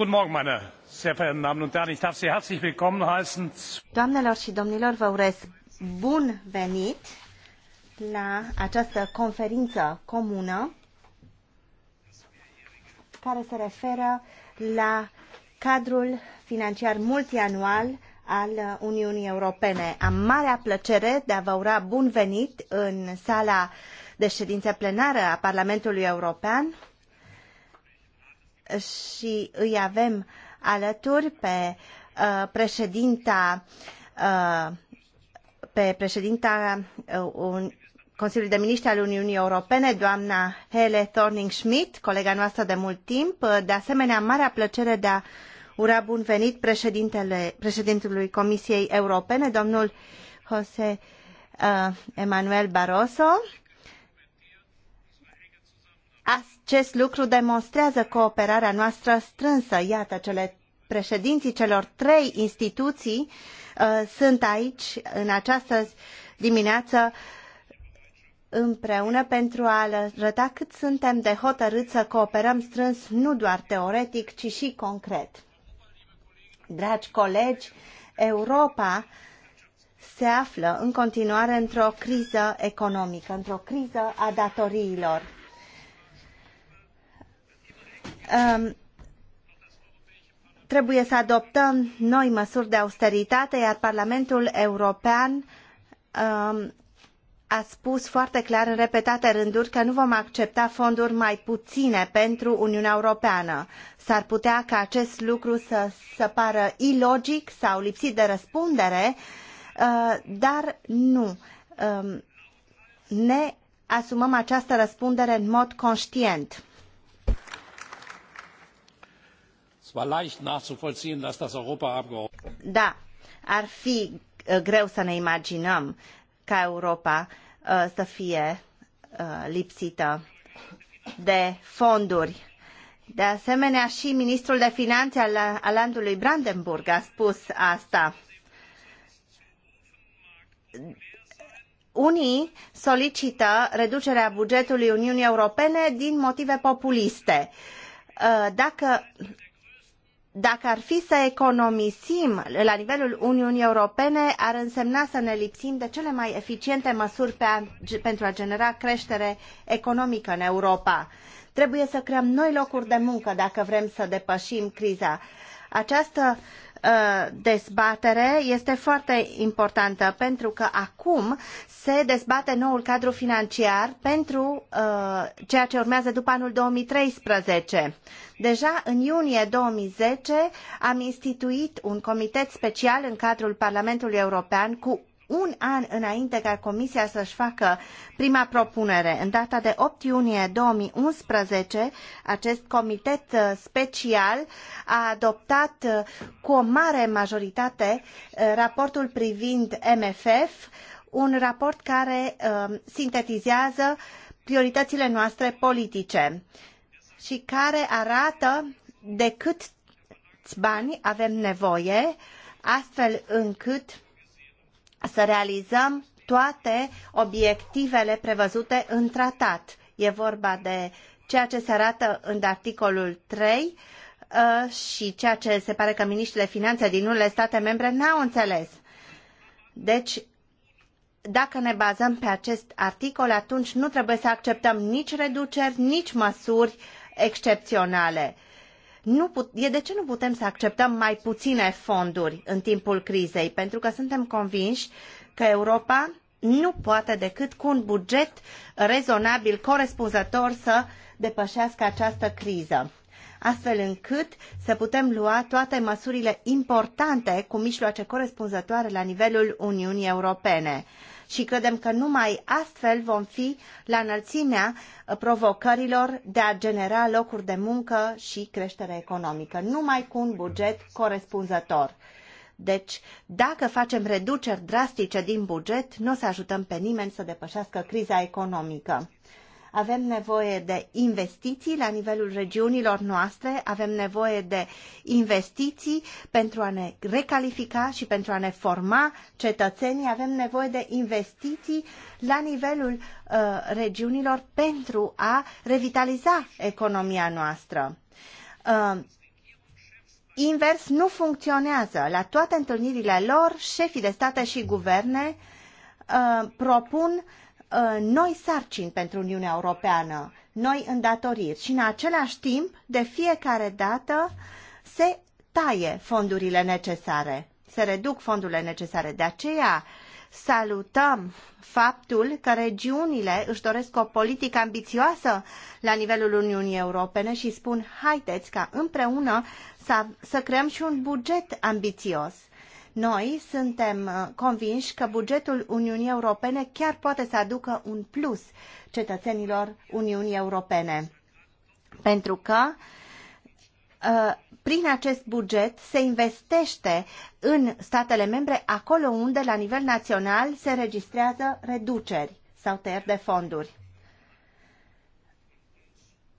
Guten Morgen, meine sehr verehrten Damen und Herren. Ich darf Sie herzlich willkommen heißen. Doamnelor și domnilor, vă urez bun venit la această conferință comună care se referă la cadrul financiar multianual al Uniunii Europene. Am marea plăcere de a vă ura bun venit în sala de ședință plenară a Parlamentului European și îi avem alături pe uh, președinta uh, pe președinta uh, un, Consiliului de Miniștri al Uniunii Europene, doamna Hele Thorning-Schmidt, colega noastră de mult timp. Uh, de asemenea, marea plăcere de a ura bun venit președintele, președintelui Comisiei Europene, domnul José uh, Emanuel Barroso. Acest lucru demonstrează cooperarea noastră strânsă. Iată, cele președinții celor trei instituții uh, sunt aici în această dimineață împreună pentru a arăta cât suntem de hotărâți să cooperăm strâns nu doar teoretic, ci și concret. Dragi colegi, Europa se află în continuare într-o criză economică, într-o criză a datoriilor Um, trebuie să adoptăm noi măsuri de austeritate, iar Parlamentul European um, a spus foarte clar în repetate rânduri că nu vom accepta fonduri mai puține pentru Uniunea Europeană. S-ar putea ca acest lucru să, pară ilogic sau lipsit de răspundere, uh, dar nu. Um, ne asumăm această răspundere în mod conștient. war leicht nachzuvollziehen, dass das Europaabgeordnete. Da, ar fi uh, greu să ne imaginăm ca Europa uh, să fie uh, lipsită de fonduri. De asemenea, și ministrul de finanțe al, al landului Brandenburg a spus asta. Unii solicită reducerea bugetului Uniunii Europene din motive populiste. Dacă dacă ar fi să economisim la nivelul Uniunii Europene, ar însemna să ne lipsim de cele mai eficiente măsuri pe a, pentru a genera creștere economică în Europa. Trebuie să creăm noi locuri de muncă dacă vrem să depășim criza. Această uh, Uh, dezbatere este foarte importantă pentru că acum se dezbate noul cadru financiar pentru uh, ceea ce urmează după anul 2013. Deja în iunie 2010 am instituit un comitet special în cadrul Parlamentului European cu un an înainte ca Comisia să-și facă prima propunere. În data de 8 iunie 2011, acest comitet uh, special a adoptat uh, cu o mare majoritate uh, raportul privind MFF, un raport care uh, sintetizează prioritățile noastre politice și care arată de cât bani avem nevoie, astfel încât să realizăm toate obiectivele prevăzute în tratat. E vorba de ceea ce se arată în articolul 3 uh, și ceea ce se pare că miniștrile finanțe din unele state membre n-au înțeles. Deci, dacă ne bazăm pe acest articol, atunci nu trebuie să acceptăm nici reduceri, nici măsuri excepționale nu put, e de ce nu putem să acceptăm mai puține fonduri în timpul crizei, pentru că suntem convinși că Europa nu poate decât cu un buget rezonabil, corespunzător să depășească această criză astfel încât să putem lua toate măsurile importante cu mijloace corespunzătoare la nivelul Uniunii Europene și credem că numai astfel vom fi la înălțimea uh, provocărilor de a genera locuri de muncă și creștere economică, numai cu un buget corespunzător. Deci, dacă facem reduceri drastice din buget, nu o să ajutăm pe nimeni să depășească criza economică. Avem nevoie de investiții la nivelul regiunilor noastre, avem nevoie de investiții pentru a ne recalifica și pentru a ne forma cetățenii, avem nevoie de investiții la nivelul uh, regiunilor pentru a revitaliza economia noastră. Uh, invers nu funcționează. La toate întâlnirile lor, șefii de state și guverne uh, propun Uh, noi sarcini pentru Uniunea Europeană, noi îndatoriri și în același timp, de fiecare dată, se taie fondurile necesare, se reduc fondurile necesare. De aceea salutăm faptul că regiunile își doresc o politică ambițioasă la nivelul Uniunii Europene și spun haideți ca împreună să, să creăm și un buget ambițios noi suntem uh, convinși că bugetul Uniunii Europene chiar poate să aducă un plus cetățenilor Uniunii Europene. Pentru că uh, prin acest buget se investește în statele membre acolo unde la nivel național se registrează reduceri sau tăieri de fonduri.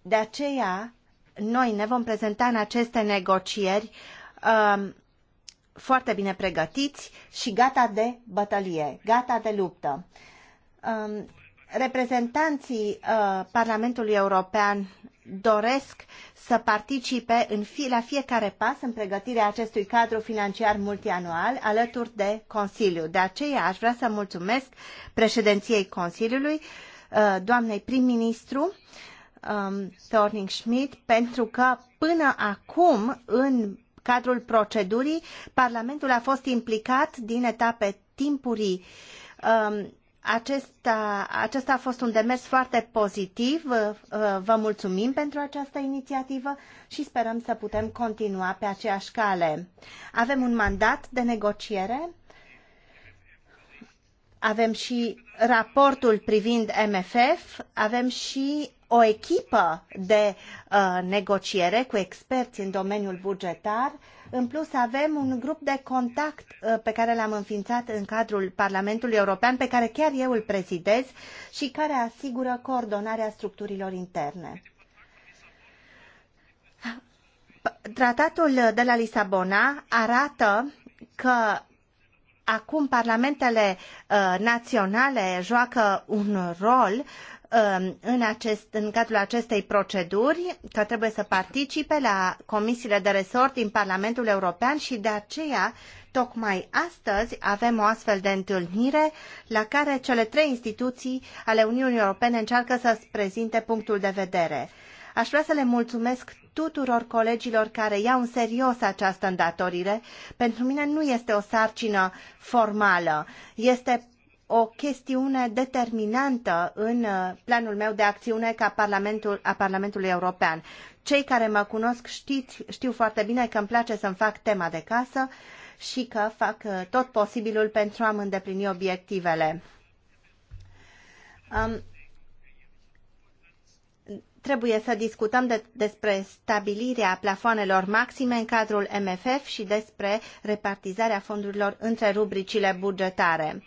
De aceea, noi ne vom prezenta în aceste negocieri uh, foarte bine pregătiți și gata de bătălie, gata de luptă. Um, reprezentanții uh, Parlamentului European doresc să participe în la fiecare pas în pregătirea acestui cadru financiar multianual alături de Consiliu. De aceea aș vrea să mulțumesc președinției Consiliului, uh, doamnei prim-ministru, um, Thorning Schmidt, pentru că până acum în cadrul procedurii, Parlamentul a fost implicat din etape timpurii. Um, acesta, acesta a fost un demers foarte pozitiv. Uh, uh, vă mulțumim pentru această inițiativă și sperăm să putem continua pe aceeași cale. Avem un mandat de negociere. Avem și raportul privind MFF, avem și o echipă de uh, negociere cu experți în domeniul bugetar. În plus, avem un grup de contact uh, pe care l-am înființat în cadrul Parlamentului European, pe care chiar eu îl prezidez și care asigură coordonarea structurilor interne. Tratatul de la Lisabona arată că acum parlamentele uh, naționale joacă un rol Um, în, acest, în cadrul acestei proceduri că trebuie să participe la comisiile de resort din Parlamentul European și de aceea tocmai astăzi avem o astfel de întâlnire la care cele trei instituții ale Uniunii Europene încearcă să prezinte punctul de vedere. Aș vrea să le mulțumesc tuturor colegilor care iau în serios această îndatorire. Pentru mine nu este o sarcină formală, este o chestiune determinantă în uh, planul meu de acțiune ca Parlamentul, a Parlamentului European. Cei care mă cunosc știți, știu foarte bine că îmi place să-mi fac tema de casă și că fac uh, tot posibilul pentru a-mi îndeplini obiectivele. Um, trebuie să discutăm de, despre stabilirea plafoanelor maxime în cadrul MFF și despre repartizarea fondurilor între rubricile bugetare. Uh,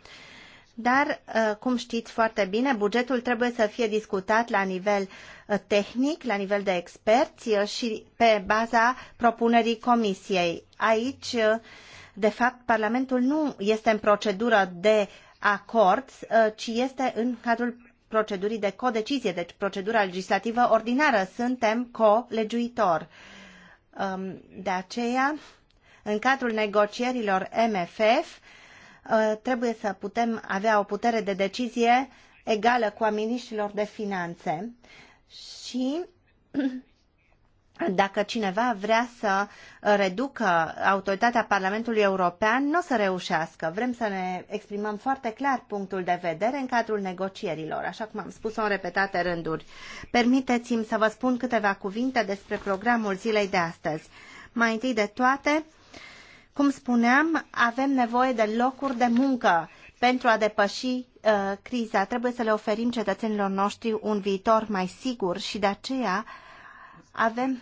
dar, uh, cum știți foarte bine, bugetul trebuie să fie discutat la nivel uh, tehnic, la nivel de experți uh, și pe baza propunerii comisiei. Aici, de fapt, Parlamentul nu este în procedură de acord, ci este în cadrul procedurii de codecizie, deci procedura legislativă ordinară. Suntem colegiuitor. Um, de aceea, în cadrul negocierilor MFF, Uh, trebuie să putem avea o putere de decizie egală cu a miniștrilor de finanțe și dacă cineva vrea să uh, reducă autoritatea Parlamentului European, nu o să reușească. Vrem să ne exprimăm foarte clar punctul de vedere în cadrul negocierilor, așa cum am spus-o în repetate rânduri. Permiteți-mi să vă spun câteva cuvinte despre programul zilei de astăzi. Mai întâi de toate, cum spuneam, avem nevoie de locuri de muncă pentru a depăși uh, criza. Trebuie să le oferim cetățenilor noștri un viitor mai sigur și de aceea avem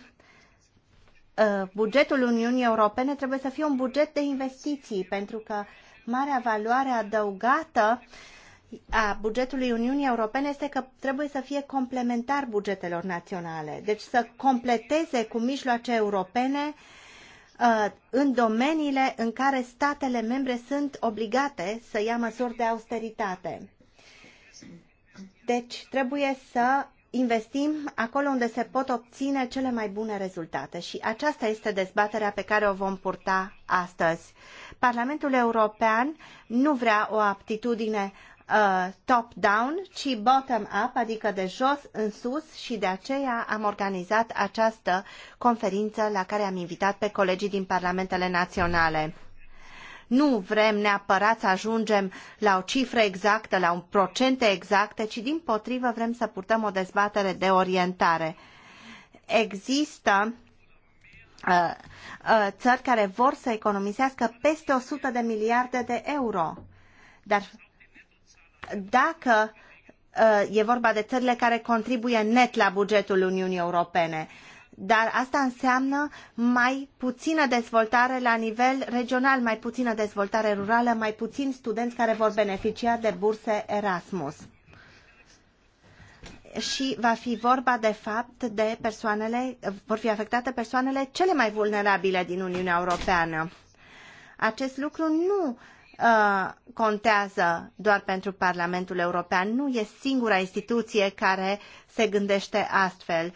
uh, bugetul Uniunii Europene trebuie să fie un buget de investiții, pentru că marea valoare adăugată a bugetului Uniunii Europene este că trebuie să fie complementar bugetelor naționale, deci să completeze cu mijloace europene uh, Uh, în domeniile în care statele membre sunt obligate să ia măsuri de austeritate. Deci trebuie să investim acolo unde se pot obține cele mai bune rezultate și aceasta este dezbaterea pe care o vom purta astăzi. Parlamentul European nu vrea o aptitudine uh, top-down, ci bottom-up, adică de jos în sus și de aceea am organizat această conferință la care am invitat pe colegii din parlamentele naționale. Nu vrem neapărat să ajungem la o cifră exactă, la un procente exacte, ci din potrivă vrem să purtăm o dezbatere de orientare. Există uh, uh, țări care vor să economisească peste 100 de miliarde de euro, dar dacă uh, e vorba de țările care contribuie net la bugetul Uniunii Europene. Dar asta înseamnă mai puțină dezvoltare la nivel regional, mai puțină dezvoltare rurală, mai puțini studenți care vor beneficia de burse Erasmus. Și va fi vorba, de fapt, de persoanele, vor fi afectate persoanele cele mai vulnerabile din Uniunea Europeană. Acest lucru nu Uh, contează doar pentru Parlamentul European. Nu e singura instituție care se gândește astfel.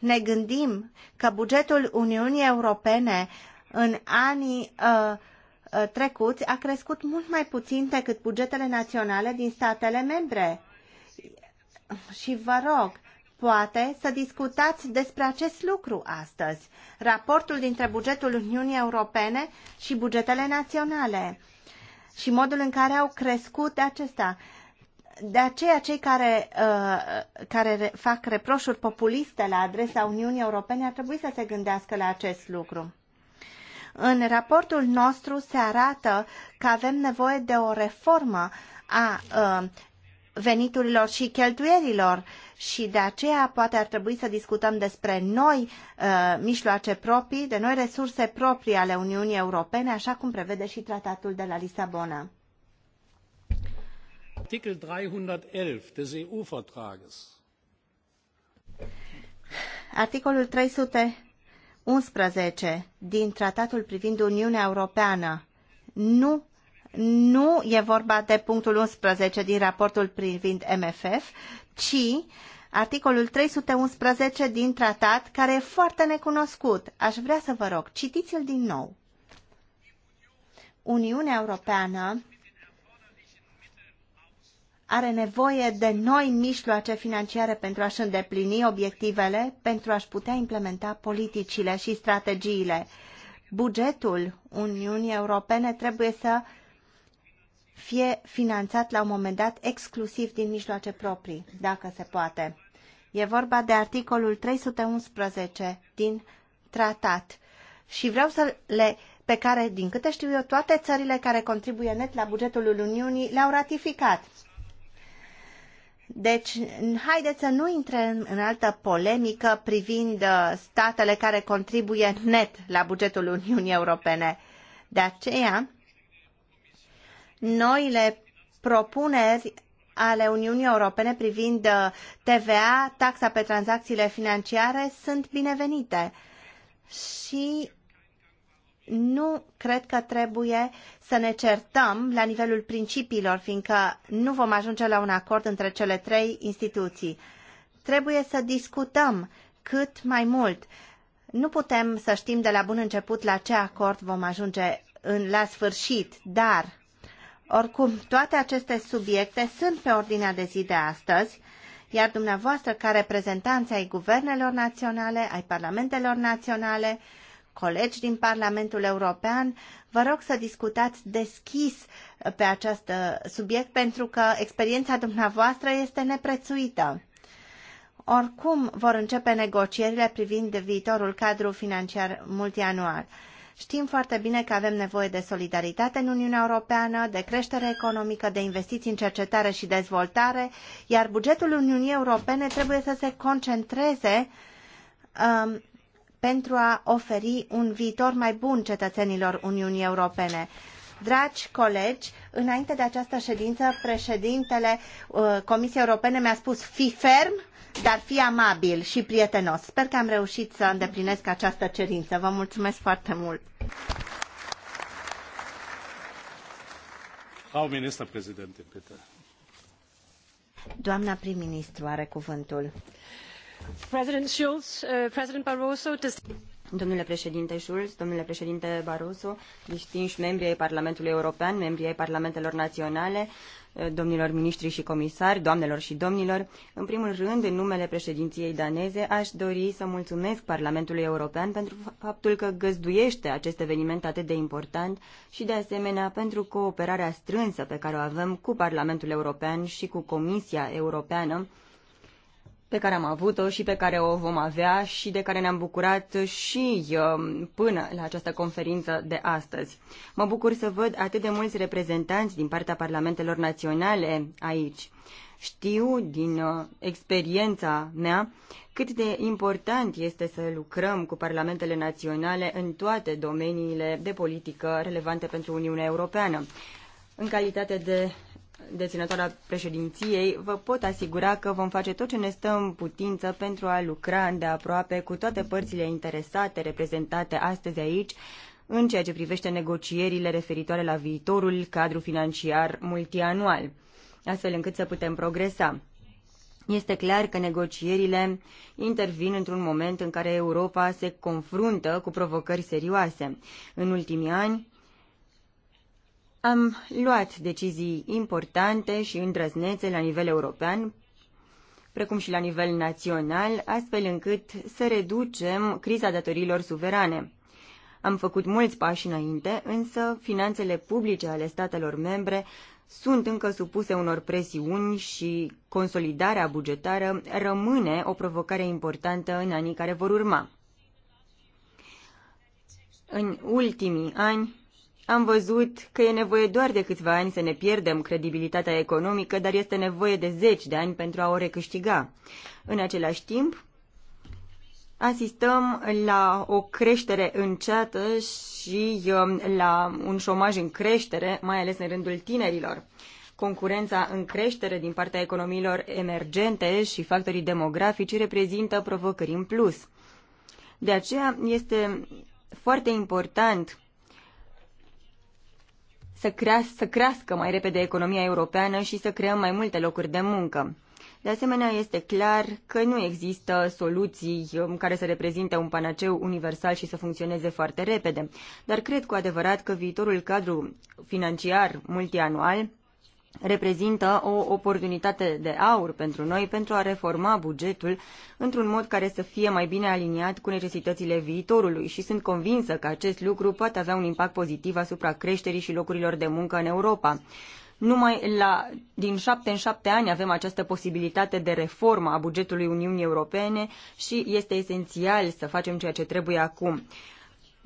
Ne gândim că bugetul Uniunii Europene în anii uh, uh, trecuți a crescut mult mai puțin decât bugetele naționale din statele membre. Și vă rog, poate să discutați despre acest lucru astăzi, raportul dintre bugetul Uniunii Europene și bugetele naționale și modul în care au crescut acesta. De aceea, cei care, uh, care fac reproșuri populiste la adresa Uniunii Europene ar trebui să se gândească la acest lucru. În raportul nostru se arată că avem nevoie de o reformă a uh, veniturilor și cheltuierilor și de aceea poate ar trebui să discutăm despre noi uh, mijloace proprii, de noi resurse proprii ale Uniunii Europene, așa cum prevede și tratatul de la Lisabona. Artikel 311 des EU-Vertrages. Articolul 311 din tratatul privind Uniunea Europeană nu nu e vorba de punctul 11 din raportul privind MFF, ci articolul 311 din tratat, care e foarte necunoscut. Aș vrea să vă rog, citiți-l din nou. Uniunea Europeană are nevoie de noi mijloace financiare pentru a-și îndeplini obiectivele, pentru a-și putea implementa politicile și strategiile. Bugetul Uniunii Europene trebuie să fie finanțat la un moment dat exclusiv din mijloace proprii, dacă se poate. E vorba de articolul 311 din tratat și vreau să le pe care, din câte știu eu, toate țările care contribuie net la bugetul Uniunii le-au ratificat. Deci, haideți să nu intrăm în altă polemică privind uh, statele care contribuie net la bugetul Uniunii Europene. De aceea, noile propuneri ale Uniunii Europene privind uh, TVA, taxa pe tranzacțiile financiare, sunt binevenite. Și nu cred că trebuie să ne certăm la nivelul principiilor, fiindcă nu vom ajunge la un acord între cele trei instituții. Trebuie să discutăm cât mai mult. Nu putem să știm de la bun început la ce acord vom ajunge în, la sfârșit, dar oricum, toate aceste subiecte sunt pe ordinea de zi de astăzi, iar dumneavoastră, ca reprezentanți ai guvernelor naționale, ai parlamentelor naționale, colegi din Parlamentul European, vă rog să discutați deschis pe acest uh, subiect pentru că experiența dumneavoastră este neprețuită. Oricum vor începe negocierile privind viitorul cadru financiar multianual. Știm foarte bine că avem nevoie de solidaritate în Uniunea Europeană, de creștere economică, de investiții în cercetare și dezvoltare, iar bugetul Uniunii Europene trebuie să se concentreze um, pentru a oferi un viitor mai bun cetățenilor Uniunii Europene. Dragi colegi, înainte de această ședință, președintele uh, Comisiei Europene mi-a spus fi ferm dar fi amabil și prietenos. Sper că am reușit să îndeplinesc această cerință. Vă mulțumesc foarte mult. Frau Ministerpräsidentin, bitte. Doamna prim-ministru are cuvântul. President Schulz, uh, President Barroso, Domnule președinte Schulz, domnule președinte Barroso, distinși membri ai Parlamentului European, membri ai Parlamentelor Naționale, eh, domnilor miniștri și comisari, doamnelor și domnilor, în primul rând, în numele președinției daneze, aș dori să mulțumesc Parlamentului European pentru faptul că găzduiește acest eveniment atât de important și, de asemenea, pentru cooperarea strânsă pe care o avem cu Parlamentul European și cu Comisia Europeană, pe care am avut-o și pe care o vom avea și de care ne-am bucurat și um, până la această conferință de astăzi. Mă bucur să văd atât de mulți reprezentanți din partea parlamentelor naționale aici. Știu din uh, experiența mea cât de important este să lucrăm cu parlamentele naționale în toate domeniile de politică relevante pentru Uniunea Europeană. În calitate de deținătoarea președinției, vă pot asigura că vom face tot ce ne stă în putință pentru a lucra îndeaproape cu toate părțile interesate reprezentate astăzi aici în ceea ce privește negocierile referitoare la viitorul cadru financiar multianual, astfel încât să putem progresa. Este clar că negocierile intervin într-un moment în care Europa se confruntă cu provocări serioase. În ultimii ani, am luat decizii importante și îndrăznețe la nivel european, precum și la nivel național, astfel încât să reducem criza datorilor suverane. Am făcut mulți pași înainte, însă finanțele publice ale statelor membre sunt încă supuse unor presiuni și consolidarea bugetară rămâne o provocare importantă în anii care vor urma. În ultimii ani, am văzut că e nevoie doar de câțiva ani să ne pierdem credibilitatea economică, dar este nevoie de zeci de ani pentru a o recâștiga. În același timp, asistăm la o creștere înceată și um, la un șomaj în creștere, mai ales în rândul tinerilor. Concurența în creștere din partea economiilor emergente și factorii demografici reprezintă provocări în plus. De aceea este foarte important să, creas- să crească mai repede economia europeană și să creăm mai multe locuri de muncă. De asemenea, este clar că nu există soluții um, care să reprezinte un panaceu universal și să funcționeze foarte repede, dar cred cu adevărat că viitorul cadru financiar multianual reprezintă o oportunitate de aur pentru noi pentru a reforma bugetul într-un mod care să fie mai bine aliniat cu necesitățile viitorului și sunt convinsă că acest lucru poate avea un impact pozitiv asupra creșterii și locurilor de muncă în Europa. Numai la, din șapte în șapte ani avem această posibilitate de reformă a bugetului Uniunii Europene și este esențial să facem ceea ce trebuie acum.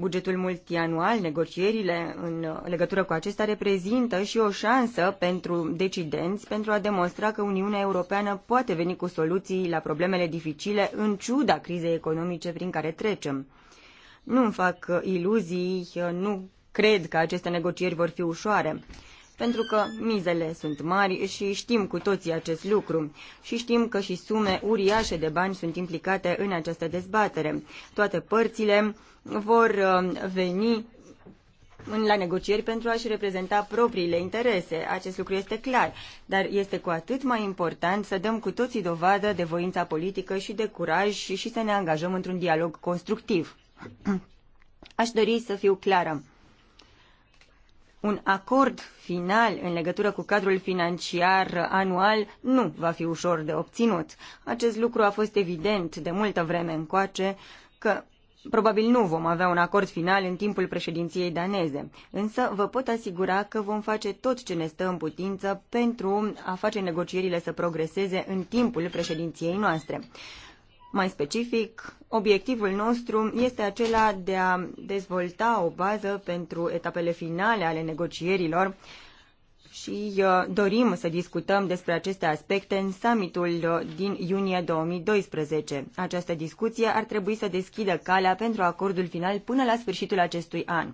Bugetul multianual, negocierile în uh, legătură cu acesta reprezintă și o șansă pentru decidenți pentru a demonstra că Uniunea Europeană poate veni cu soluții la problemele dificile în ciuda crizei economice prin care trecem. Nu mi fac uh, iluzii, uh, nu cred că aceste negocieri vor fi ușoare pentru că mizele sunt mari și știm cu toții acest lucru și știm că și sume uriașe de bani sunt implicate în această dezbatere. Toate părțile vor uh, veni la negocieri pentru a-și reprezenta propriile interese. Acest lucru este clar, dar este cu atât mai important să dăm cu toții dovadă de voința politică și de curaj și, și să ne angajăm într-un dialog constructiv. Aș dori să fiu clară un acord final în legătură cu cadrul financiar anual nu va fi ușor de obținut. Acest lucru a fost evident de multă vreme încoace că probabil nu vom avea un acord final în timpul președinției daneze, însă vă pot asigura că vom face tot ce ne stă în putință pentru a face negocierile să progreseze în timpul președinției noastre. Mai specific, obiectivul nostru este acela de a dezvolta o bază pentru etapele finale ale negocierilor și uh, dorim să discutăm despre aceste aspecte în summitul uh, din iunie 2012. Această discuție ar trebui să deschidă calea pentru acordul final până la sfârșitul acestui an.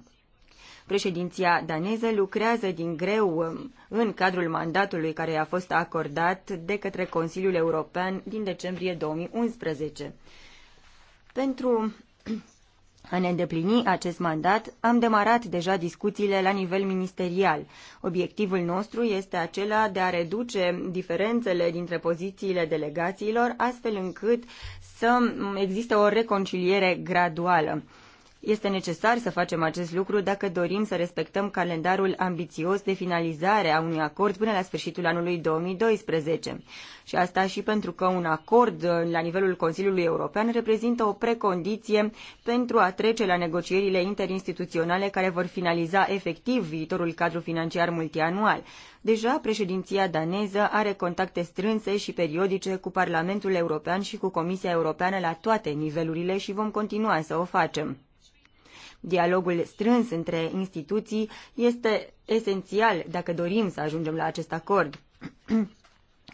Președinția daneză lucrează din greu um, în cadrul mandatului care i-a fost acordat de către Consiliul European din decembrie 2011. Pentru a ne îndeplini acest mandat, am demarat deja discuțiile la nivel ministerial. Obiectivul nostru este acela de a reduce diferențele dintre pozițiile delegațiilor, astfel încât să existe o reconciliere graduală. Este necesar să facem acest lucru dacă dorim să respectăm calendarul ambițios de finalizare a unui acord până la sfârșitul anului 2012. Și asta și pentru că un acord uh, la nivelul Consiliului European reprezintă o precondiție pentru a trece la negocierile interinstituționale care vor finaliza efectiv viitorul cadru financiar multianual. Deja președinția daneză are contacte strânse și periodice cu Parlamentul European și cu Comisia Europeană la toate nivelurile și vom continua să o facem. Dialogul strâns între instituții este esențial dacă dorim să ajungem la acest acord.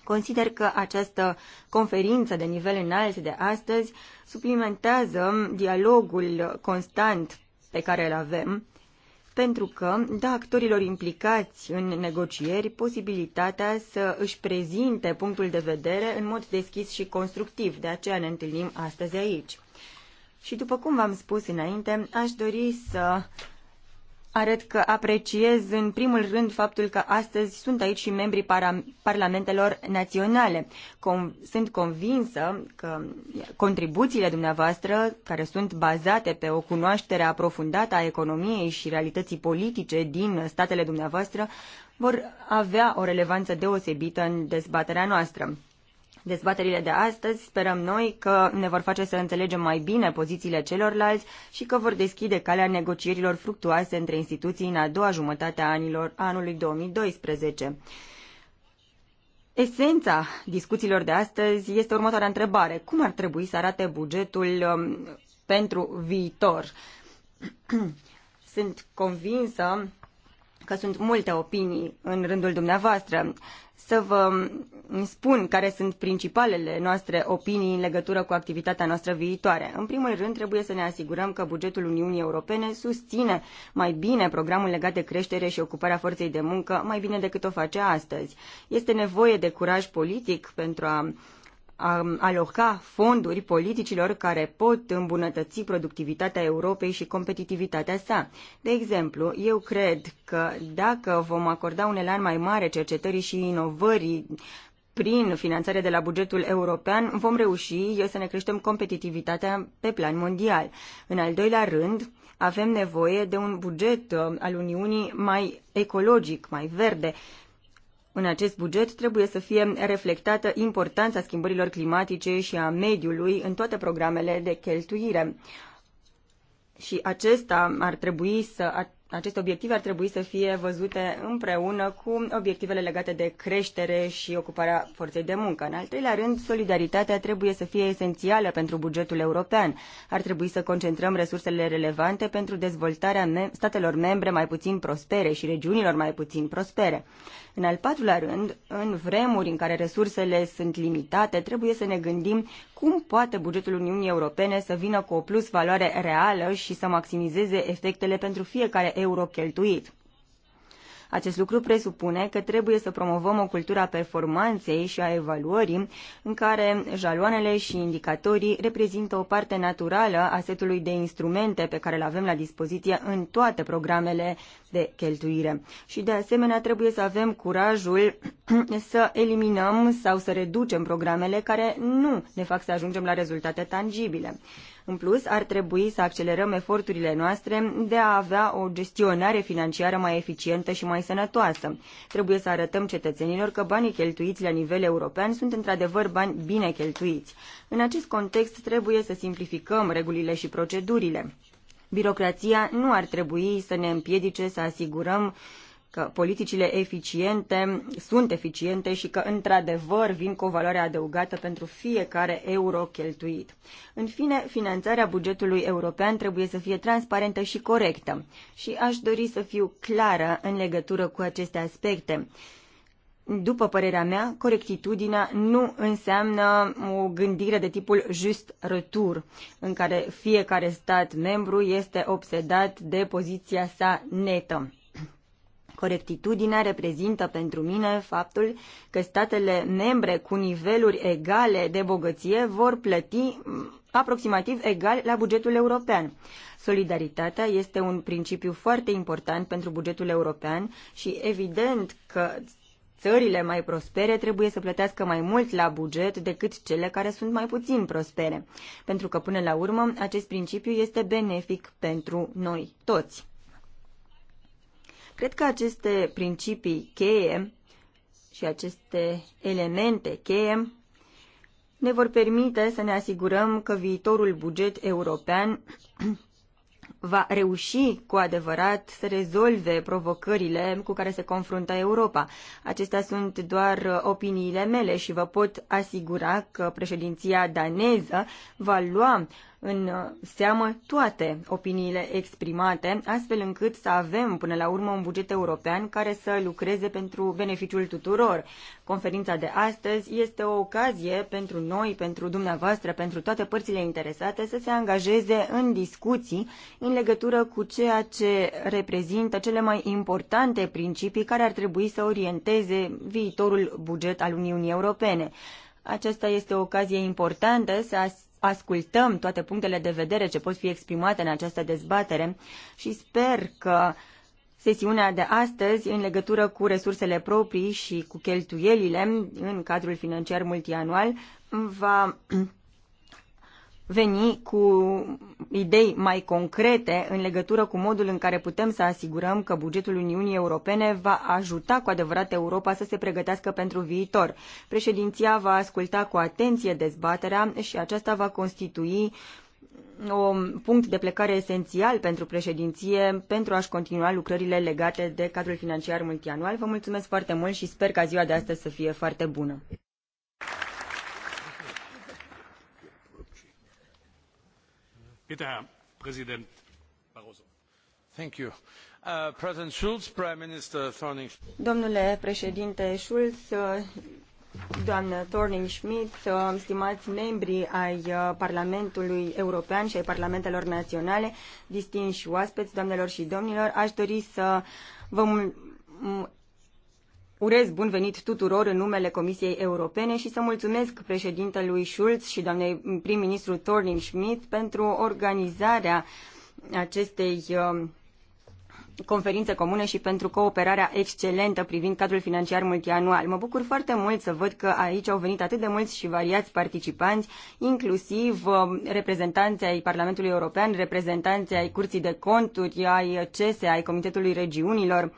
Consider că această conferință de nivel înalt de astăzi suplimentează dialogul constant pe care îl avem, pentru că dă da, actorilor implicați în negocieri posibilitatea să își prezinte punctul de vedere în mod deschis și constructiv. De aceea ne întâlnim astăzi aici. Și după cum v-am spus înainte, aș dori să arăt că apreciez în primul rând faptul că astăzi sunt aici și membrii parlamentelor naționale. Com- sunt convinsă că contribuțiile dumneavoastră, care sunt bazate pe o cunoaștere aprofundată a economiei și realității politice din statele dumneavoastră, vor avea o relevanță deosebită în dezbaterea noastră. Dezbaterile de astăzi sperăm noi că ne vor face să înțelegem mai bine pozițiile celorlalți și că vor deschide calea negocierilor fructuoase între instituții în a doua jumătate a anilor, anului 2012. Esența discuțiilor de astăzi este următoarea întrebare. Cum ar trebui să arate bugetul um, pentru viitor? Sunt convinsă că sunt multe opinii în rândul dumneavoastră să vă spun care sunt principalele noastre opinii în legătură cu activitatea noastră viitoare. În primul rând, trebuie să ne asigurăm că bugetul Uniunii Europene susține mai bine programul legat de creștere și ocuparea forței de muncă, mai bine decât o face astăzi. Este nevoie de curaj politic pentru a aloca fonduri politicilor care pot îmbunătăți productivitatea Europei și competitivitatea sa. De exemplu, eu cred că dacă vom acorda un elan mai mare cercetării și inovării prin finanțare de la bugetul european, vom reuși să ne creștem competitivitatea pe plan mondial. În al doilea rând, avem nevoie de un buget uh, al Uniunii mai ecologic, mai verde, în acest buget trebuie să fie reflectată importanța schimbărilor climatice și a mediului în toate programele de cheltuire. Și acesta ar trebui să, aceste obiective ar trebui să fie văzute împreună cu obiectivele legate de creștere și ocuparea forței de muncă. În al treilea rând, solidaritatea trebuie să fie esențială pentru bugetul european. Ar trebui să concentrăm resursele relevante pentru dezvoltarea statelor membre mai puțin prospere și regiunilor mai puțin prospere. În al patrulea rând, în vremuri în care resursele sunt limitate, trebuie să ne gândim cum poate bugetul Uniunii Europene să vină cu o plus valoare reală și să maximizeze efectele pentru fiecare euro cheltuit. Acest lucru presupune că trebuie să promovăm o cultură a performanței și a evaluării în care jaloanele și indicatorii reprezintă o parte naturală a setului de instrumente pe care le avem la dispoziție în toate programele de cheltuire. Și de asemenea trebuie să avem curajul să eliminăm sau să reducem programele care nu ne fac să ajungem la rezultate tangibile. În plus, ar trebui să accelerăm eforturile noastre de a avea o gestionare financiară mai eficientă și mai sănătoasă. Trebuie să arătăm cetățenilor că banii cheltuiți la nivel european sunt într-adevăr bani bine cheltuiți. În acest context, trebuie să simplificăm regulile și procedurile. Birocrația nu ar trebui să ne împiedice să asigurăm uh, că politicile eficiente sunt eficiente și că, într-adevăr, vin cu o valoare adăugată pentru fiecare euro cheltuit. În fine, finanțarea bugetului european trebuie să fie transparentă și corectă și aș dori să fiu clară în legătură cu aceste aspecte. După părerea mea, corectitudinea nu înseamnă o gândire de tipul just retur, în care fiecare stat membru este obsedat de poziția sa netă. Corectitudinea reprezintă pentru mine faptul că statele membre cu niveluri egale de bogăție vor plăti mm, aproximativ egal la bugetul european. Solidaritatea este un principiu foarte important pentru bugetul european și evident că țările mai prospere trebuie să plătească mai mult la buget decât cele care sunt mai puțin prospere, pentru că până la urmă acest principiu este benefic pentru noi toți. Cred că aceste principii cheie și aceste elemente cheie ne vor permite să ne asigurăm că viitorul buget european va reuși cu adevărat să rezolve provocările cu care se confruntă Europa. Acestea sunt doar opiniile mele și vă pot asigura că președinția daneză va lua în uh, seamă toate opiniile exprimate, astfel încât să avem până la urmă un buget european care să lucreze pentru beneficiul tuturor. Conferința de astăzi este o ocazie pentru noi, pentru dumneavoastră, pentru toate părțile interesate să se angajeze în discuții în legătură cu ceea ce reprezintă cele mai importante principii care ar trebui să orienteze viitorul buget al Uniunii Europene. Aceasta este o ocazie importantă să ascultăm toate punctele de vedere ce pot fi exprimate în această dezbatere și sper că sesiunea de astăzi în legătură cu resursele proprii și cu cheltuielile în cadrul financiar multianual va veni cu idei mai concrete în legătură cu modul în care putem să asigurăm că bugetul Uniunii Europene va ajuta cu adevărat Europa să se pregătească pentru viitor. Președinția va asculta cu atenție dezbaterea și aceasta va constitui un punct de plecare esențial pentru președinție pentru a-și continua lucrările legate de cadrul financiar multianual. Vă mulțumesc foarte mult și sper ca ziua de astăzi să fie foarte bună. Uh, Domnule președinte Schulz, uh, doamnă Thorning Schmidt, uh, stimați membri ai Parlamentului European și ai Parlamentelor Naționale, distinși oaspeți, doamnelor și domnilor, aș dori să vă Urez bun venit tuturor în numele Comisiei Europene și să mulțumesc președintelui Schulz și doamnei prim-ministru Thorning Schmidt pentru organizarea acestei um, conferințe comune și pentru cooperarea excelentă privind cadrul financiar multianual. Mă bucur foarte mult să văd că aici au venit atât de mulți și variați participanți, inclusiv um, reprezentanții ai Parlamentului European, reprezentanții ai Curții de Conturi, ai CESE, ai Comitetului Regiunilor,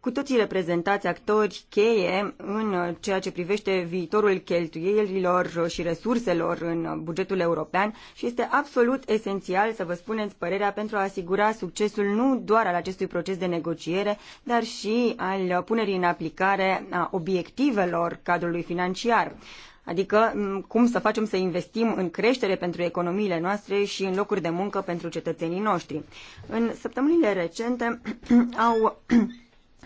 cu toții reprezentați actori cheie în ceea ce privește viitorul cheltuielilor și resurselor în bugetul european și este absolut esențial să vă spuneți părerea pentru a asigura succesul nu doar al acestui proces de negociere, dar și al punerii în aplicare a obiectivelor cadrului financiar. Adică cum să facem să investim în creștere pentru economiile noastre și în locuri de muncă pentru cetățenii noștri. În săptămânile recente au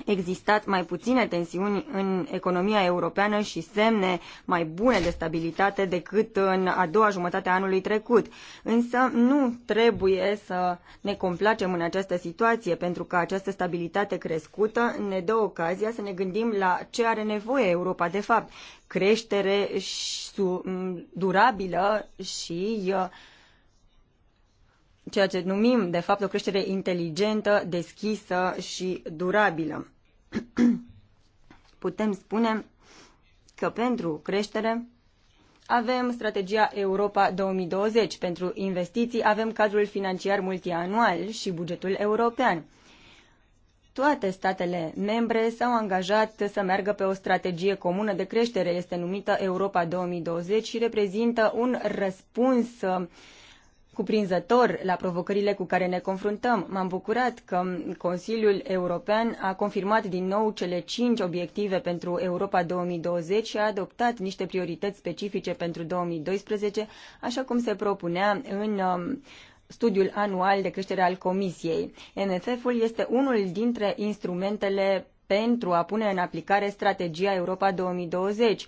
existat mai puține tensiuni în economia europeană și semne mai bune de stabilitate decât în a doua jumătate a anului trecut. Însă nu trebuie să ne complacem în această situație, pentru că această stabilitate crescută ne dă ocazia să ne gândim la ce are nevoie Europa de fapt. Creștere mm, durabilă și uh, ceea ce numim, de fapt, o creștere inteligentă, deschisă și durabilă. Putem spune că pentru creștere avem strategia Europa 2020, pentru investiții avem cadrul financiar multianual și bugetul european. Toate statele membre s-au angajat să meargă pe o strategie comună de creștere, este numită Europa 2020 și reprezintă un răspuns cuprinzător la provocările cu care ne confruntăm. M-am bucurat că Consiliul European a confirmat din nou cele cinci obiective pentru Europa 2020 și a adoptat niște priorități specifice pentru 2012, așa cum se propunea în um, studiul anual de creștere al Comisiei. MFF-ul este unul dintre instrumentele pentru a pune în aplicare strategia Europa 2020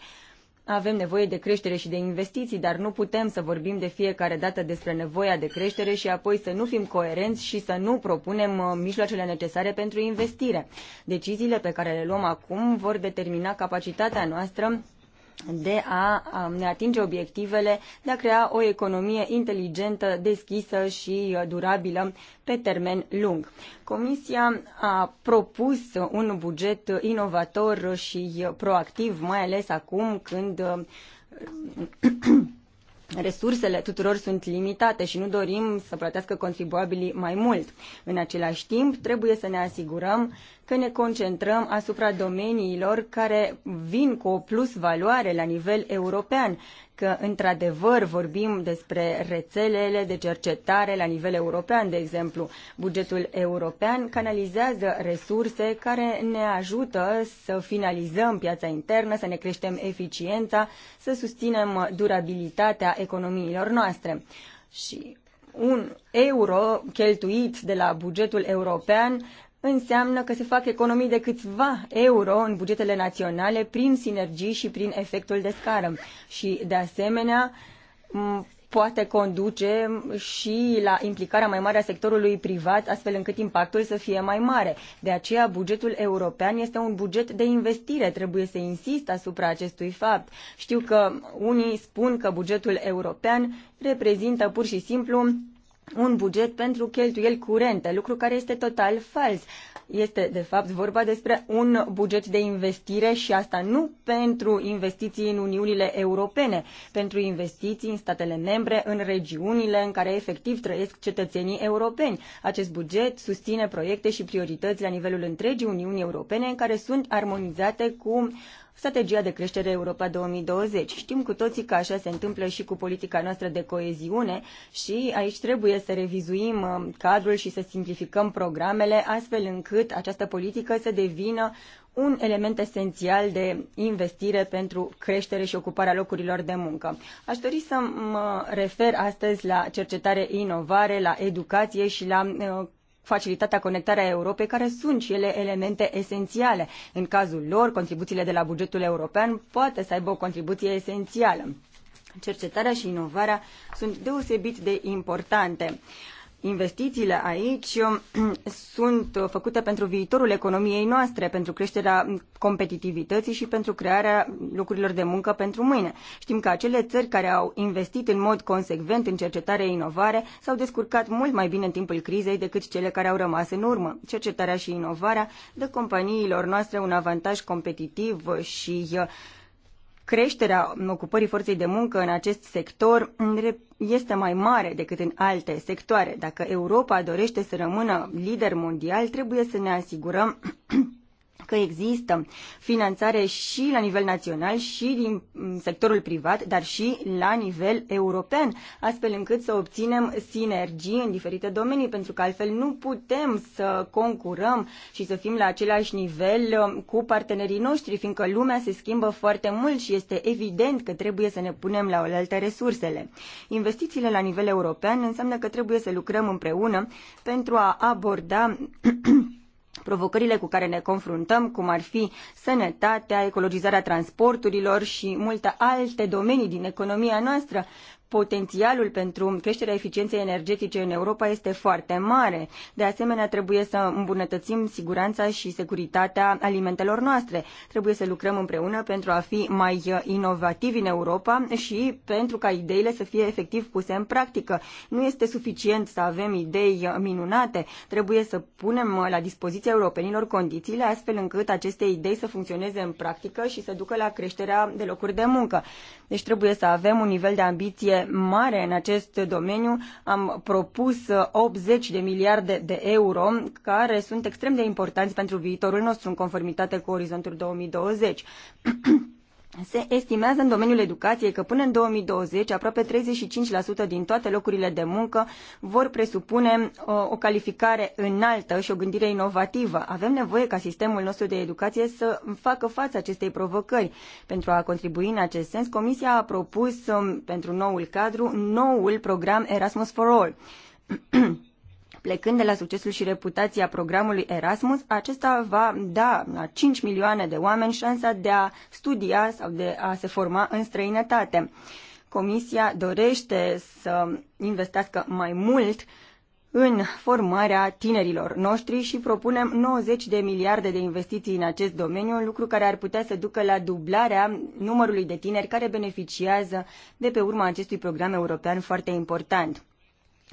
avem nevoie de creștere și de investiții, dar nu putem să vorbim de fiecare dată despre nevoia de creștere și apoi să nu fim coerenți și să nu propunem uh, mijloacele necesare pentru investire. Deciziile pe care le luăm acum vor determina capacitatea noastră de a ne atinge obiectivele, de a crea o economie inteligentă, deschisă și uh, durabilă pe termen lung. Comisia a propus un buget inovator și uh, proactiv, mai ales acum când uh, resursele tuturor sunt limitate și nu dorim să plătească contribuabilii mai mult. În același timp, trebuie să ne asigurăm că ne concentrăm asupra domeniilor care vin cu o plus valoare la nivel european că, într-adevăr, vorbim despre rețelele de cercetare la nivel european, de exemplu. Bugetul european canalizează resurse care ne ajută să finalizăm piața internă, să ne creștem eficiența, să susținem durabilitatea economiilor noastre. Și un euro cheltuit de la bugetul european înseamnă că se fac economii de câțiva euro în bugetele naționale prin sinergii și prin efectul de scară. Și, de asemenea, poate conduce și la implicarea mai mare a sectorului privat, astfel încât impactul să fie mai mare. De aceea, bugetul european este un buget de investire. Trebuie să insist asupra acestui fapt. Știu că unii spun că bugetul european reprezintă pur și simplu un buget pentru cheltuieli curente, lucru care este total fals. Este, de fapt, vorba despre un buget de investire și asta nu pentru investiții în Uniunile Europene, pentru investiții în statele membre, în regiunile în care efectiv trăiesc cetățenii europeni. Acest buget susține proiecte și priorități la nivelul întregii Uniunii Europene care sunt armonizate cu strategia de creștere Europa 2020. Știm cu toții că așa se întâmplă și cu politica noastră de coeziune și aici trebuie să revizuim um, cadrul și să simplificăm programele astfel încât această politică să devină un element esențial de investire pentru creștere și ocuparea locurilor de muncă. Aș dori să mă refer astăzi la cercetare, inovare, la educație și la uh, facilitatea conectarea Europei, care sunt și ele elemente esențiale. În cazul lor, contribuțiile de la bugetul european poate să aibă o contribuție esențială. Cercetarea și inovarea sunt deosebit de importante. Investițiile aici sunt făcute pentru viitorul economiei noastre, pentru creșterea competitivității și pentru crearea locurilor de muncă pentru mâine. Știm că acele țări care au investit în mod consecvent în cercetare inovare s-au descurcat mult mai bine în timpul crizei decât cele care au rămas în urmă. Cercetarea și inovarea dă companiilor noastre un avantaj competitiv și uh, creșterea ocupării forței de muncă în acest sector este mai mare decât în alte sectoare. Dacă Europa dorește să rămână lider mondial, trebuie să ne asigurăm că există finanțare și la nivel național și din mm, sectorul privat, dar și la nivel european, astfel încât să obținem sinergii în diferite domenii, pentru că altfel nu putem să concurăm și să fim la același nivel mm, cu partenerii noștri, fiindcă lumea se schimbă foarte mult și este evident că trebuie să ne punem la oaltă resursele. Investițiile la nivel european înseamnă că trebuie să lucrăm împreună pentru a aborda provocările cu care ne confruntăm, cum ar fi sănătatea, ecologizarea transporturilor și multe alte domenii din economia noastră, potențialul pentru creșterea eficienței energetice în Europa este foarte mare. De asemenea, trebuie să îmbunătățim siguranța și securitatea alimentelor noastre. Trebuie să lucrăm împreună pentru a fi mai inovativi în Europa și pentru ca ideile să fie efectiv puse în practică. Nu este suficient să avem idei minunate. Trebuie să punem la dispoziția europenilor condițiile astfel încât aceste idei să funcționeze în practică și să ducă la creșterea de locuri de muncă. Deci trebuie să avem un nivel de ambiție mare în acest domeniu. Am propus 80 uh, de miliarde de euro, care sunt extrem de importanți pentru viitorul nostru, în conformitate cu orizontul 2020. Se estimează în domeniul educației că până în 2020 aproape 35% din toate locurile de muncă vor presupune o, o calificare înaltă și o gândire inovativă. Avem nevoie ca sistemul nostru de educație să facă față acestei provocări. Pentru a contribui în acest sens, Comisia a propus um, pentru noul cadru noul program Erasmus for All. Plecând de la succesul și reputația programului Erasmus, acesta va da la 5 milioane de oameni șansa de a studia sau de a se forma în străinătate. Comisia dorește să investească mai mult în formarea tinerilor noștri și propunem 90 de miliarde de investiții în acest domeniu, un lucru care ar putea să ducă la dublarea numărului de tineri care beneficiază de pe urma acestui program european foarte important.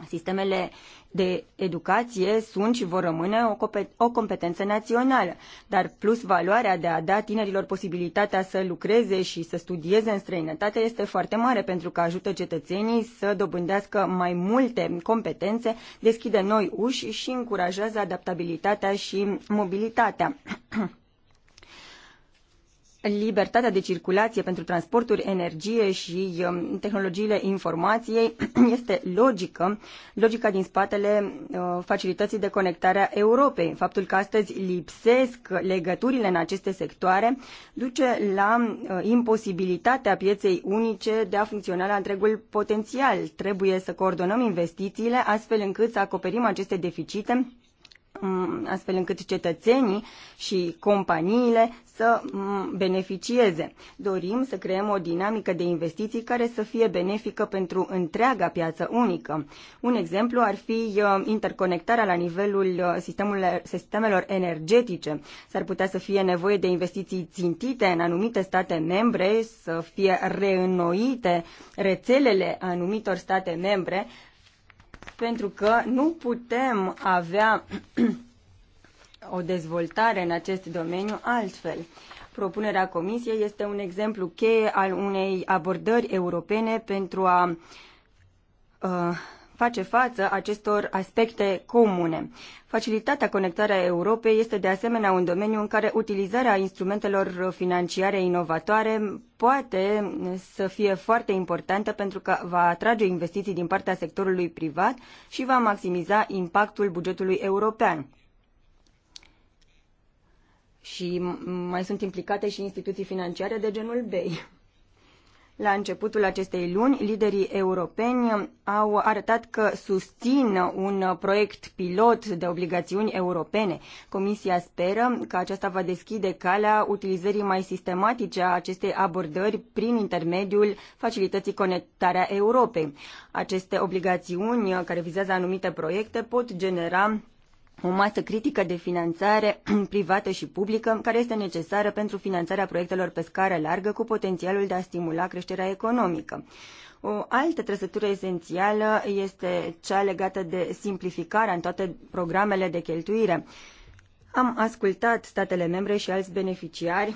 Sistemele de educație sunt și vor rămâne o, competență națională, dar plus valoarea de a da tinerilor posibilitatea să lucreze și să studieze în străinătate este foarte mare pentru că ajută cetățenii să dobândească mai multe competențe, deschide noi uși și încurajează adaptabilitatea și mobilitatea. libertatea de circulație pentru transporturi, energie și um, tehnologiile informației este logică, logica din spatele uh, facilității de conectare a Europei. Faptul că astăzi lipsesc legăturile în aceste sectoare duce la uh, imposibilitatea pieței unice de a funcționa la întregul potențial. Trebuie să coordonăm investițiile astfel încât să acoperim aceste deficite astfel încât cetățenii și companiile să beneficieze. Dorim să creăm o dinamică de investiții care să fie benefică pentru întreaga piață unică. Un exemplu ar fi uh, interconectarea la nivelul uh, sistemelor energetice. S-ar putea să fie nevoie de investiții țintite în anumite state membre, să fie reînnoite rețelele anumitor state membre, pentru că nu putem avea o dezvoltare în acest domeniu altfel. Propunerea Comisiei este un exemplu cheie al unei abordări europene pentru a uh, face față acestor aspecte comune. Facilitatea conectarea Europei este de asemenea un domeniu în care utilizarea instrumentelor financiare inovatoare poate să fie foarte importantă pentru că va atrage investiții din partea sectorului privat și va maximiza impactul bugetului european. Și mai sunt implicate și instituții financiare de genul BEI. La începutul acestei luni, liderii europeni au arătat că susțin un proiect pilot de obligațiuni europene. Comisia speră că aceasta va deschide calea utilizării mai sistematice a acestei abordări prin intermediul facilității conectarea Europei. Aceste obligațiuni care vizează anumite proiecte pot genera o masă critică de finanțare privată și publică care este necesară pentru finanțarea proiectelor pe scară largă cu potențialul de a stimula creșterea economică. O altă trăsătură esențială este cea legată de simplificarea în toate programele de cheltuire. Am ascultat statele membre și alți beneficiari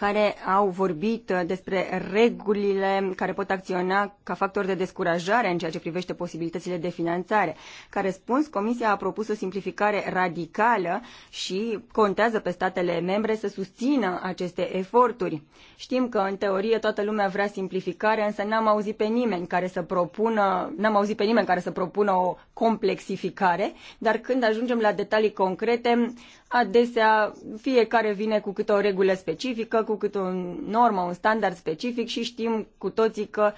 care au vorbit uh, despre regulile care pot acționa ca factor de descurajare în ceea ce privește posibilitățile de finanțare. Ca răspuns, Comisia a propus o simplificare radicală și contează pe statele membre să susțină aceste eforturi. Știm că, în teorie, toată lumea vrea simplificare, însă n-am auzit pe nimeni care să propună, n-am auzit pe nimeni care să propună o complexificare, dar când ajungem la detalii concrete, Adesea fiecare vine cu câte o regulă specifică, cu câte o normă, un standard specific și știm cu toții că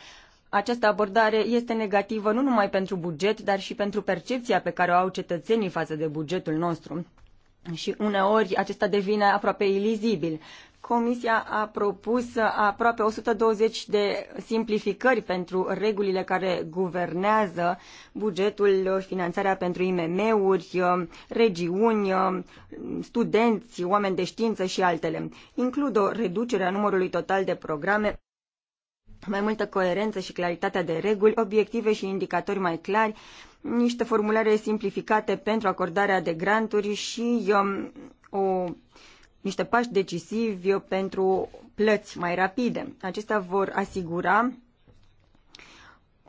această abordare este negativă nu numai pentru buget, dar și pentru percepția pe care o au cetățenii față de bugetul nostru. Și uneori acesta devine aproape ilizibil. Comisia a propus aproape 120 de simplificări pentru regulile care guvernează bugetul, finanțarea pentru IMM-uri, regiuni, studenți, oameni de știință și altele. Includ o reducere a numărului total de programe mai multă coerență și claritatea de reguli, obiective și indicatori mai clari, niște formulare simplificate pentru acordarea de granturi și um, o niște pași decisivi pentru plăți mai rapide. Acestea vor asigura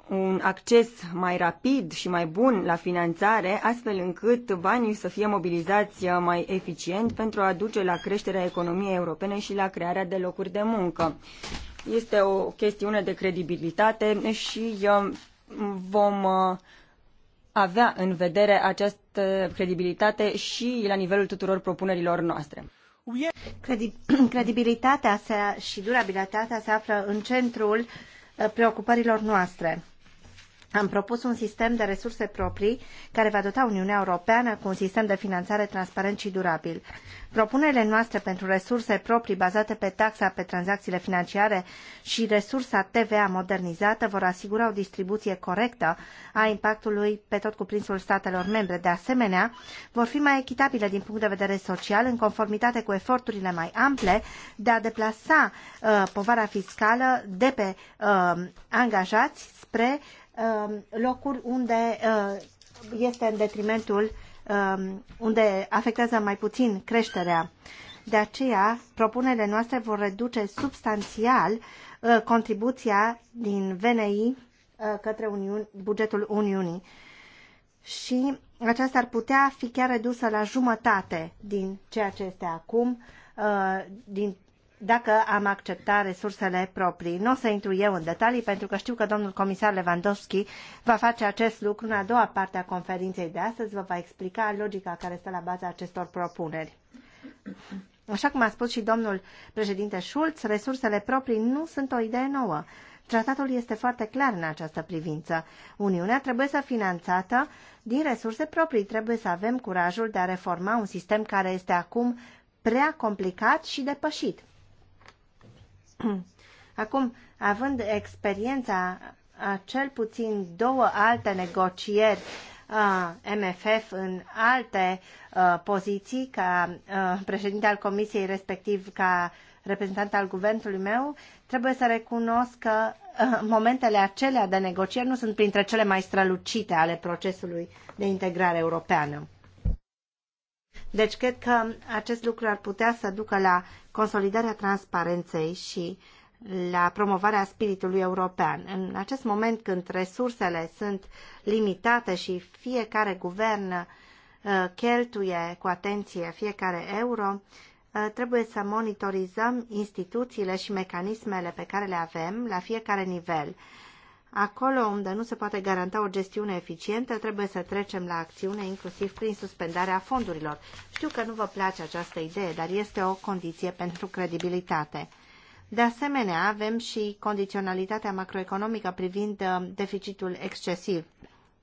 un acces mai rapid și mai bun la finanțare, astfel încât banii să fie mobilizați mai eficient pentru a duce la creșterea economiei europene și la crearea de locuri de muncă. Este o chestiune de credibilitate și um, vom uh, avea în vedere această credibilitate și la nivelul tuturor propunerilor noastre. Credibilitatea sa și durabilitatea se află în centrul uh, preocupărilor noastre. Am propus un sistem de resurse proprii care va dota Uniunea Europeană cu un sistem de finanțare transparent și durabil. Propunerile noastre pentru resurse proprii bazate pe taxa pe tranzacțiile financiare și resursa TVA modernizată vor asigura o distribuție corectă a impactului pe tot cuprinsul statelor membre. De asemenea, vor fi mai echitabile din punct de vedere social în conformitate cu eforturile mai ample de a deplasa uh, povara fiscală de pe uh, angajați spre uh, Um, locuri unde uh, este în detrimentul, um, unde afectează mai puțin creșterea. De aceea, propunerile noastre vor reduce substanțial uh, contribuția din VNI uh, către Uniun, bugetul Uniunii. Și aceasta ar putea fi chiar redusă la jumătate din ceea ce este acum, din dacă am accepta resursele proprii. Nu o să intru eu în detalii, pentru că știu că domnul comisar Lewandowski va face acest lucru în a doua parte a conferinței de astăzi, vă va explica logica care stă la baza acestor propuneri. Așa cum a spus și domnul președinte Schulz, resursele proprii nu sunt o idee nouă. Tratatul este foarte clar în această privință. Uniunea trebuie să finanțată din resurse proprii. Trebuie să avem curajul de a reforma un sistem care este acum prea complicat și depășit. Acum, având experiența a cel puțin două alte negocieri uh, MFF în alte a, uh, poziții ca a, uh, președinte al comisiei, respectiv ca reprezentant al guvernului meu, trebuie să recunosc că a, momentele acelea de negocieri nu sunt printre cele mai strălucite ale procesului de integrare europeană. Deci cred că acest lucru ar putea să ducă la consolidarea transparenței și la promovarea spiritului european. În acest moment când resursele sunt limitate și fiecare guvern uh, cheltuie cu atenție fiecare euro, uh, trebuie să monitorizăm instituțiile și mecanismele pe care le avem la fiecare nivel Acolo unde nu se poate garanta o gestiune eficientă, trebuie să trecem la acțiune, inclusiv prin suspendarea fondurilor. Știu că nu vă place această idee, dar este o condiție pentru credibilitate. De asemenea, avem și condiționalitatea macroeconomică privind uh, deficitul excesiv,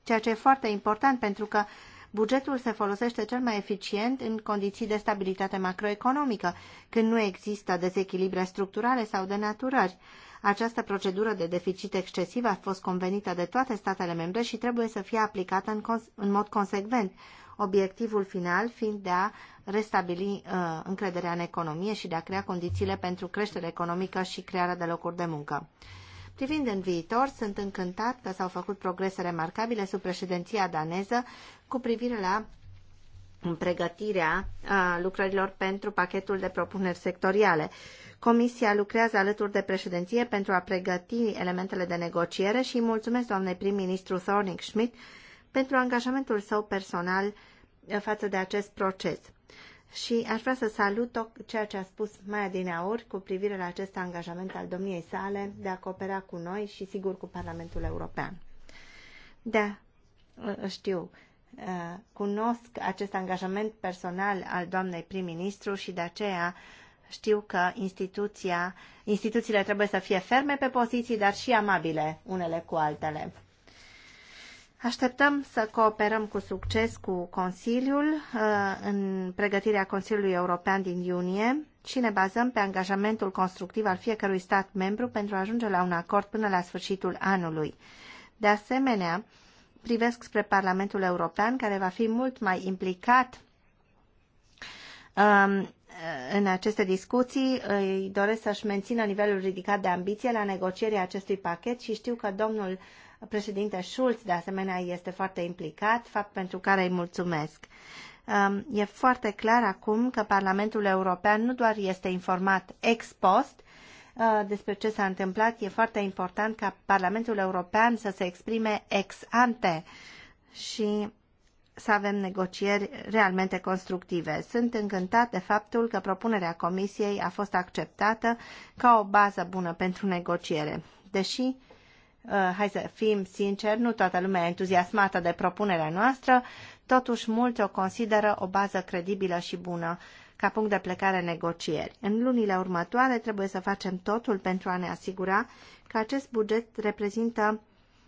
ceea ce e foarte important pentru că bugetul se folosește cel mai eficient în condiții de stabilitate macroeconomică, când nu există dezechilibre structurale sau de naturări. Această procedură de deficit excesiv a fost convenită de toate statele membre și trebuie să fie aplicată în, cons- în mod consecvent, obiectivul final fiind de a restabili uh, încrederea în economie și de a crea condițiile pentru creștere economică și crearea de locuri de muncă. Privind în viitor, sunt încântat că s-au făcut progrese remarcabile sub președinția daneză cu privire la în pregătirea lucrărilor pentru pachetul de propuneri sectoriale. Comisia lucrează alături de președinție pentru a pregăti elementele de negociere și îi mulțumesc doamnei prim-ministru Thorning Schmidt pentru angajamentul său personal față de acest proces. Și aș vrea să salut ceea ce a spus mai Aur cu privire la acest angajament al domniei sale de a coopera cu noi și sigur cu Parlamentul European. Da, știu. Eh, cunosc acest angajament personal al doamnei prim-ministru și de aceea știu că instituția, instituțiile trebuie să fie ferme pe poziții, dar și amabile unele cu altele. Așteptăm să cooperăm cu succes cu Consiliul eh, în pregătirea Consiliului European din iunie și ne bazăm pe angajamentul constructiv al fiecărui stat membru pentru a ajunge la un acord până la sfârșitul anului. De asemenea, privesc spre Parlamentul European, care va fi mult mai implicat um, în aceste discuții. Îi doresc să-și mențină nivelul ridicat de ambiție la negocierea acestui pachet și știu că domnul președinte Schulz, de asemenea, este foarte implicat, fapt pentru care îi mulțumesc. Um, e foarte clar acum că Parlamentul European nu doar este informat ex post, Uh, despre ce s-a întâmplat, e foarte important ca Parlamentul European să se exprime ex ante și să avem negocieri realmente constructive. Sunt încântat de faptul că propunerea Comisiei a fost acceptată ca o bază bună pentru negociere, deși uh, hai să fim sinceri, nu toată lumea e entuziasmată de propunerea noastră, totuși mulți o consideră o bază credibilă și bună ca punct de plecare negocieri. În lunile următoare trebuie să facem totul pentru a ne asigura că acest buget reprezintă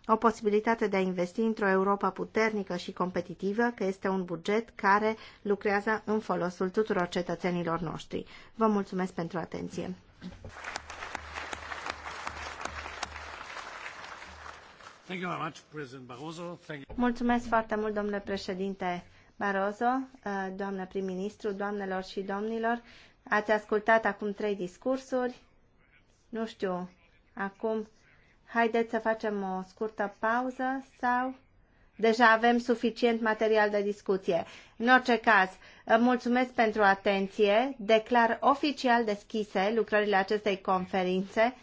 o posibilitate de a investi într-o Europa puternică și competitivă, că este un buget care lucrează în folosul tuturor cetățenilor noștri. Vă mulțumesc pentru atenție. Mulțumesc foarte mult, domnule președinte Barroso, uh, doamnă prim-ministru, doamnelor și domnilor, ați ascultat acum trei discursuri. Nu știu, acum haideți să facem o scurtă pauză sau deja avem suficient material de discuție. În orice caz, mulțumesc pentru atenție. Declar oficial deschise lucrările acestei conferințe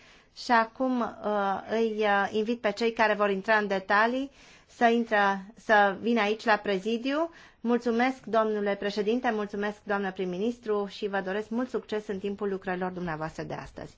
și acum uh, îi uh, invit pe cei care vor intra în detalii să, intra, să vină aici la prezidiu. Mulțumesc, domnule președinte, mulțumesc, doamnă prim-ministru și vă doresc mult succes în timpul lucrărilor dumneavoastră de astăzi.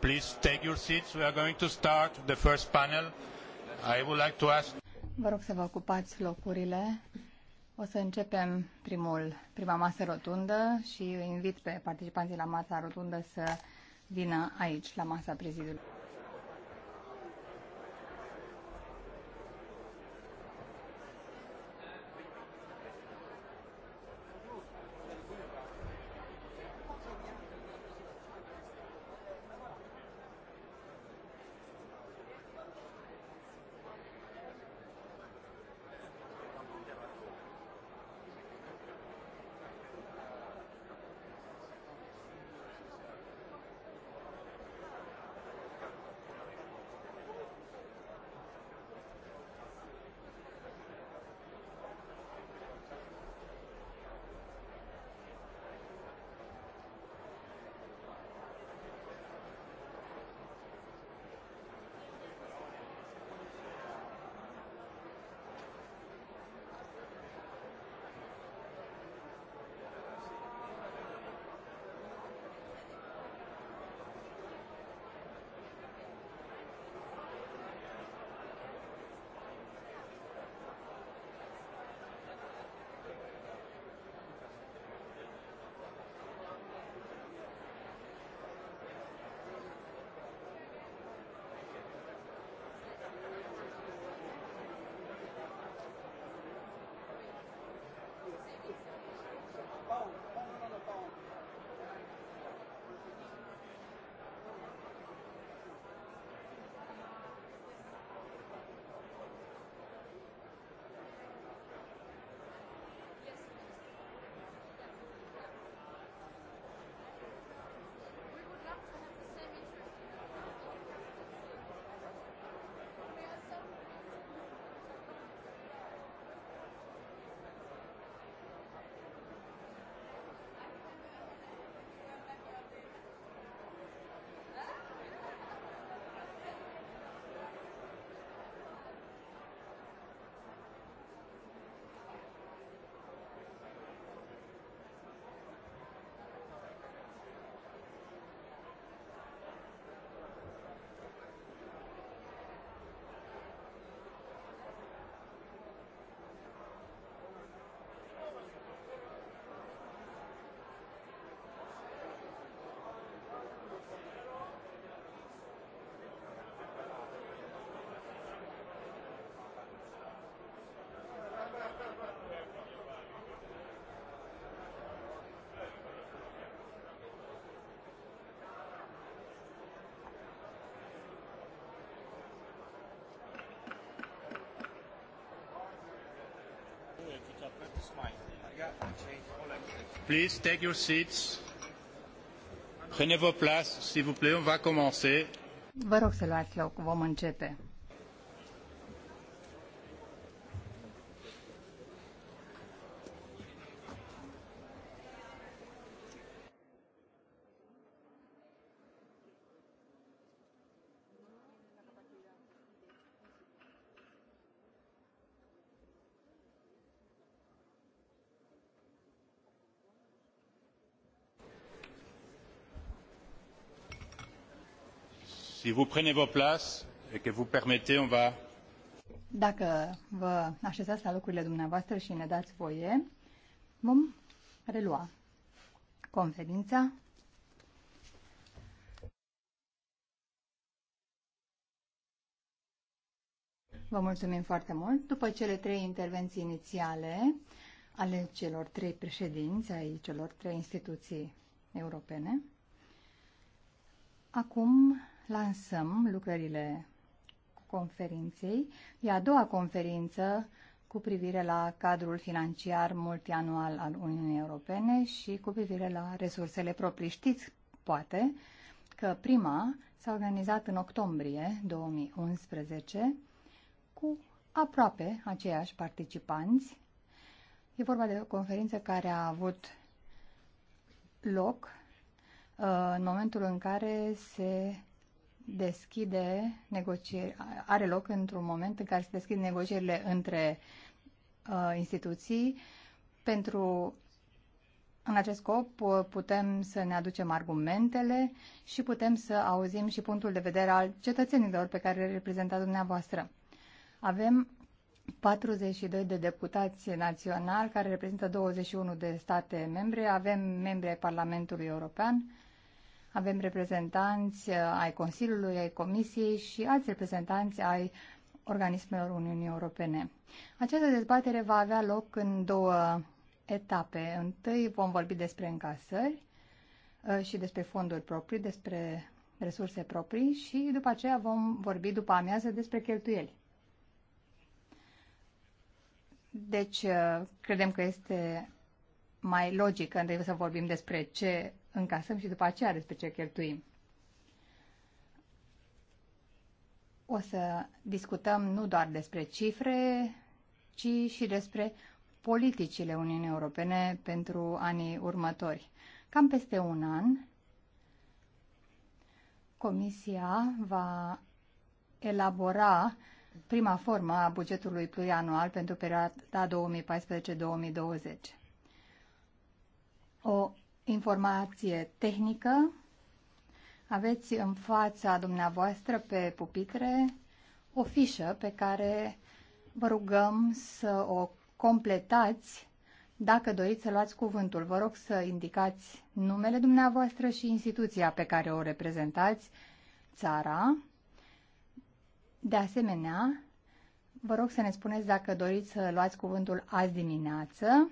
Please take your seats. We are going to start the first panel. I would like to ask... Vă rog să vă ocupați locurile. O să începem primul, prima masă rotundă și invit pe participanții la masa rotundă să vină aici, la masa prezidului. Please take your seats. Prenez vos places, s'il vous plaît, on va commencer. Vă rog să luați loc, vom începe. vous prenez vos places et que vous permettez, on va... Dacă vă așezați la locurile dumneavoastră și ne dați voie, vom relua conferința. Vă mulțumim foarte mult. După cele trei intervenții inițiale ale celor trei președinți ai celor trei instituții europene, acum lansăm lucrările conferinței. E a doua conferință cu privire la cadrul financiar multianual al Uniunii Europene și cu privire la resursele proprii. Știți, poate, că prima s-a organizat în octombrie 2011 cu aproape aceiași participanți. E vorba de o conferință care a avut loc uh, în momentul în care se deschide negocieri, are loc într-un moment în care se deschid negocierile între uh, instituții. Pentru în acest scop putem să ne aducem argumentele și putem să auzim și punctul de vedere al cetățenilor pe care le reprezenta dumneavoastră. Avem 42 de deputați naționali care reprezintă 21 de state membre, avem membri ai Parlamentului European, avem reprezentanți uh, ai Consiliului, ai Comisiei și alți reprezentanți ai organismelor Uniunii Europene. Această dezbatere va avea loc în două etape. Întâi vom vorbi despre încasări uh, și despre fonduri proprii, despre resurse proprii și după aceea vom vorbi după amiază despre cheltuieli. Deci, uh, credem că este mai logic întâi să vorbim despre ce încasăm și după aceea despre ce cheltuim. O să discutăm nu doar despre cifre, ci și despre politicile Uniunii Europene pentru anii următori. Cam peste un an, Comisia va elabora prima formă a bugetului plurianual pentru perioada 2014-2020. O informație tehnică. Aveți în fața dumneavoastră pe pupitre o fișă pe care vă rugăm să o completați dacă doriți să luați cuvântul. Vă rog să indicați numele dumneavoastră și instituția pe care o reprezentați, țara. De asemenea, vă rog să ne spuneți dacă doriți să luați cuvântul azi dimineață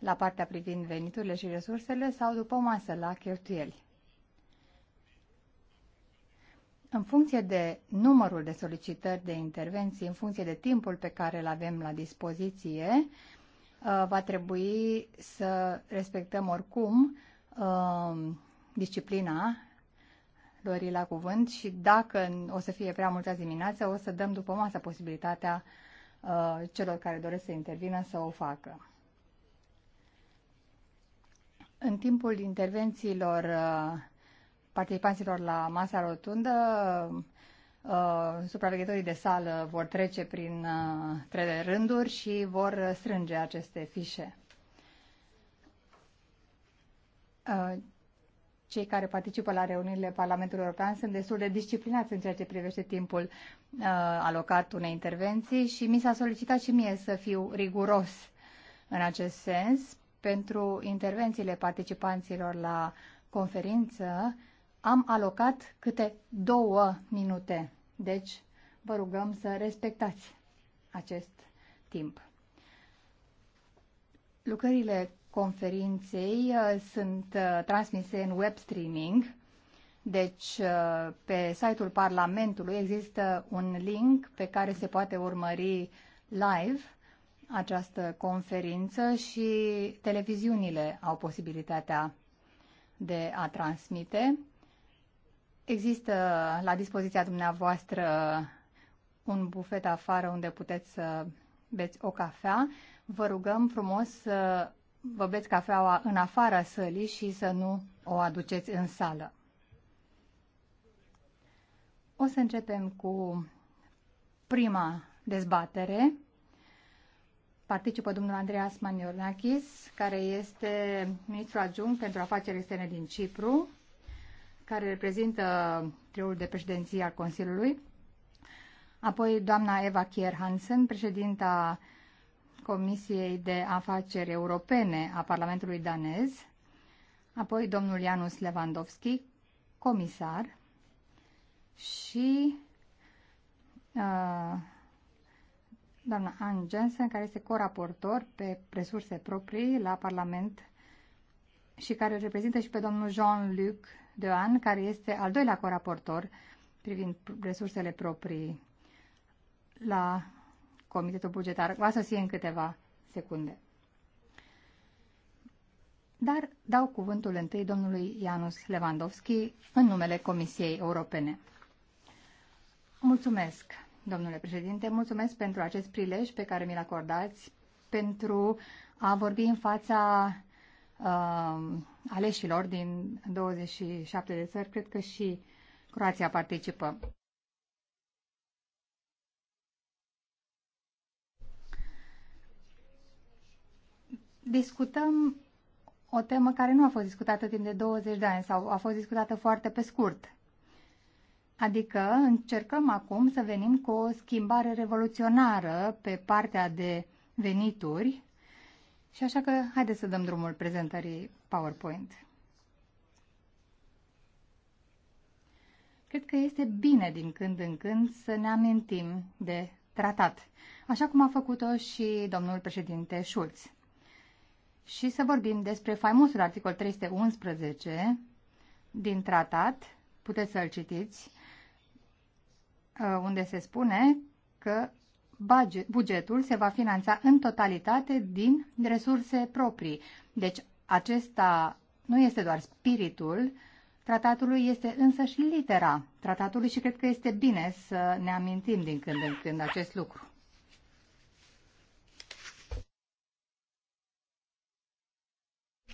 la partea privind veniturile și resursele sau după masă la cheltuieli. În funcție de numărul de solicitări de intervenții, în funcție de timpul pe care îl avem la dispoziție, uh, va trebui să respectăm oricum uh, disciplina lor la cuvânt și dacă o să fie prea multă dimineață, o să dăm după masă posibilitatea uh, celor care doresc să intervină să o facă. În timpul intervențiilor uh, participanților la masa rotundă, uh, supraveghetorii de sală vor trece prin uh, trei rânduri și vor strânge aceste fișe. Cei care participă la reuniunile Parlamentului European sunt destul de disciplinați în ceea ce privește timpul uh, alocat unei intervenții și mi s-a solicitat și mie să fiu riguros în acest sens pentru intervențiile participanților la conferință, am alocat câte două minute. Deci, vă rugăm să respectați acest timp. Lucrările conferinței uh, sunt uh, transmise în web streaming, deci uh, pe site-ul Parlamentului există un link pe care se poate urmări live această conferință și televiziunile au posibilitatea de a transmite. Există la dispoziția dumneavoastră un bufet afară unde puteți să beți o cafea. Vă rugăm frumos să vă beți cafeaua în afara sălii și să nu o aduceți în sală. O să începem cu prima dezbatere. Participă domnul Andreas Maniornakis, care este ministru adjunct pentru afaceri externe din Cipru, care reprezintă triul de președinție al Consiliului. Apoi doamna Eva Kier Hansen, președinta Comisiei de Afaceri Europene a Parlamentului danez. Apoi domnul Janus Lewandowski, comisar. Și uh, doamna Anne Jensen, care este coraportor pe resurse proprii la Parlament și care îl reprezintă și pe domnul Jean-Luc Dean, care este al doilea coraportor privind resursele proprii la Comitetul Bugetar. Va sosi în câteva secunde. Dar dau cuvântul întâi domnului Ianus Lewandowski în numele Comisiei Europene. Mulțumesc! Domnule președinte, mulțumesc pentru acest prilej pe care mi-l acordați pentru a vorbi în fața uh, aleșilor din 27 de țări. Cred că și Croația participă. Discutăm o temă care nu a fost discutată timp de 20 de ani sau a fost discutată foarte pe scurt. Adică încercăm acum să venim cu o schimbare revoluționară pe partea de venituri și așa că haideți să dăm drumul prezentării PowerPoint. Cred că este bine din când în când să ne amintim de tratat, așa cum a făcut-o și domnul președinte Schulz. Și să vorbim despre faimosul articol 311 din tratat, puteți să-l citiți, Uh, unde se spune că bugetul se va finanța în totalitate din resurse proprii. Deci acesta nu este doar spiritul tratatului, este însă și litera tratatului și cred că este bine să ne amintim din când în când acest lucru.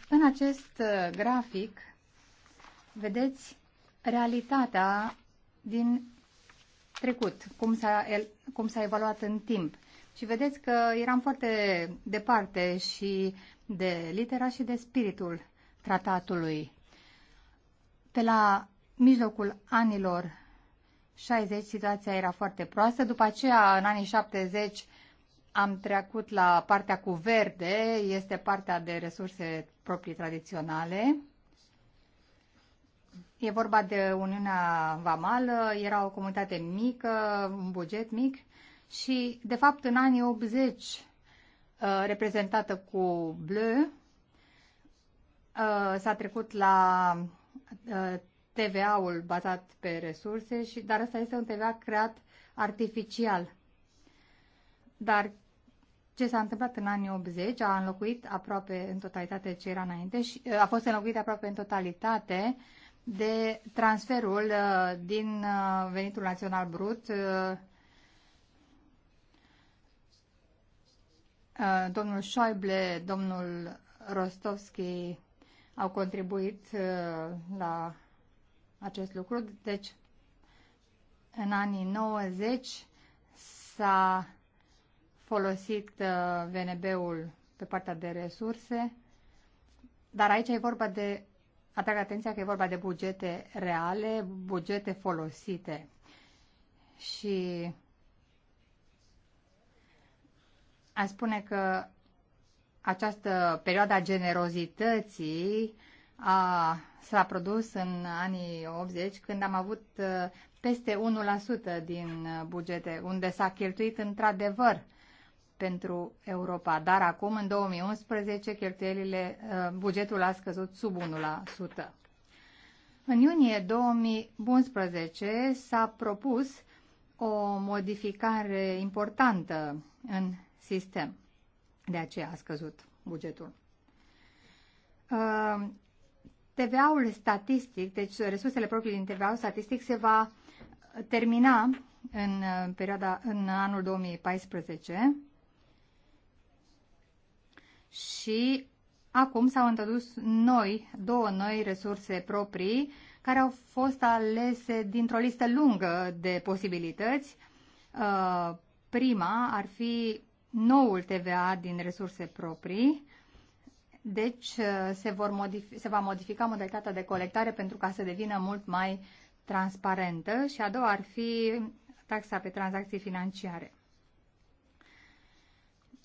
În acest uh, grafic vedeți realitatea din trecut, cum s-a, cum s-a evaluat în timp. Și vedeți că eram foarte departe și de litera și de spiritul tratatului. Pe la mijlocul anilor 60 situația era foarte proastă, după aceea în anii 70 am trecut la partea cu verde, este partea de resurse proprii tradiționale E vorba de Uniunea Vamală, era o comunitate mică, un buget mic și, de fapt, în anii 80, uh, reprezentată cu Bleu, uh, s-a trecut la uh, TVA-ul bazat pe resurse, și, dar asta este un TVA creat artificial. Dar ce s-a întâmplat în anii 80 a înlocuit aproape în totalitate ce era înainte și a fost înlocuit aproape în totalitate uh, de transferul uh, din uh, venitul național brut uh, domnul Schäuble, domnul Rostovski au contribuit la acest lucru. Deci, în anii 90 s-a folosit VNB-ul pe partea de resurse, dar aici e vorba de Atrag atenția că e vorba de bugete reale, bugete folosite. Și a spune că această perioadă a generozității a, s-a produs în anii 80, când am avut uh, peste 1% din uh, bugete, unde s-a cheltuit într-adevăr pentru Europa. Dar acum, în 2011, cheltuielile, uh, bugetul a scăzut sub 1%. În iunie 2011 s-a propus o modificare importantă în sistem. De aceea a scăzut bugetul. Uh, TVA-ul statistic, deci resursele proprii din TVA-ul statistic se va termina în uh, perioada în anul 2014 și acum s-au întădus noi, două noi resurse proprii care au fost alese dintr-o listă lungă de posibilități. Uh, prima ar fi noul TVA din resurse proprii, deci uh, se, vor modifi- se va modifica modalitatea de colectare pentru ca să devină mult mai transparentă și a doua ar fi taxa pe tranzacții financiare.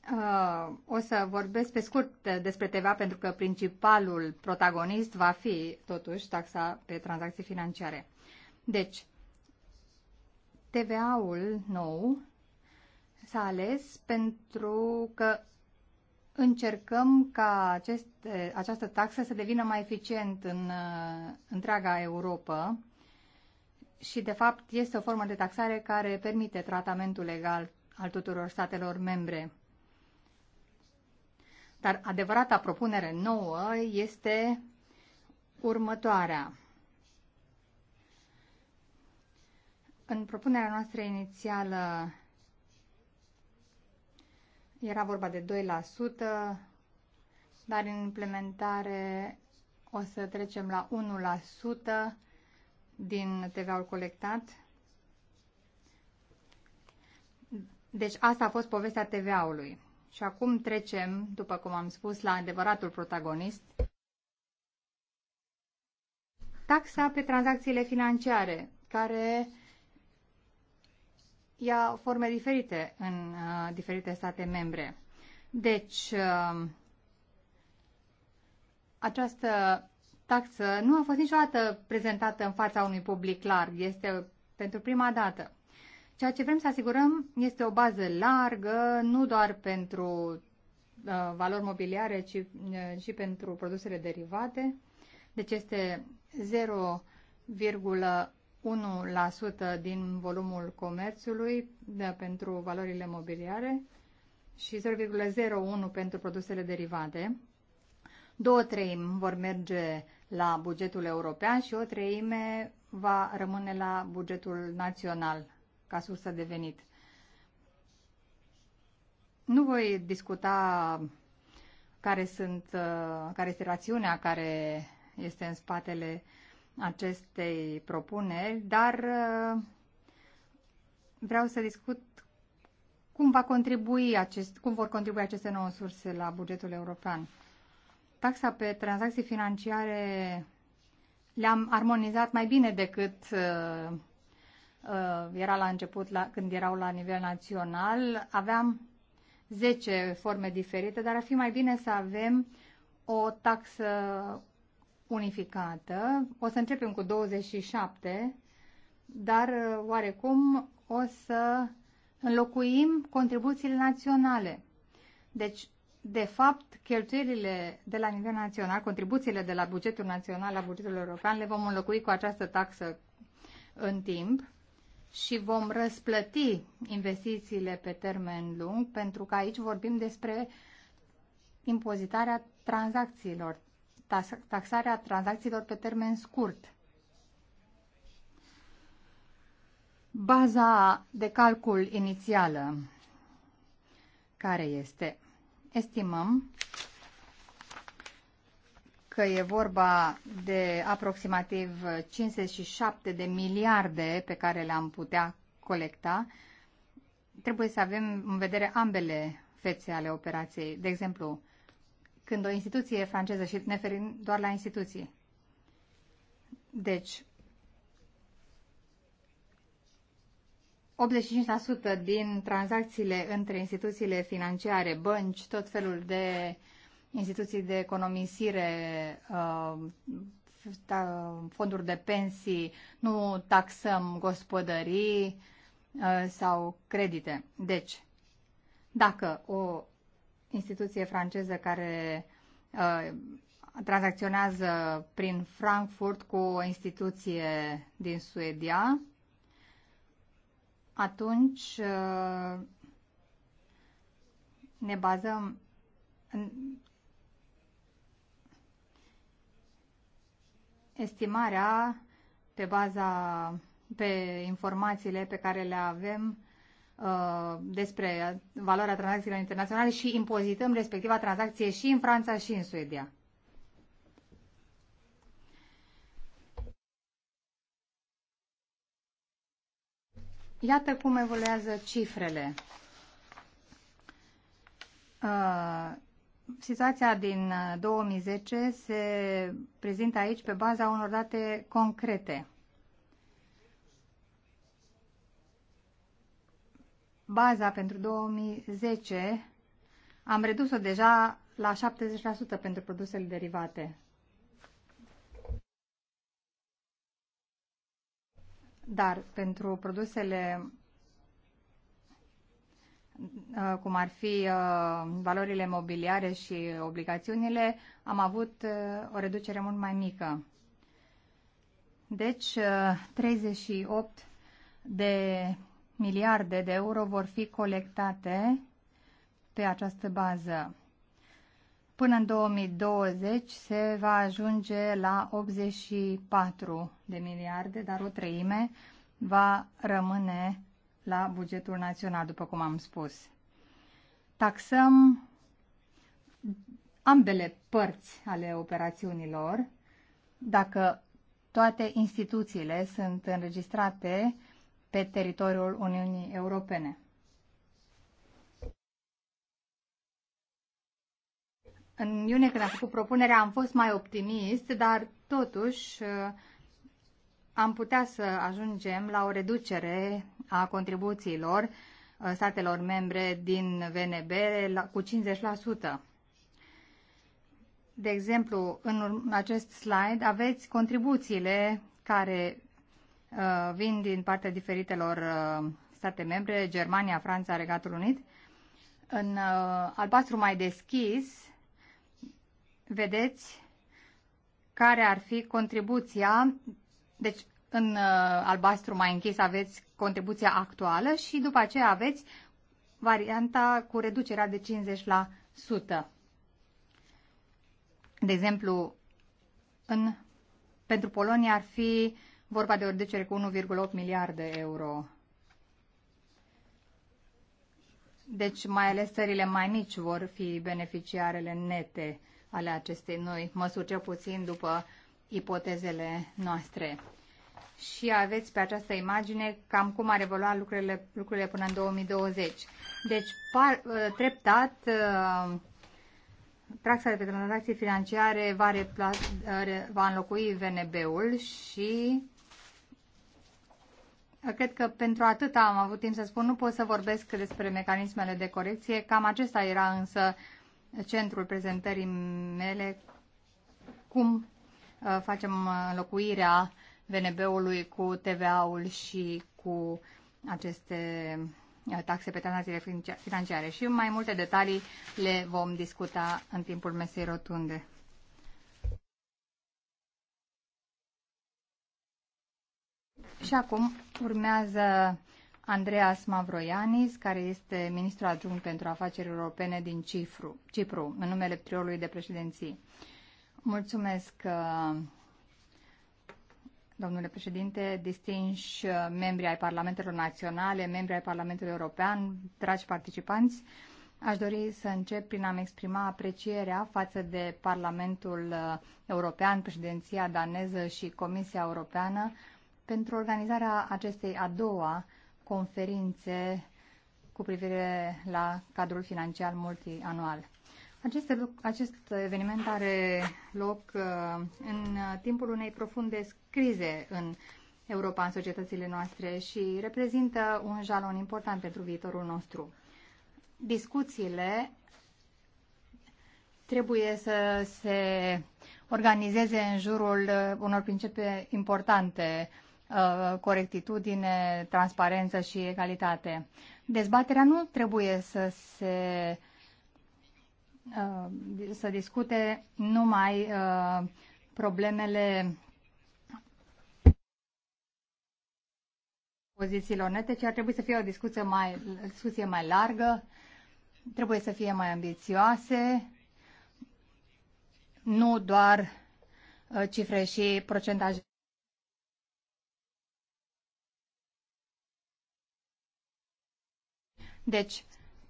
Uh, o să vorbesc pe scurt uh, despre TVA pentru că principalul protagonist va fi totuși taxa pe tranzacții financiare. Deci, TVA-ul nou s-a ales pentru că încercăm ca acest, uh, această taxă să devină mai eficient în întreaga Europa și, de fapt, este o formă de taxare care permite tratamentul legal al tuturor statelor membre. Dar adevărata propunere nouă este următoarea. În propunerea noastră inițială era vorba de 2%, dar în implementare o să trecem la 1% din TVA-ul colectat. Deci asta a fost povestea TVA-ului. Și acum trecem, după cum am spus, la adevăratul protagonist. Taxa pe tranzacțiile financiare, care ia forme diferite în uh, diferite state membre. Deci, uh, această taxă nu a fost niciodată prezentată în fața unui public larg. Este pentru prima dată. Ceea ce vrem să asigurăm este o bază largă, nu doar pentru uh, valori mobiliare, ci uh, și pentru produsele derivate. Deci este 0,1% din volumul comerțului de, da, pentru valorile mobiliare și 0,01 pentru produsele derivate. Două treimi vor merge la bugetul european și o treime va rămâne la bugetul național ca sursă de venit. Nu voi discuta care, sunt, uh, care este rațiunea care este în spatele acestei propuneri, dar uh, vreau să discut cum, va contribui acest, cum vor contribui aceste nouă surse la bugetul european. Taxa pe tranzacții financiare le-am armonizat mai bine decât uh, Uh, era la început la, când erau la nivel național, aveam 10 forme diferite, dar ar fi mai bine să avem o taxă unificată. O să începem cu 27, dar uh, oarecum o să înlocuim contribuțiile naționale. Deci, de fapt, cheltuielile de la nivel național, contribuțiile de la bugetul național la bugetul european, le vom înlocui cu această taxă în timp și vom răsplăti investițiile pe termen lung, pentru că aici vorbim despre impozitarea tranzacțiilor, taxarea tranzacțiilor pe termen scurt. Baza de calcul inițială care este? Estimăm că e vorba de aproximativ 57 de miliarde pe care le-am putea colecta, trebuie să avem în vedere ambele fețe ale operației. De exemplu, când o instituție franceză, și ne ferim doar la instituții, deci 85% din tranzacțiile între instituțiile financiare, bănci, tot felul de uh, instituții de economisire, uh, fonduri de pensii, nu taxăm gospodării uh, sau credite. Deci, dacă o instituție franceză care uh, tranzacționează prin Frankfurt cu o instituție din Suedia, atunci ne bazăm estimarea pe baza pe informațiile pe care le avem uh, despre valoarea tranzacțiilor internaționale și impozităm respectiva tranzacție și în Franța și în Suedia. Iată cum evoluează cifrele. Uh, Situația din 2010 uh, se prezintă aici pe baza unor date concrete. Baza pentru 2010 am redus-o deja la 70% pentru produsele derivate. Dar pentru produsele Uh, cum ar fi uh, valorile mobiliare și obligațiunile, am avut uh, o reducere mult mai mică. Deci, 38 de miliarde de euro vor fi colectate pe această bază. Până în 2020 se va ajunge la 84 de miliarde, dar o treime va rămâne la bugetul național, după cum am spus. Taxăm ambele părți ale operațiunilor. Dacă toate instituțiile sunt înregistrate pe teritoriul Uniunii Europene. În iunie, când am făcut propunerea, am fost mai optimist, dar totuși am putea să ajungem la o reducere a contribuțiilor uh, statelor membre din VNB cu 50%. De exemplu, în acest slide aveți contribuțiile care uh, vin din partea diferitelor uh, state membre, Germania, Franța, Regatul Unit. În albastru mai deschis vedeți care ar fi contribuția, deci în uh, albastru mai închis aveți contribuția actuală și după aceea aveți varianta cu reducerea de 50%. De exemplu, în, pentru Polonia ar fi vorba de o reducere cu 1,8 miliarde euro. Deci, mai ales țările mai mici vor fi beneficiarele nete ale acestei noi măsuri, cel puțin după ipotezele noastre și aveți pe această imagine cam cum ar evolua lucrurile, lucrurile până în 2020. Deci, par, uh, treptat, uh, taxa de pe tranzacții financiare va, repla, uh, va înlocui VNB-ul și cred că pentru atât am avut timp să spun, nu pot să vorbesc despre mecanismele de corecție, cam acesta era însă centrul prezentării mele, cum facem înlocuirea VNB-ului cu TVA-ul și cu aceste uh, taxe pe tranzacțiile financiare și mai multe detalii le vom discuta în timpul mesei rotunde. Și acum urmează Andreas Mavroianis, care este ministru adjunct pentru afaceri europene din Cipru, Cipru în numele triului de președinție. Mulțumesc, uh, Domnule președinte, distinși uh, membri ai Parlamentelor Naționale, membri ai Parlamentului European, dragi participanți, aș dori să încep prin a-mi exprima aprecierea față de Parlamentul uh, European, președinția daneză și Comisia Europeană pentru organizarea acestei a doua conferințe cu privire la cadrul financiar multianual. Acest, acest eveniment are loc uh, în timpul unei profunde crize în Europa, în societățile noastre și reprezintă un jalon important pentru viitorul nostru. Discuțiile trebuie să se organizeze în jurul uh, unor principii importante, uh, corectitudine, transparență și egalitate. Dezbaterea nu trebuie să se Uh, să discute numai uh, problemele pozițiilor nete, ci ar trebui să fie o discuție mai, discuție mai largă, trebuie să fie mai ambițioase, nu doar uh, cifre și procentaje. Deci,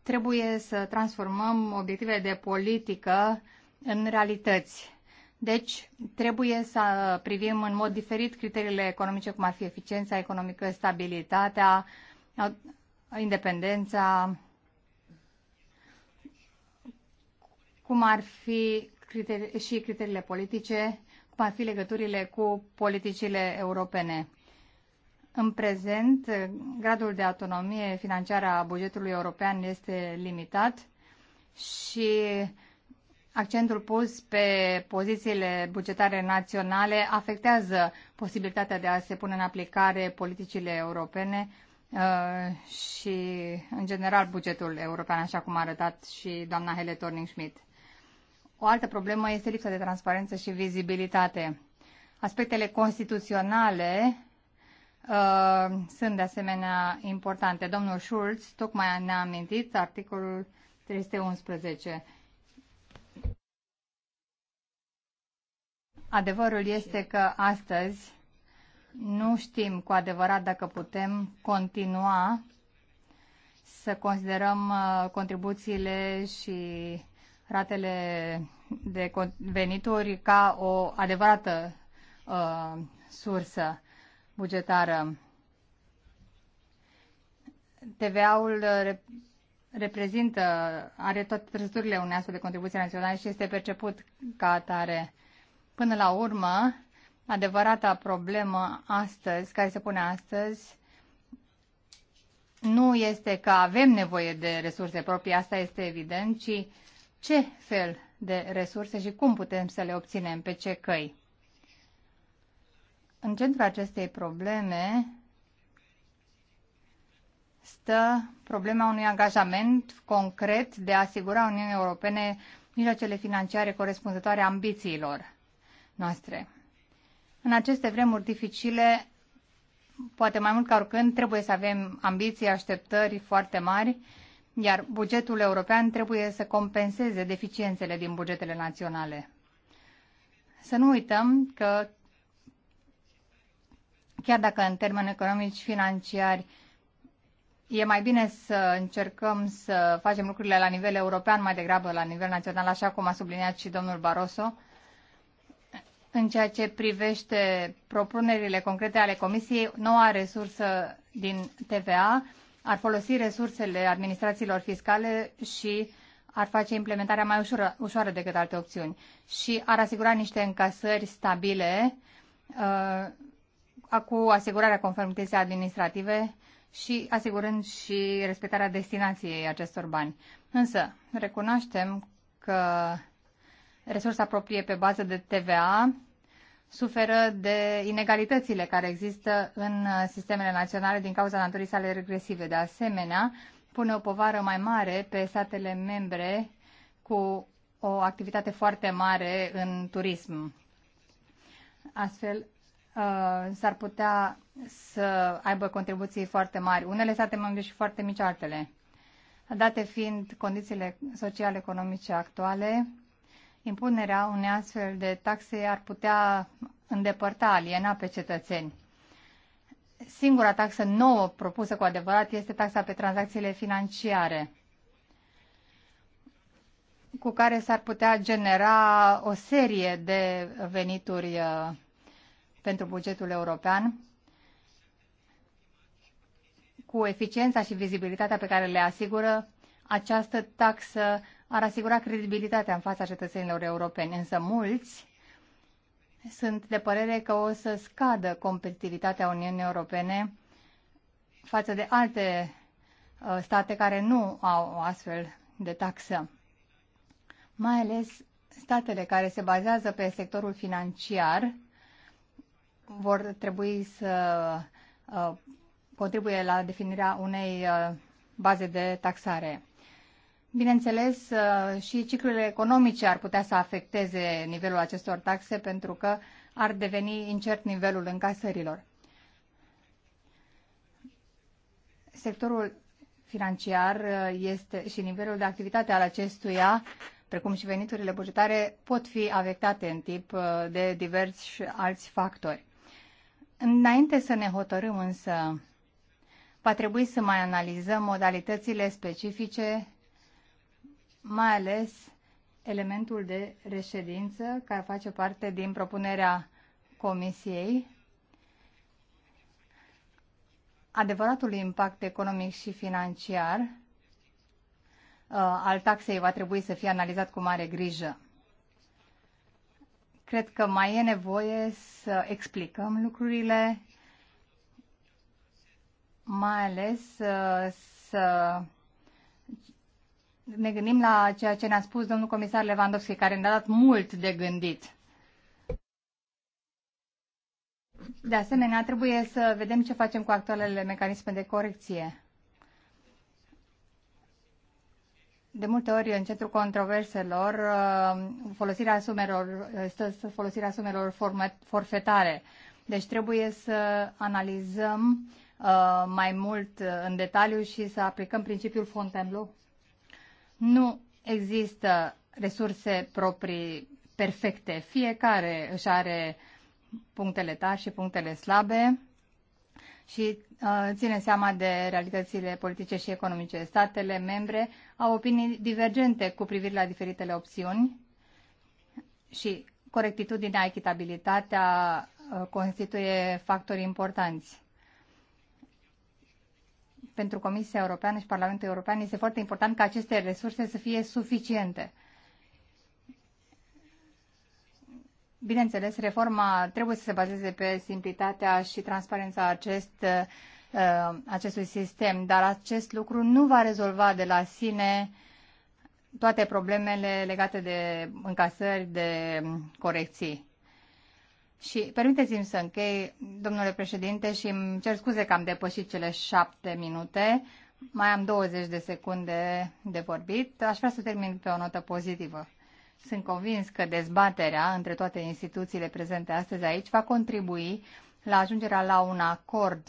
Trebuie să transformăm obiectivele de politică în realități. Deci, trebuie să privim în mod diferit criteriile economice, cum ar fi eficiența economică, stabilitatea, independența, cum ar fi criteri- și criteriile politice, cum ar fi legăturile cu politicile europene. În prezent, gradul de autonomie financiară a bugetului european este limitat și accentul pus pe pozițiile bugetare naționale afectează posibilitatea de a se pune în aplicare politicile europene uh, și, în general, bugetul european, așa cum a arătat și doamna Hele Torning-Schmidt. O altă problemă este lipsa de transparență și vizibilitate. Aspectele constituționale Uh, sunt de asemenea importante. Domnul Schulz tocmai ne-a amintit articolul 311. Adevărul este că astăzi nu știm cu adevărat dacă putem continua să considerăm uh, contribuțiile și ratele de venituri ca o adevărată uh, sursă bugetară. TVA-ul uh, reprezintă, are toate trăsăturile unei astfel de contribuție naționale și este perceput ca atare. Până la urmă, adevărata problemă astăzi, care se pune astăzi, nu este că avem nevoie de resurse proprii, asta este evident, ci ce fel de resurse și cum putem să le obținem, pe ce căi. În centrul acestei probleme stă problema unui angajament concret de a asigura Uniunii Europene mijloacele financiare corespunzătoare ambițiilor noastre. În aceste vremuri dificile, poate mai mult ca oricând, trebuie să avem ambiții, așteptări foarte mari, iar bugetul european trebuie să compenseze deficiențele din bugetele naționale. Să nu uităm că chiar dacă în termeni economici financiari e mai bine să încercăm să facem lucrurile la nivel european mai degrabă la nivel național, așa cum a subliniat și domnul Barroso, în ceea ce privește propunerile concrete ale Comisiei, noua resursă din TVA ar folosi resursele administrațiilor fiscale și ar face implementarea mai ușoară, ușoară decât alte opțiuni și ar asigura niște încasări stabile uh, cu asigurarea conformității administrative și asigurând și respectarea destinației acestor bani. Însă, recunoaștem că resursa proprie pe bază de TVA suferă de inegalitățile care există în sistemele naționale din cauza naturii sale regresive. De asemenea, pune o povară mai mare pe statele membre cu o activitate foarte mare în turism. Astfel, Uh, s-ar putea să aibă contribuții foarte mari, unele state membre și foarte mici altele. Date fiind condițiile sociale economice actuale, impunerea unei astfel de taxe ar putea îndepărta, aliena pe cetățeni. Singura taxă nouă propusă cu adevărat este taxa pe tranzacțiile financiare, cu care s-ar putea genera o serie de venituri uh, pentru bugetul european cu eficiența și vizibilitatea pe care le asigură, această taxă ar asigura credibilitatea în fața cetățenilor europeni, însă mulți sunt de părere că o să scadă competitivitatea Uniunii Europene față de alte uh, state care nu au o astfel de taxă. Mai ales statele care se bazează pe sectorul financiar vor trebui să uh, contribuie la definirea unei uh, baze de taxare. Bineînțeles, uh, și ciclurile economice ar putea să afecteze nivelul acestor taxe pentru că ar deveni incert nivelul încasărilor. Sectorul financiar este și nivelul de activitate al acestuia, precum și veniturile bugetare, pot fi afectate în tip de diversi alți factori. Înainte să ne hotărâm însă, va trebui să mai analizăm modalitățile specifice, mai ales elementul de reședință care face parte din propunerea Comisiei, adevăratul impact economic și financiar uh, al taxei va trebui să fie analizat cu mare grijă. Cred că mai e nevoie să explicăm lucrurile, mai ales uh, să ne gândim la ceea ce ne-a spus domnul comisar Lewandowski, care ne-a dat mult de gândit. De asemenea, trebuie să vedem ce facem cu actualele mecanisme de corecție. de multe ori în centrul controverselor uh, folosirea sumelor, este folosirea sumelor forfetare. Deci trebuie să analizăm uh, mai mult uh, în detaliu și să aplicăm principiul Fontainebleau. Nu există resurse proprii perfecte. Fiecare își are punctele tari și punctele slabe și uh, ține seama de realitățile politice și economice. Statele membre au opinii divergente cu privire la diferitele opțiuni și corectitudinea, echitabilitatea uh, constituie factori importanți. Pentru Comisia Europeană și Parlamentul European este foarte important ca aceste resurse să fie suficiente. Bineînțeles, reforma trebuie să se bazeze pe simplitatea și transparența acest, uh, acestui sistem, dar acest lucru nu va rezolva de la sine toate problemele legate de încasări, de corecții. Și permiteți-mi să închei, domnule președinte, și îmi cer scuze că am depășit cele șapte minute. Mai am 20 de secunde de vorbit. Aș vrea să termin pe o notă pozitivă. Sunt convins că dezbaterea între toate instituțiile prezente astăzi aici va contribui la ajungerea la un acord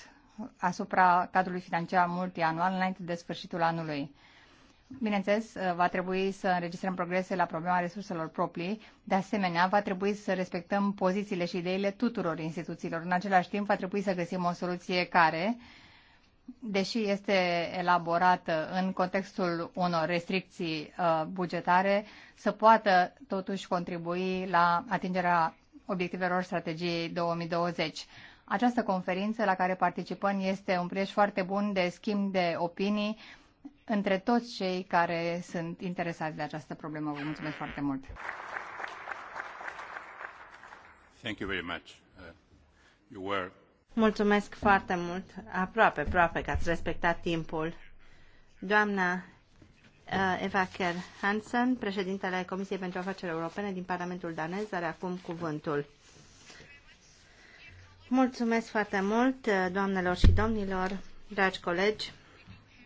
asupra cadrului financiar multianual înainte de sfârșitul anului. Bineînțeles, va trebui să înregistrăm progrese la problema resurselor proprii. De asemenea, va trebui să respectăm pozițiile și ideile tuturor instituțiilor. În același timp, va trebui să găsim o soluție care deși este elaborată în contextul unor restricții uh, bugetare, să poată totuși contribui la atingerea obiectivelor strategiei 2020. Această conferință la care participăm este un prilej foarte bun de schimb de opinii între toți cei care sunt interesați de această problemă. Vă mulțumesc foarte mult! Thank you very much. Uh, you were Mulțumesc foarte mult. Aproape, aproape că ați respectat timpul. Doamna uh, Eva Kerr Hansen, președintele Comisiei pentru Afaceri Europene din Parlamentul Danez, are acum cuvântul. Mulțumesc foarte mult, uh, doamnelor și domnilor, dragi colegi.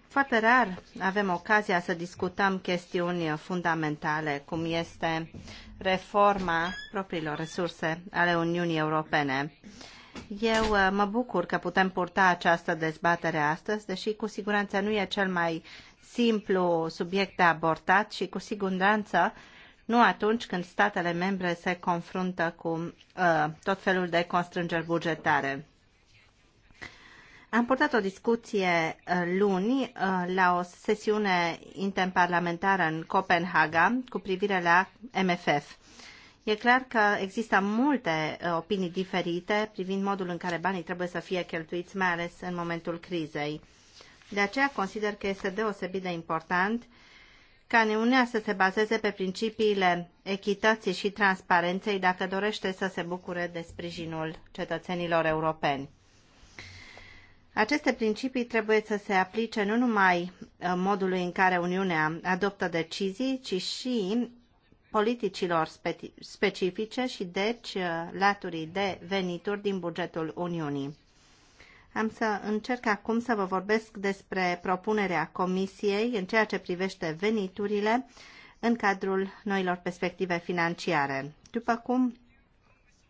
Foarte rar avem ocazia să discutăm chestiuni fundamentale, cum este reforma propriilor resurse ale Uniunii Europene. Uh, eu uh, mă bucur că putem purta această dezbatere astăzi, deși cu siguranță nu e cel mai simplu subiect de abordat și cu siguranță nu atunci când statele membre se confruntă cu uh, tot felul de constrângeri bugetare. Am purtat o discuție uh, luni uh, la o sesiune interparlamentară în Copenhaga cu privire la MFF. E clar că există multe uh, opinii diferite privind modul în care banii trebuie să fie cheltuiți, mai ales în momentul crizei. De aceea consider că este deosebit de important ca Uniunea să se bazeze pe principiile echității și transparenței dacă dorește să se bucure de sprijinul cetățenilor europeni. Aceste principii trebuie să se aplice nu numai uh, modului în care Uniunea adoptă decizii, ci și politicilor specifice și deci uh, laturii de venituri din bugetul Uniunii. Am să încerc acum să vă vorbesc despre propunerea Comisiei în ceea ce privește veniturile în cadrul noilor perspective financiare. După cum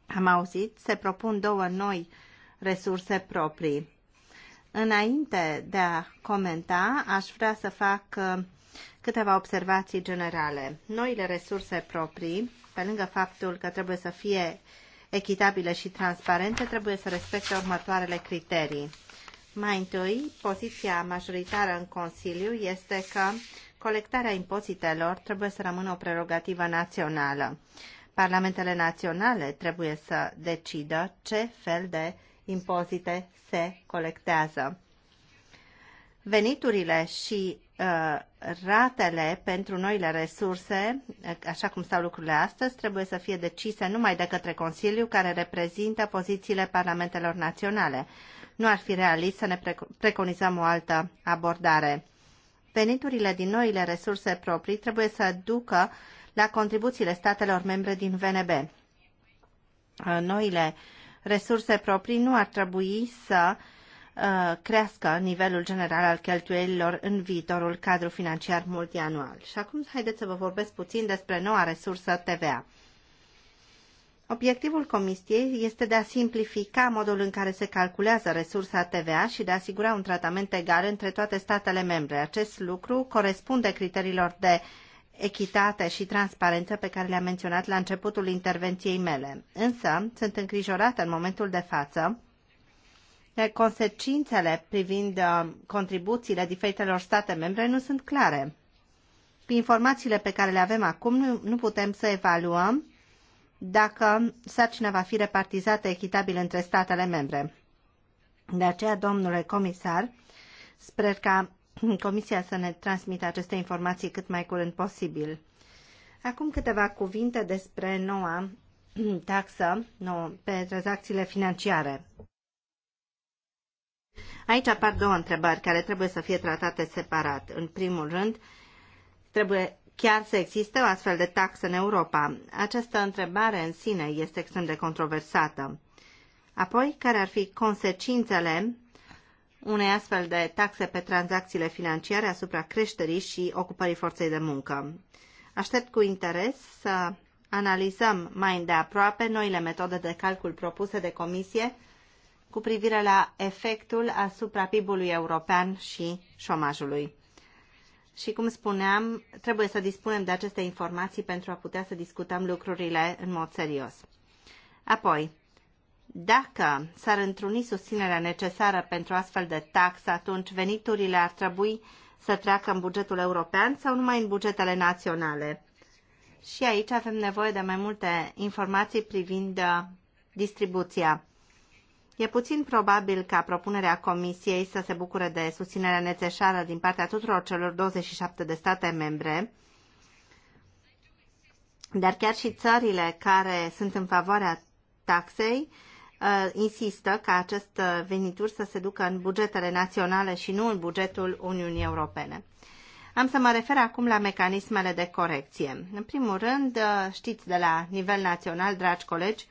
am auzit, se propun două noi resurse proprii. Înainte de a comenta, aș vrea să fac uh, Câteva observații generale. Noile resurse proprii, pe lângă faptul că trebuie să fie echitabile și transparente, trebuie să respecte următoarele criterii. Mai întâi, poziția majoritară în Consiliu este că colectarea impozitelor trebuie să rămână o prerogativă națională. Parlamentele naționale trebuie să decidă ce fel de impozite se colectează veniturile și uh, ratele pentru noile resurse, uh, așa cum stau lucrurile astăzi, trebuie să fie decise numai de către Consiliu, care reprezintă pozițiile parlamentelor naționale. Nu ar fi realist să ne preconizăm o altă abordare. Veniturile din noile resurse proprii trebuie să ducă la contribuțiile statelor membre din VNB. Uh, noile resurse proprii nu ar trebui să uh, Uh, crească nivelul general al cheltuielilor în viitorul cadru financiar multianual. Și acum haideți să vă vorbesc puțin despre noua resursă TVA. Obiectivul comisiei este de a simplifica modul în care se calculează resursa TVA și de a asigura un tratament egal între toate statele membre. Acest lucru corespunde criteriilor de echitate și transparență pe care le-am menționat la începutul intervenției mele. Însă, sunt îngrijorată în momentul de față dar consecințele privind uh, contribuțiile diferitelor state membre nu sunt clare. Cu informațiile pe care le avem acum, nu, nu putem să evaluăm dacă sarcina va fi repartizată echitabil între statele membre. De aceea, domnule comisar, sper ca Comisia să ne transmită aceste informații cât mai curând posibil. Acum câteva cuvinte despre noua taxă nouă, pe tranzacțiile financiare. Aici apar două întrebări care trebuie să fie tratate separat. În primul rând, trebuie chiar să existe o astfel de taxă în Europa? Această întrebare în sine este extrem de controversată. Apoi, care ar fi consecințele unei astfel de taxe pe tranzacțiile financiare asupra creșterii și ocupării forței de muncă? Aștept cu interes să analizăm mai îndeaproape noile metode de calcul propuse de comisie cu privire la efectul asupra PIB-ului european și șomajului. Și cum spuneam, trebuie să dispunem de aceste informații pentru a putea să discutăm lucrurile în mod serios. Apoi, dacă s-ar întruni susținerea necesară pentru astfel de tax, atunci veniturile ar trebui să treacă în bugetul european sau numai în bugetele naționale. Și aici avem nevoie de mai multe informații privind distribuția. E puțin probabil ca propunerea Comisiei să se bucure de susținerea necesară din partea tuturor celor 27 de state membre, dar chiar și țările care sunt în favoarea taxei uh, insistă ca acest venituri să se ducă în bugetele naționale și nu în bugetul Uniunii Europene. Am să mă refer acum la mecanismele de corecție. În primul rând, uh, știți de la nivel național, dragi colegi,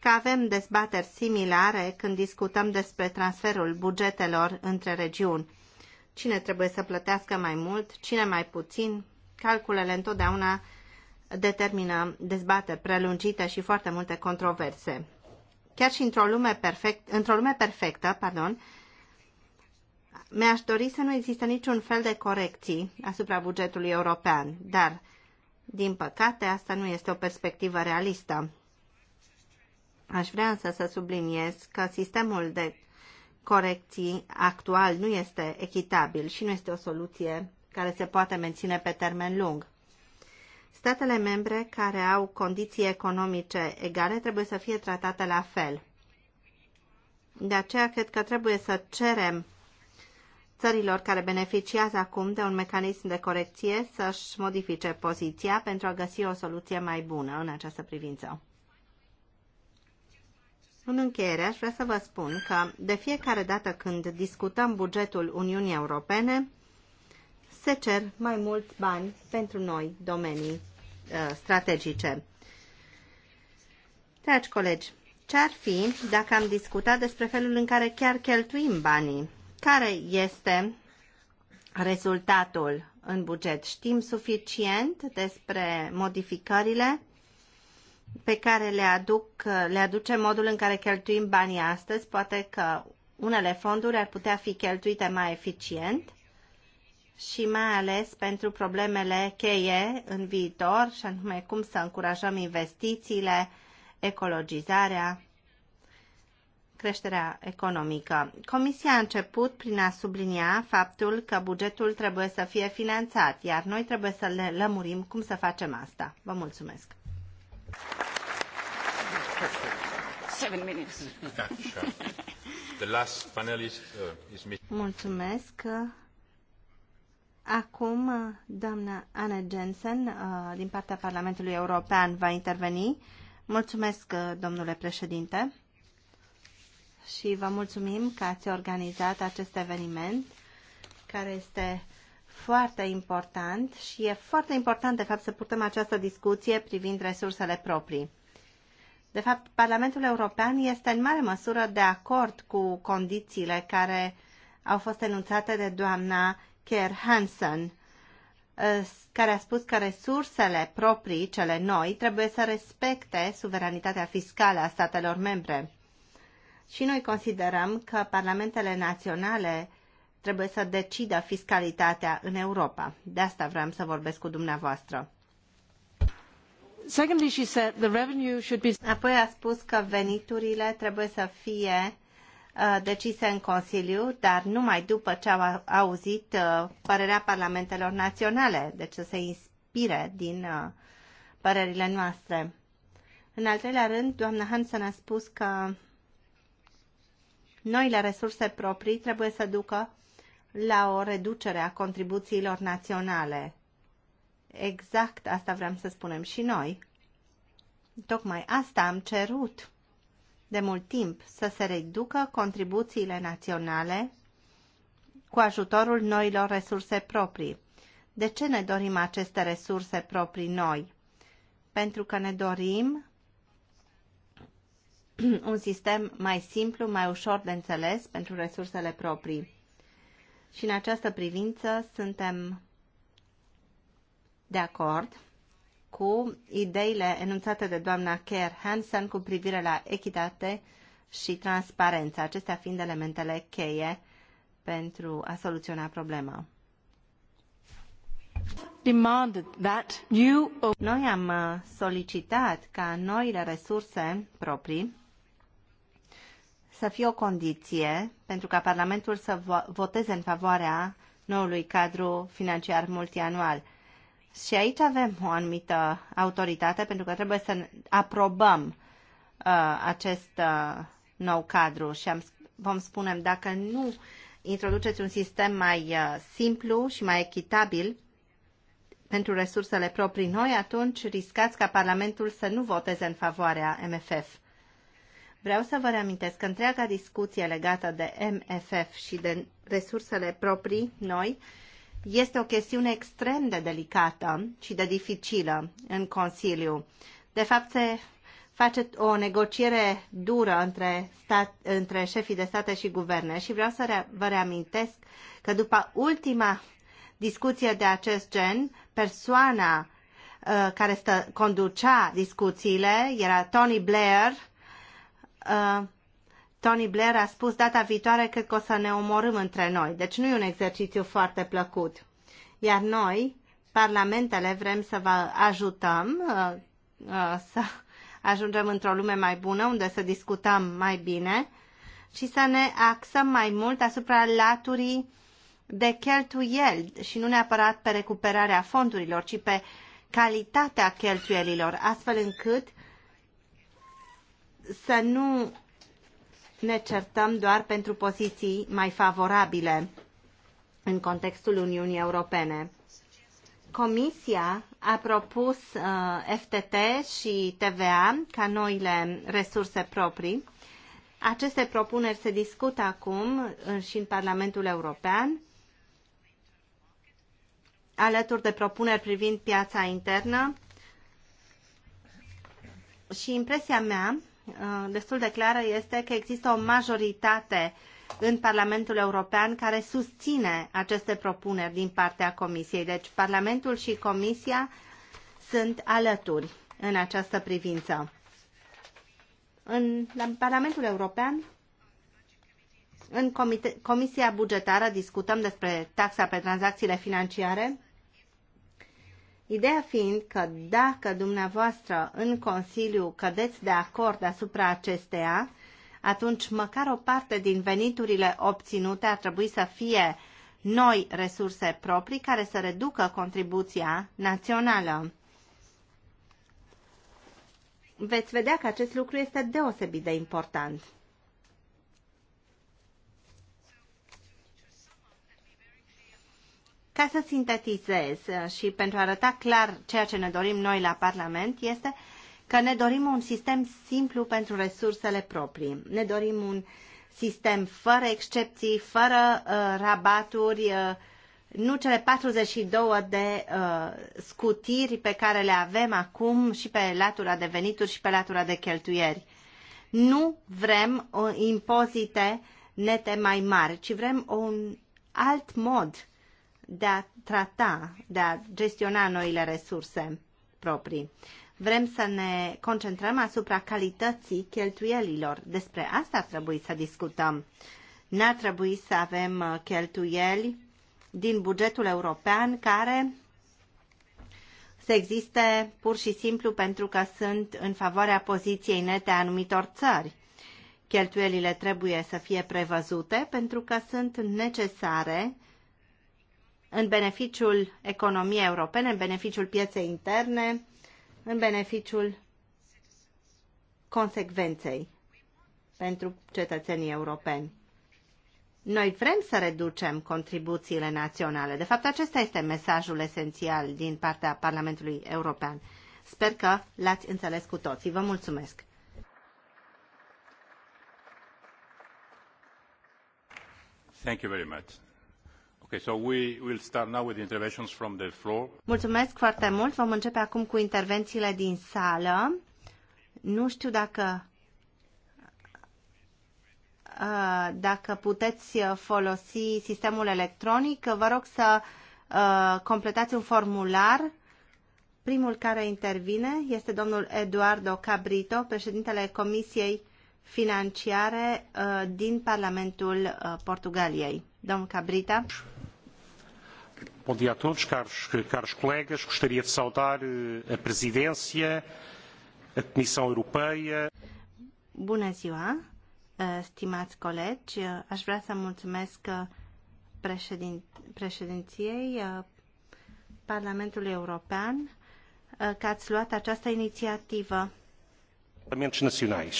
că avem dezbateri similare când discutăm despre transferul bugetelor între regiuni. Cine trebuie să plătească mai mult, cine mai puțin, calculele întotdeauna determină dezbateri prelungite și foarte multe controverse. Chiar și într-o lume, perfect, într lume perfectă, pardon, mi-aș dori să nu există niciun fel de corecții asupra bugetului european, dar, din păcate, asta nu este o perspectivă realistă. Aș vrea însă să subliniez că sistemul de corecții actual nu este echitabil și nu este o soluție care se poate menține pe termen lung. Statele membre care au condiții economice egale trebuie să fie tratate la fel. De aceea cred că trebuie să cerem țărilor care beneficiază acum de un mecanism de corecție să-și modifice poziția pentru a găsi o soluție mai bună în această privință. În încheiere, aș vrea să vă spun că de fiecare dată când discutăm bugetul Uniunii Europene, se cer mai mulți bani pentru noi domenii uh, strategice. Dragi colegi, ce ar fi dacă am discutat despre felul în care chiar cheltuim banii? Care este rezultatul în buget? Știm suficient despre modificările pe care le, aduc, le aduce modul în care cheltuim banii astăzi. Poate că unele fonduri ar putea fi cheltuite mai eficient și mai ales pentru problemele cheie în viitor, și anume cum să încurajăm investițiile, ecologizarea, creșterea economică. Comisia a început prin a sublinia faptul că bugetul trebuie să fie finanțat, iar noi trebuie să le lămurim cum să facem asta. Vă mulțumesc! Seven minutes. The last panelist uh, is Mulțumesc. Acum, doamna Anna Jensen, uh, din partea Parlamentului European, va interveni. Mulțumesc, uh, domnule președinte, și vă mulțumim că ați organizat acest eveniment, care este foarte important și e foarte important, de fapt, să purtăm această discuție privind resursele proprii. De fapt, Parlamentul European este în mare măsură de acord cu condițiile care au fost enunțate de doamna Kerr Hansen, eh, care a spus că resursele proprii, cele noi, trebuie să respecte suveranitatea fiscală a statelor membre. Și noi considerăm că parlamentele naționale trebuie să decidă fiscalitatea în Europa. De asta vreau să vorbesc cu dumneavoastră. Secondly, she said the revenue should be... Apoi a spus că veniturile trebuie să fie uh, decise în Consiliu, dar numai după ce au auzit uh, părerea parlamentelor naționale, deci să se inspire din uh, părerile noastre. În al treilea rând, doamna Hansen a spus că noile resurse proprii trebuie să ducă la o reducere a contribuțiilor naționale. Exact asta vrem să spunem și noi. Tocmai asta am cerut de mult timp, să se reducă contribuțiile naționale cu ajutorul noilor resurse proprii. De ce ne dorim aceste resurse proprii noi? Pentru că ne dorim un sistem mai simplu, mai ușor de înțeles pentru resursele proprii și în această privință suntem de acord cu ideile enunțate de doamna Kerr Hansen cu privire la echitate și transparență, acestea fiind elementele cheie pentru a soluționa problema. Noi am solicitat ca noile resurse proprii să fie o condiție pentru ca Parlamentul să voteze în favoarea noului cadru financiar multianual. Și aici avem o anumită autoritate pentru că trebuie să aprobăm uh, acest uh, nou cadru și am, vom spune dacă nu introduceți un sistem mai uh, simplu și mai echitabil pentru resursele proprii noi, atunci riscați ca Parlamentul să nu voteze în favoarea MFF. Vreau să vă reamintesc că întreaga discuție legată de MFF și de resursele proprii noi este o chestiune extrem de delicată și de dificilă în Consiliu. De fapt, se face o negociere dură între, stat, între șefii de state și guverne și vreau să re- vă reamintesc că după ultima discuție de acest gen, persoana uh, care stă, conducea discuțiile era Tony Blair, uh, Tony Blair a spus data viitoare cred că o să ne omorâm între noi. Deci nu e un exercițiu foarte plăcut. Iar noi, parlamentele, vrem să vă ajutăm uh, uh, să ajungem într-o lume mai bună, unde să discutăm mai bine și să ne axăm mai mult asupra laturii de cheltuieli și nu neapărat pe recuperarea fondurilor, ci pe calitatea cheltuielilor, astfel încât să nu ne certăm doar pentru poziții mai favorabile în contextul Uniunii Europene. Comisia a propus uh, FTT și TVA ca noile resurse proprii. Aceste propuneri se discută acum și în Parlamentul European, alături de propuneri privind piața internă. Și impresia mea Uh, destul de clară este că există o majoritate în Parlamentul European care susține aceste propuneri din partea Comisiei. Deci Parlamentul și Comisia sunt alături în această privință. În Parlamentul European, în Comisia Bugetară, discutăm despre taxa pe tranzacțiile financiare Ideea fiind că dacă dumneavoastră în Consiliu cădeți de acord asupra acesteia, atunci măcar o parte din veniturile obținute ar trebui să fie noi resurse proprii care să reducă contribuția națională. Veți vedea că acest lucru este deosebit de important. Ca să sintetizez uh, și pentru a arăta clar ceea ce ne dorim noi la Parlament, este că ne dorim un sistem simplu pentru resursele proprii. Ne dorim un sistem fără excepții, fără uh, rabaturi, uh, nu cele 42 de uh, scutiri pe care le avem acum și pe latura de venituri și pe latura de cheltuieri. Nu vrem o uh, impozite nete mai mari, ci vrem un alt mod de a trata, de a gestiona noile resurse proprii. Vrem să ne concentrăm asupra calității cheltuielilor. Despre asta ar trebui să discutăm. N-ar trebui să avem uh, cheltuieli din bugetul european care să existe pur și simplu pentru că sunt în favoarea poziției nete a anumitor țări. Cheltuielile trebuie să fie prevăzute pentru că sunt necesare în beneficiul economiei europene, în beneficiul pieței interne, în beneficiul consecvenței pentru cetățenii europeni. Noi vrem să reducem contribuțiile naționale. De fapt, acesta este mesajul esențial din partea Parlamentului European. Sper că l-ați înțeles cu toții. Vă mulțumesc! Thank you very much. Mulțumesc foarte mult. Vom începe acum cu intervențiile din sală. Nu știu dacă uh, dacă puteți uh, folosi sistemul electronic, vă rog să uh, completați un formular. Primul care intervine este domnul Eduardo Cabrito, președintele Comisiei Financiare din Parlamentul Portugaliei. Domnul Cabrita. Bom dia a todos, caros, caros colegas. Gostaria de saudar eh, a presidência, a Comissão Europeia. Bună ziua, eh, stimați colegi. Eh, aș vrea să mulțumesc președin, președinției Parlamentului European că ați luat această inițiativă. Parlamentos nacionais.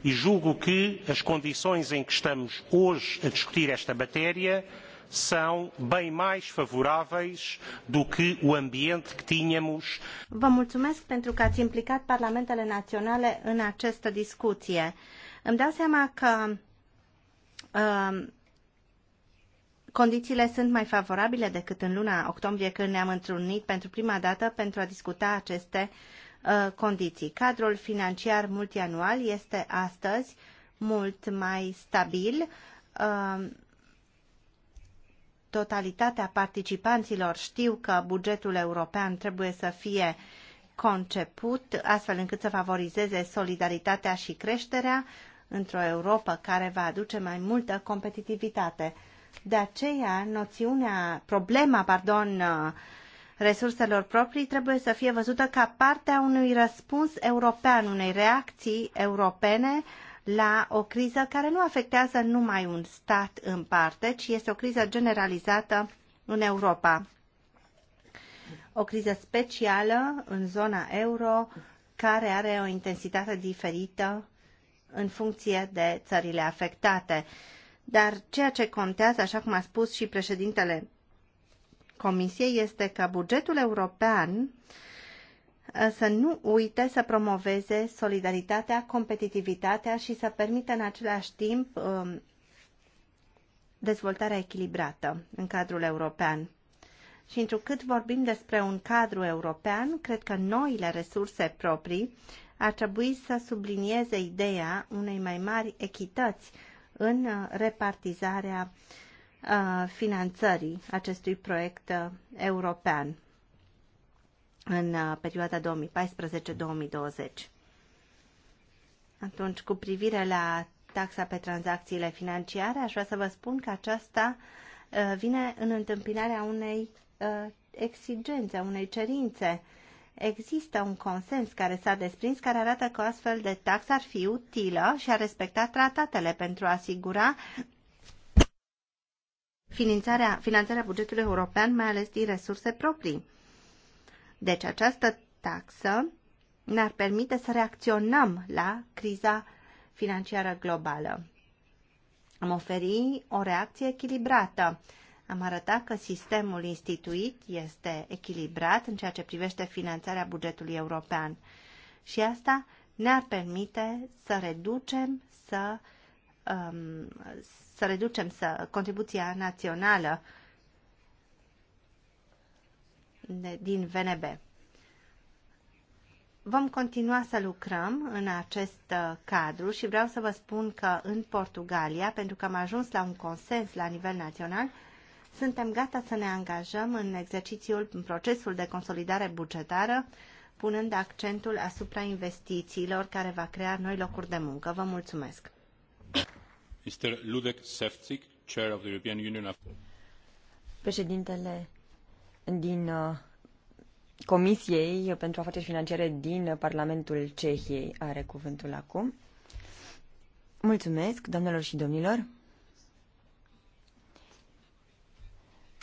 E julgo que as condições em que estamos hoje a discutir esta matéria são bem mais favoráveis do que o ambiente que tínhamos. Vă mulțumesc pentru că ați implicat parlamentele naționale în această discuție. Îmi dau seama că uh, condițiile sunt mai favorabile decât în luna octombrie când ne-am întrunit pentru prima dată pentru a discuta aceste uh, condiții. Cadrul financiar multianual este astăzi mult mai stabil. Uh, totalitatea participanților știu că bugetul european trebuie să fie conceput astfel încât să favorizeze solidaritatea și creșterea într-o Europa care va aduce mai multă competitivitate. De aceea, noțiunea, problema, pardon, resurselor proprii trebuie să fie văzută ca partea unui răspuns european, unei reacții europene la o criză care nu afectează numai un stat în parte, ci este o criză generalizată în Europa. O criză specială în zona euro care are o intensitate diferită în funcție de țările afectate. Dar ceea ce contează, așa cum a spus și președintele Comisiei, este că bugetul european uh, să nu uite să promoveze solidaritatea, competitivitatea și să permită în același timp um, dezvoltarea echilibrată în cadrul european. Și întrucât vorbim despre un cadru european, cred că noile resurse proprii ar trebui să sublinieze ideea unei mai mari echități în uh, repartizarea uh, finanțării acestui proiect uh, european în uh, perioada 2014-2020. Atunci, cu privire la taxa pe tranzacțiile financiare, aș vrea să vă spun că aceasta uh, vine în întâmpinarea unei uh, exigențe, unei cerințe. Există un consens care s-a desprins care arată că o astfel de taxă ar fi utilă și ar respecta tratatele pentru a asigura finanțarea, finanțarea bugetului european, mai ales din resurse proprii. Deci această taxă ne-ar permite să reacționăm la criza financiară globală. Am oferi o reacție echilibrată. Am arătat că sistemul instituit este echilibrat în ceea ce privește finanțarea bugetului european. Și asta ne-ar permite să reducem să, um, să reducem să contribuția națională din VNB. Vom continua să lucrăm în acest uh, cadru și vreau să vă spun că în Portugalia, pentru că am ajuns la un consens la nivel național, suntem gata să ne angajăm în exercițiul, în procesul de consolidare bugetară, punând accentul asupra investițiilor care va crea noi locuri de muncă. Vă mulțumesc. Mr. Ludek Sefcik, Chair of the European Union of... Președintele din uh, Comisiei pentru Afaceri Financiare din Parlamentul Cehiei are cuvântul acum. Mulțumesc, doamnelor și domnilor.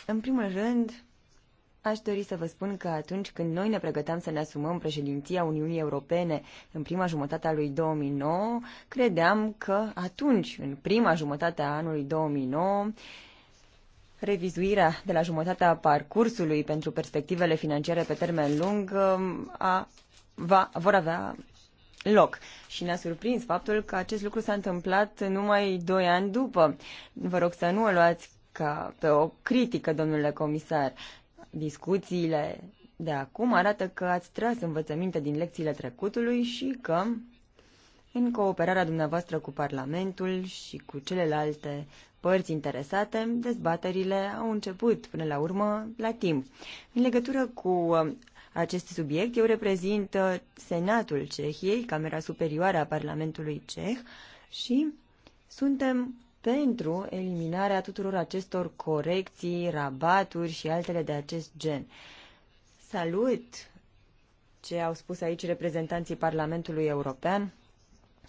În primul rând, aș dori să vă spun că atunci când noi ne pregăteam să ne asumăm președinția Uniunii Europene în prima jumătate a lui 2009, credeam că atunci, în prima jumătate a anului 2009, revizuirea de la jumătatea parcursului pentru perspectivele financiare pe termen lung um, a, va, vor avea loc. Și ne-a surprins faptul că acest lucru s-a întâmplat numai doi ani după. Vă rog să nu o luați ca pe o critică, domnule comisar. Discuțiile de acum arată că ați tras învățăminte din lecțiile trecutului și că, în cooperarea dumneavoastră cu Parlamentul și cu celelalte părți interesate, dezbaterile au început până la urmă la timp. În legătură cu uh, acest subiect, eu reprezint uh, Senatul Cehiei, Camera Superioară a Parlamentului Ceh și suntem pentru eliminarea tuturor acestor corecții, rabaturi și altele de acest gen. Salut ce au spus aici reprezentanții Parlamentului European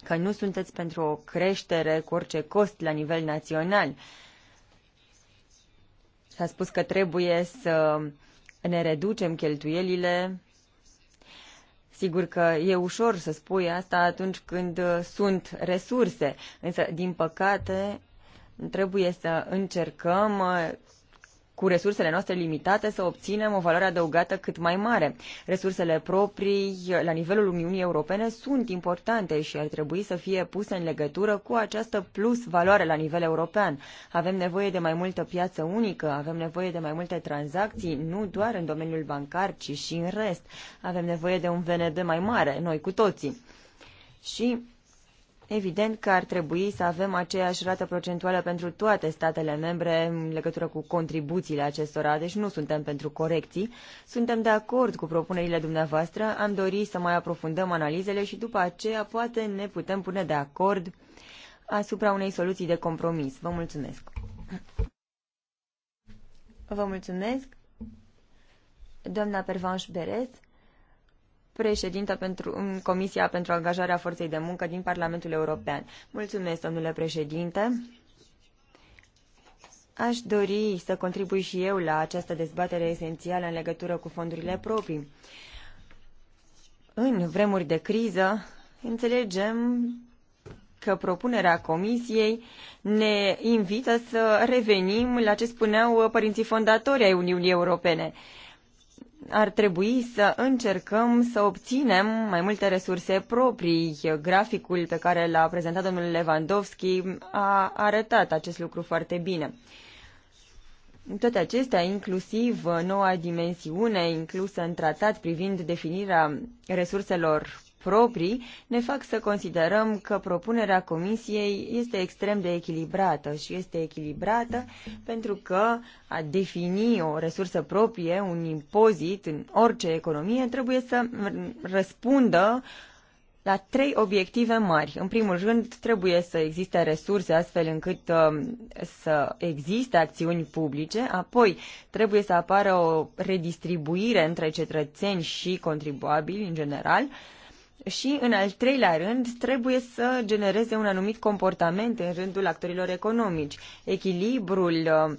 că nu sunteți pentru o creștere cu orice cost la nivel național. S-a spus că trebuie să ne reducem cheltuielile. Sigur că e ușor să spui asta atunci când uh, sunt resurse, însă, din păcate, trebuie să încercăm uh, cu resursele noastre limitate să obținem o valoare adăugată cât mai mare. Resursele proprii la nivelul Uniunii Europene sunt importante și ar trebui să fie puse în legătură cu această plus valoare la nivel european. Avem nevoie de mai multă piață unică, avem nevoie de mai multe tranzacții, nu doar în domeniul bancar, ci și în rest. Avem nevoie de un VND mai mare, noi cu toții. Și Evident că ar trebui să avem aceeași rată procentuală pentru toate statele membre în legătură cu contribuțiile acestora, deci nu suntem pentru corecții. Suntem de acord cu propunerile dumneavoastră, am dorit să mai aprofundăm analizele și după aceea poate ne putem pune de acord asupra unei soluții de compromis. Vă mulțumesc! Vă mulțumesc! Doamna Pervanș Berez, președintă pentru, în Comisia pentru Angajarea Forței de Muncă din Parlamentul European. Mulțumesc, domnule președinte. Aș dori să contribui și eu la această dezbatere esențială în legătură cu fondurile proprii. În vremuri de criză, înțelegem că propunerea Comisiei ne invită să revenim la ce spuneau părinții fondatori ai Uniunii Europene. Uh, ar trebui să încercăm să obținem mai multe resurse proprii. Graficul pe care l-a prezentat domnul Lewandowski a arătat acest lucru foarte bine. Toate acestea, inclusiv noua dimensiune inclusă în tratat privind definirea resurselor proprii ne fac să considerăm că propunerea Comisiei este extrem de echilibrată și este echilibrată pentru că a defini o resursă proprie, un impozit în orice economie, trebuie să răspundă la trei obiective mari. În primul rând, trebuie să existe resurse astfel încât uh, să existe acțiuni publice, apoi trebuie să apară o redistribuire între cetățeni și contribuabili în general și, în al treilea rând, trebuie să genereze un anumit comportament în rândul actorilor economici. Echilibrul uh,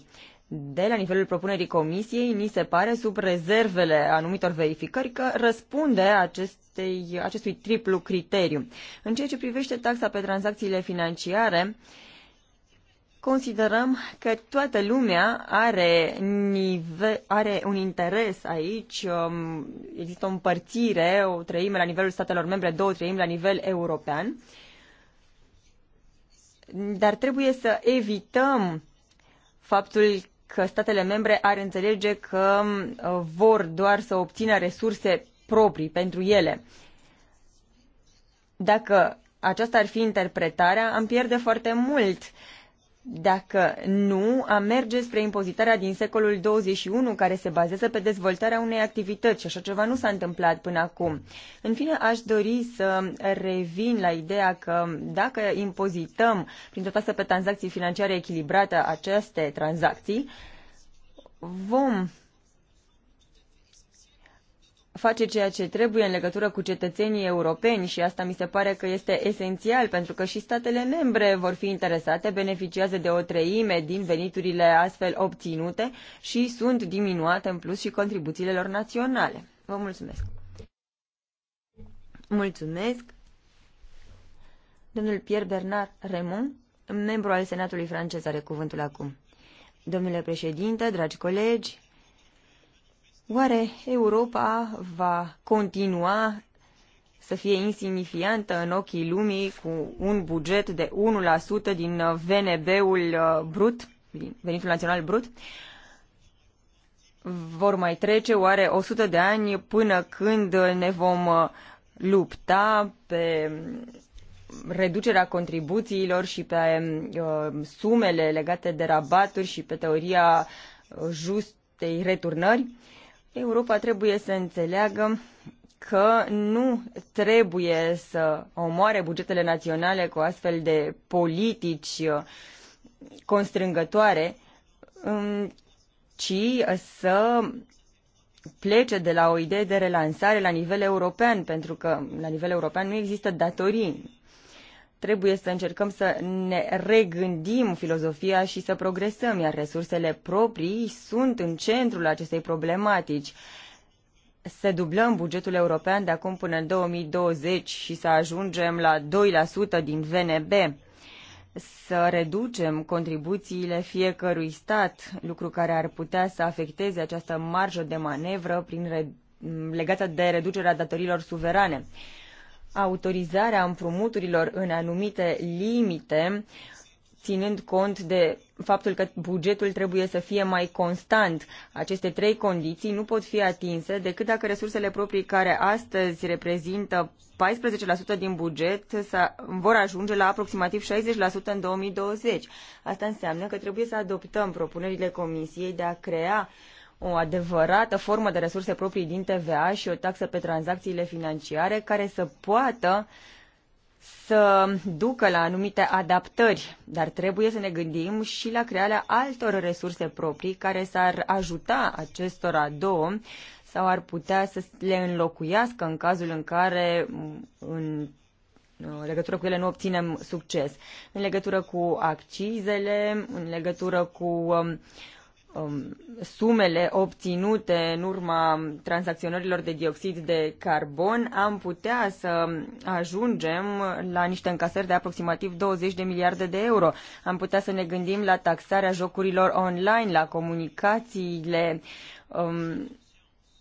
de la nivelul propunerii comisiei, ni se pare, sub rezervele anumitor verificări, că răspunde acestei, acestui triplu criteriu. În ceea ce privește taxa pe tranzacțiile financiare, uh, considerăm că toată lumea are, nive- are un interes aici. Um, există o împărțire, o treime la nivelul statelor membre, două treimi la nivel european. Dar trebuie să evităm faptul că statele membre ar înțelege că um, vor doar să obțină resurse proprii pentru ele. Dacă aceasta ar fi interpretarea, am pierde foarte mult uh, dacă nu, a merge spre impozitarea din secolul 21, care se bazează pe dezvoltarea unei activități și așa ceva nu s-a întâmplat până acum. În fine, aș dori să revin la ideea că dacă impozităm prin o pe tranzacții financiare echilibrată aceste tranzacții, vom face ceea ce trebuie în legătură cu cetățenii europeni și asta mi se pare că este esențial pentru că și statele membre vor fi interesate, beneficiază de o treime din veniturile astfel obținute și sunt diminuate în plus și contribuțiile lor naționale. Vă mulțumesc! Mulțumesc! Domnul Pierre Bernard Raymond, membru al Senatului francez, are cuvântul acum. Domnule președinte, dragi colegi, Oare Europa va continua să fie insignifiantă în ochii lumii cu un buget de 1% din VNB-ul uh, brut, din venitul național brut? Vor mai trece oare 100 de ani până când ne vom uh, lupta pe mm, reducerea contribuțiilor și pe uh, sumele legate de rabaturi și pe teoria justei returnări? Europa trebuie să înțeleagă că nu trebuie să omoare bugetele naționale cu astfel de politici uh, constrângătoare, um, ci să plece de la o idee de relansare la nivel european, pentru că la nivel european nu există datorii trebuie să încercăm să ne regândim filozofia și să progresăm, iar resursele proprii sunt în centrul acestei problematici. Să dublăm bugetul european de acum până în 2020 și să ajungem la 2% din VNB. Să reducem contribuțiile fiecărui stat, lucru care ar putea să afecteze această marjă de manevră prin re- legată de reducerea datorilor suverane autorizarea împrumuturilor în anumite limite, ținând cont de faptul că bugetul trebuie să fie mai constant. Aceste trei condiții nu pot fi atinse decât dacă resursele proprii care astăzi reprezintă 14% din buget vor ajunge la aproximativ 60% în 2020. Asta înseamnă că trebuie să adoptăm propunerile Comisiei de a crea o adevărată formă de resurse proprii din TVA și o taxă pe tranzacțiile financiare care să poată să ducă la anumite adaptări, dar trebuie să ne gândim și la crearea altor resurse proprii care s-ar ajuta acestora două sau ar putea să le înlocuiască în cazul în care în legătură cu ele nu obținem succes. În legătură cu accizele, în legătură cu um, um, sumele obținute în urma tranzacționărilor de dioxid de carbon, am putea să ajungem la niște încasări de aproximativ 20 de miliarde de euro. Am putea să ne gândim la taxarea jocurilor online, la comunicațiile. Um,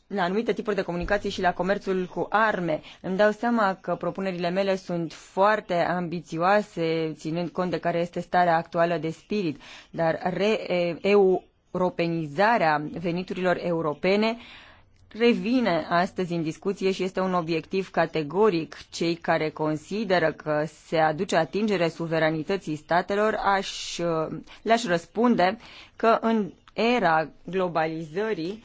la anumite tipuri de comunicații și la comerțul cu arme. Îmi dau seama că propunerile mele sunt foarte ambițioase, ținând cont de care este starea actuală de spirit, dar re, eu, europenizarea veniturilor europene revine astăzi în discuție și este un obiectiv categoric. Cei care consideră că se aduce atingere suveranității statelor aș, le-aș răspunde că în era globalizării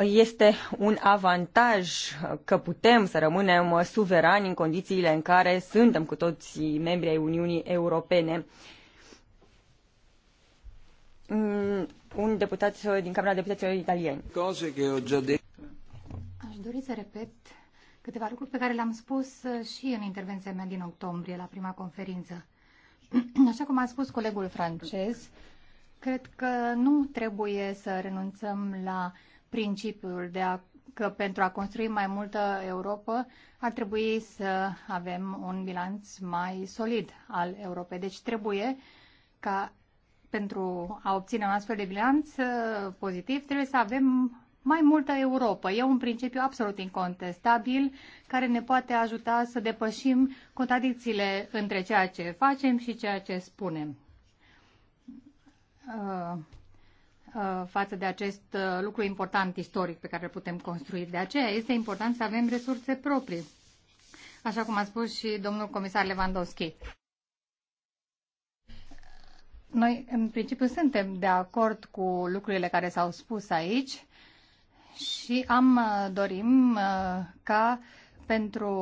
este un avantaj că putem să rămânem suverani în condițiile în care suntem cu toții membrii ai Uniunii Europene. Uh, Mm, un deputat uh, din Camera Deputaților Italieni. Aș dori să repet câteva lucruri pe care le-am spus uh, și în intervenția mea din octombrie la prima conferință. Așa cum a spus colegul francez, cred că nu trebuie să renunțăm la principiul de a, că pentru a construi mai multă Europa ar trebui să avem un bilanț mai solid al Europei. Deci trebuie ca pentru a obține un astfel de bilanț uh, pozitiv, trebuie să avem mai multă Europa. E un principiu absolut incontestabil care ne poate ajuta să depășim contradicțiile între ceea ce facem și ceea ce spunem. Uh, uh față de acest uh, lucru important istoric pe care îl putem construi. De aceea este important să avem resurse proprii, așa cum a spus și domnul comisar Lewandowski. Noi, în principiu, suntem de acord cu lucrurile care s-au spus aici și am uh, dorim uh, ca pentru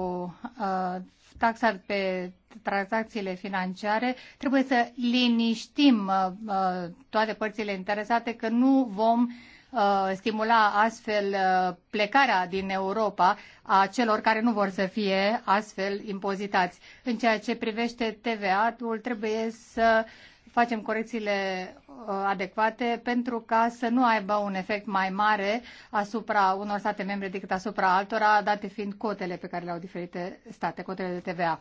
uh, taxa pe tranzacțiile financiare, trebuie să liniștim toate părțile interesate că nu vom stimula astfel plecarea din Europa a celor care nu vor să fie astfel impozitați. În ceea ce privește TVA-ul, trebuie să uh, facem corecțiile uh, adecvate pentru ca să nu aibă un efect mai mare asupra unor state membre decât asupra altora, date fiind cotele pe care le au diferite state, cotele de TVA.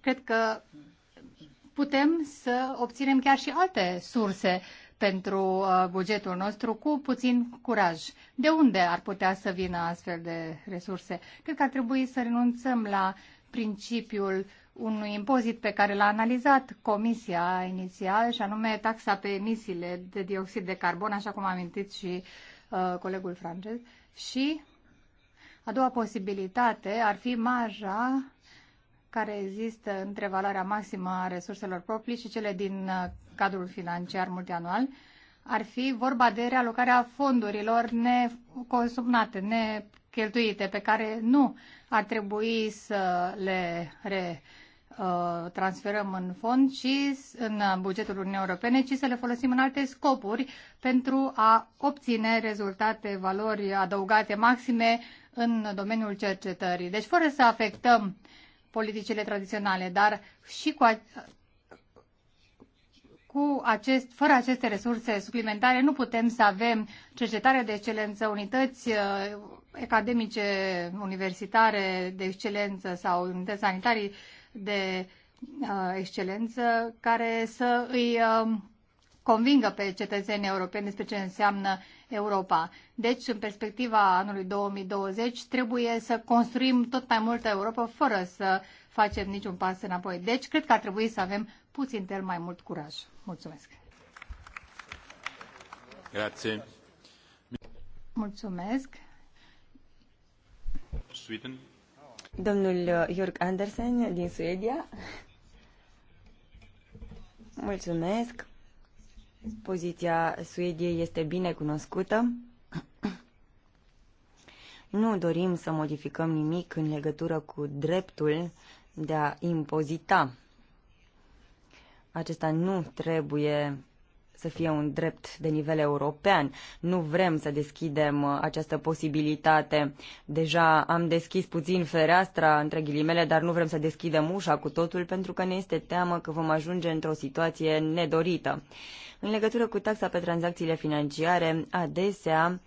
Cred că putem să obținem chiar și alte surse pentru uh, bugetul nostru cu puțin curaj. De unde ar putea să vină astfel de resurse? Cred că ar trebui să renunțăm la principiul uh, un impozit pe care l-a analizat comisia inițial, și anume taxa pe emisiile de dioxid de carbon, așa cum a amintit și uh, colegul francez. Și a doua posibilitate ar fi marja care există între valoarea maximă a resurselor proprii și cele din uh, cadrul financiar multianual, ar fi vorba de realocarea fondurilor neconsumate, necheltuite, pe care nu ar trebui să le re Uh, transferăm în fond și în bugetul Uniunii Europene, ci să le folosim în alte scopuri pentru a obține rezultate, valori adăugate maxime în domeniul cercetării. Deci fără să afectăm politicile tradiționale, dar și cu, a, cu acest, fără aceste resurse suplimentare nu putem să avem cercetare de excelență, unități uh, academice, universitare de excelență sau unități sanitarii de uh, excelență care să îi um, convingă pe cetățenii europeni despre ce înseamnă Europa. Deci, în perspectiva anului 2020, trebuie să construim tot mai multă Europa fără să facem niciun pas înapoi. Deci, cred că ar trebui să avem puțin ter mai mult curaj. Mulțumesc! Grazie. Mulțumesc! Sweden. Domnul uh, Jörg Andersen din Suedia. Mulțumesc. Poziția Suediei este bine cunoscută. Nu dorim să modificăm nimic în legătură cu dreptul de a impozita. Acesta nu trebuie să fie un drept de nivel european. Nu vrem să deschidem uh, această posibilitate. Deja am deschis puțin fereastra, între ghilimele, dar nu vrem să deschidem ușa cu totul pentru că ne este teamă că vom ajunge într-o situație nedorită. În legătură cu taxa pe tranzacțiile financiare, adesea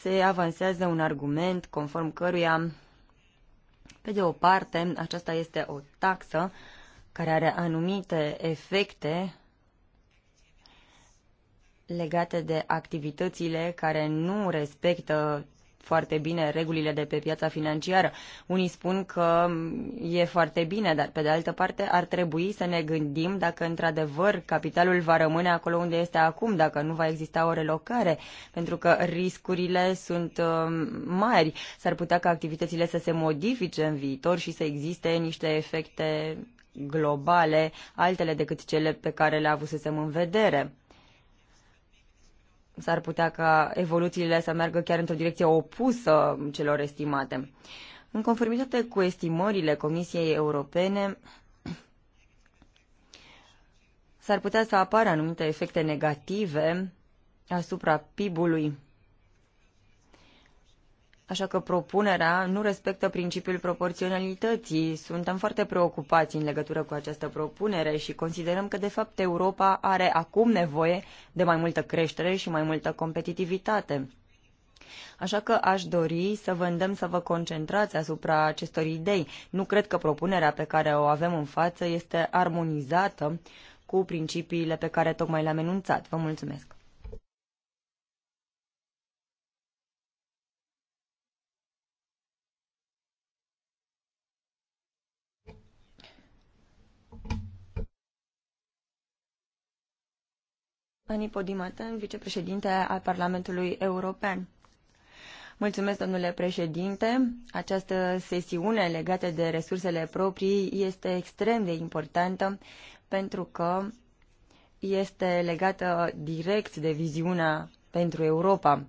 se avansează un argument conform căruia, pe de o parte, aceasta este o taxă care are anumite efecte legate de activitățile care nu respectă foarte bine regulile de pe piața financiară. Unii spun că e foarte bine, dar pe de altă parte ar trebui să ne gândim dacă într-adevăr capitalul va rămâne acolo unde este acum, dacă nu va exista o relocare, pentru că riscurile sunt um, mari. S-ar putea ca activitățile să se modifice în viitor și să existe niște efecte globale, altele decât cele pe care le avusesem în vedere s-ar putea ca evoluțiile să meargă chiar într-o direcție opusă celor estimate. În conformitate cu estimările Comisiei Europene, s-ar putea să apară anumite efecte negative asupra PIB-ului Așa că propunerea nu respectă principiul proporționalității. Suntem foarte preocupați în legătură cu această propunere și considerăm că, de fapt, Europa are acum nevoie de mai multă creștere și mai multă competitivitate. Așa că aș dori să vă îndemn să vă concentrați asupra acestor idei. Nu cred că propunerea pe care o avem în față este armonizată cu principiile pe care tocmai le-am enunțat. Vă mulțumesc! Anipodimatan, vicepreședinte al Parlamentului European. Mulțumesc, domnule președinte. Această sesiune legată de resursele proprii este extrem de importantă pentru că este legată direct de viziunea pentru Europa.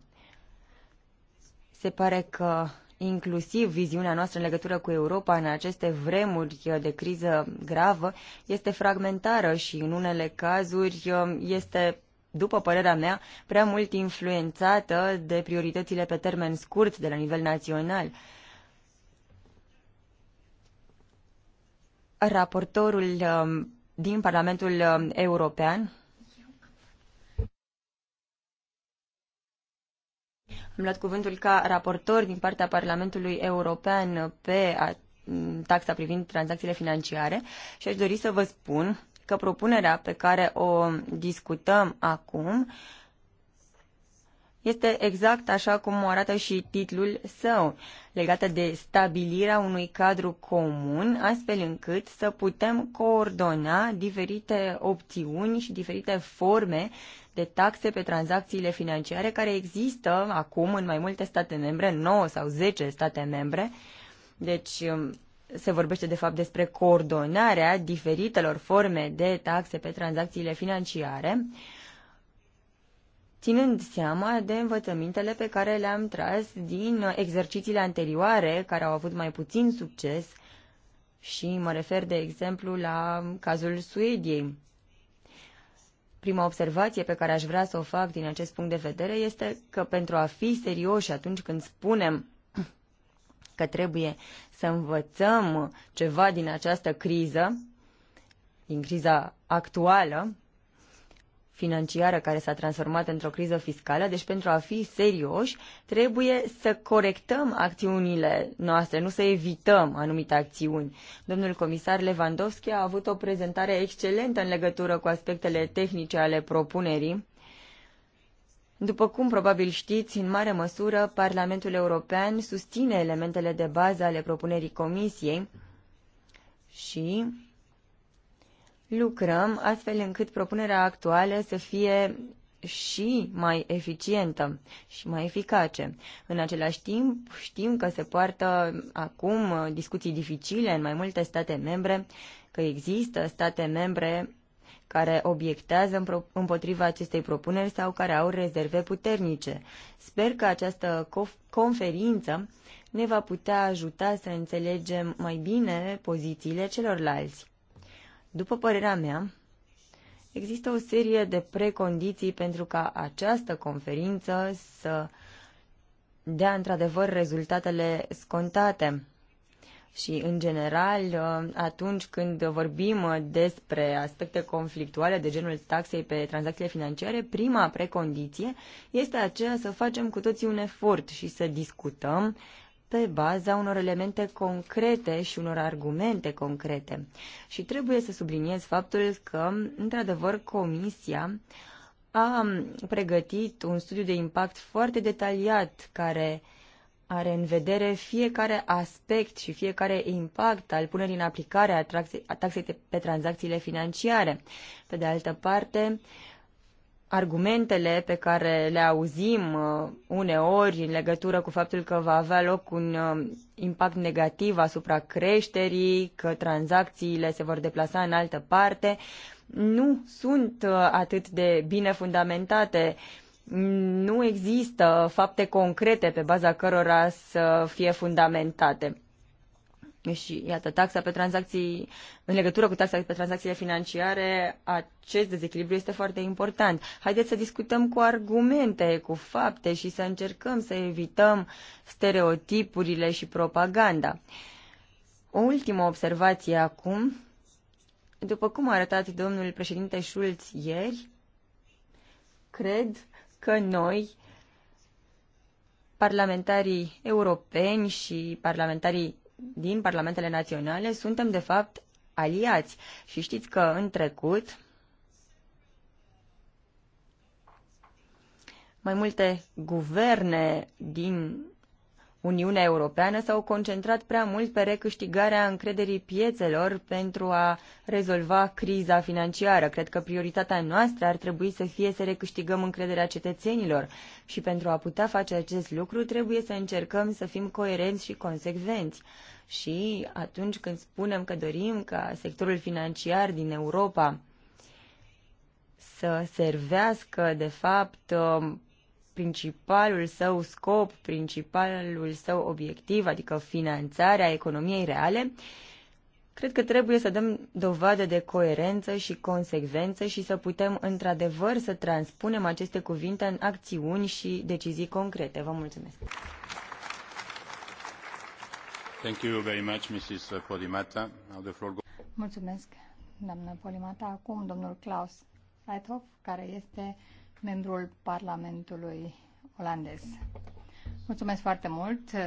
Se pare că inclusiv viziunea noastră în legătură cu Europa în aceste vremuri de criză gravă este fragmentară și în unele cazuri este după părerea mea, prea mult influențată de prioritățile pe termen scurt de la nivel național. Raportorul um, din Parlamentul um, European Am luat cuvântul ca raportor din partea Parlamentului European pe taxa privind tranzacțiile financiare și aș dori să vă spun că propunerea pe care o discutăm acum este exact așa cum o arată și titlul său, legată de stabilirea unui cadru comun, astfel încât să putem coordona diferite opțiuni și diferite forme de taxe pe tranzacțiile financiare care există acum în mai multe state membre, 9 sau 10 state membre. Deci se vorbește de fapt despre coordonarea diferitelor forme de taxe pe tranzacțiile financiare, ținând seama de învățămintele pe care le-am tras din exercițiile anterioare care au avut mai puțin succes și mă refer de exemplu la cazul Suediei. Prima observație pe care aș vrea să o fac din acest punct de vedere este că pentru a fi serioși atunci când spunem că trebuie să învățăm ceva din această criză, din criza actuală financiară care s-a transformat într-o criză fiscală, deci pentru a fi serioși trebuie să corectăm acțiunile noastre, nu să evităm anumite acțiuni. Domnul comisar Lewandowski a avut o prezentare excelentă în legătură cu aspectele tehnice ale propunerii după cum probabil știți, în mare măsură, Parlamentul European susține elementele de bază ale propunerii Comisiei și lucrăm astfel încât propunerea actuală să fie și mai eficientă și mai eficace. În același timp, știm că se poartă acum discuții dificile în mai multe state membre, că există state membre care obiectează împotriva acestei propuneri sau care au rezerve puternice. Sper că această conferință ne va putea ajuta să înțelegem mai bine pozițiile celorlalți. După părerea mea, există o serie de precondiții pentru ca această conferință să dea într-adevăr rezultatele scontate. Și, în general, uh, atunci când vorbim uh, despre aspecte conflictuale de genul taxei pe tranzacțiile financiare, prima precondiție este aceea să facem cu toții un efort și să discutăm pe baza unor elemente concrete și unor argumente concrete. Și trebuie să subliniez faptul că, într-adevăr, Comisia a pregătit un studiu de impact foarte detaliat care uh, are în vedere fiecare aspect și fiecare impact al punerii în aplicare a, taxei pe tranzacțiile financiare. Pe de altă parte, argumentele pe care le auzim uh, uneori în legătură cu faptul că va avea loc un uh, impact negativ asupra creșterii, că tranzacțiile se vor deplasa în altă parte, nu sunt uh, atât de bine fundamentate nu există fapte concrete pe baza cărora să fie fundamentate. Și iată, taxa pe tranzacții, în legătură cu taxa pe tranzacțiile financiare, acest dezechilibru este foarte important. Haideți să discutăm cu argumente, cu fapte și să încercăm să evităm stereotipurile și propaganda. O ultimă observație acum. După cum a arătat domnul președinte Schulz ieri, cred că noi, parlamentarii europeni și parlamentarii din parlamentele naționale, suntem de fapt aliați. Și știți că în trecut mai multe guverne din Uniunea Europeană s-au concentrat prea mult pe recâștigarea încrederii piețelor pentru a rezolva criza financiară. Cred că prioritatea noastră ar trebui să fie să recâștigăm încrederea cetățenilor și pentru a putea face acest lucru trebuie să încercăm să fim coerenți și consecvenți. Și atunci când spunem că dorim ca sectorul financiar din Europa să servească, de fapt, principalul său scop, principalul său obiectiv, adică finanțarea economiei reale, cred că trebuie să dăm dovadă de coerență și consecvență și să putem într-adevăr să transpunem aceste cuvinte în acțiuni și decizii concrete. Vă mulțumesc! Thank you very much, Mrs. Polimata. Now the floor goes... Mulțumesc, doamnă Polimata. Acum, domnul Klaus Leithoff, care este membrul Parlamentului olandez. Mulțumesc foarte mult. Uh,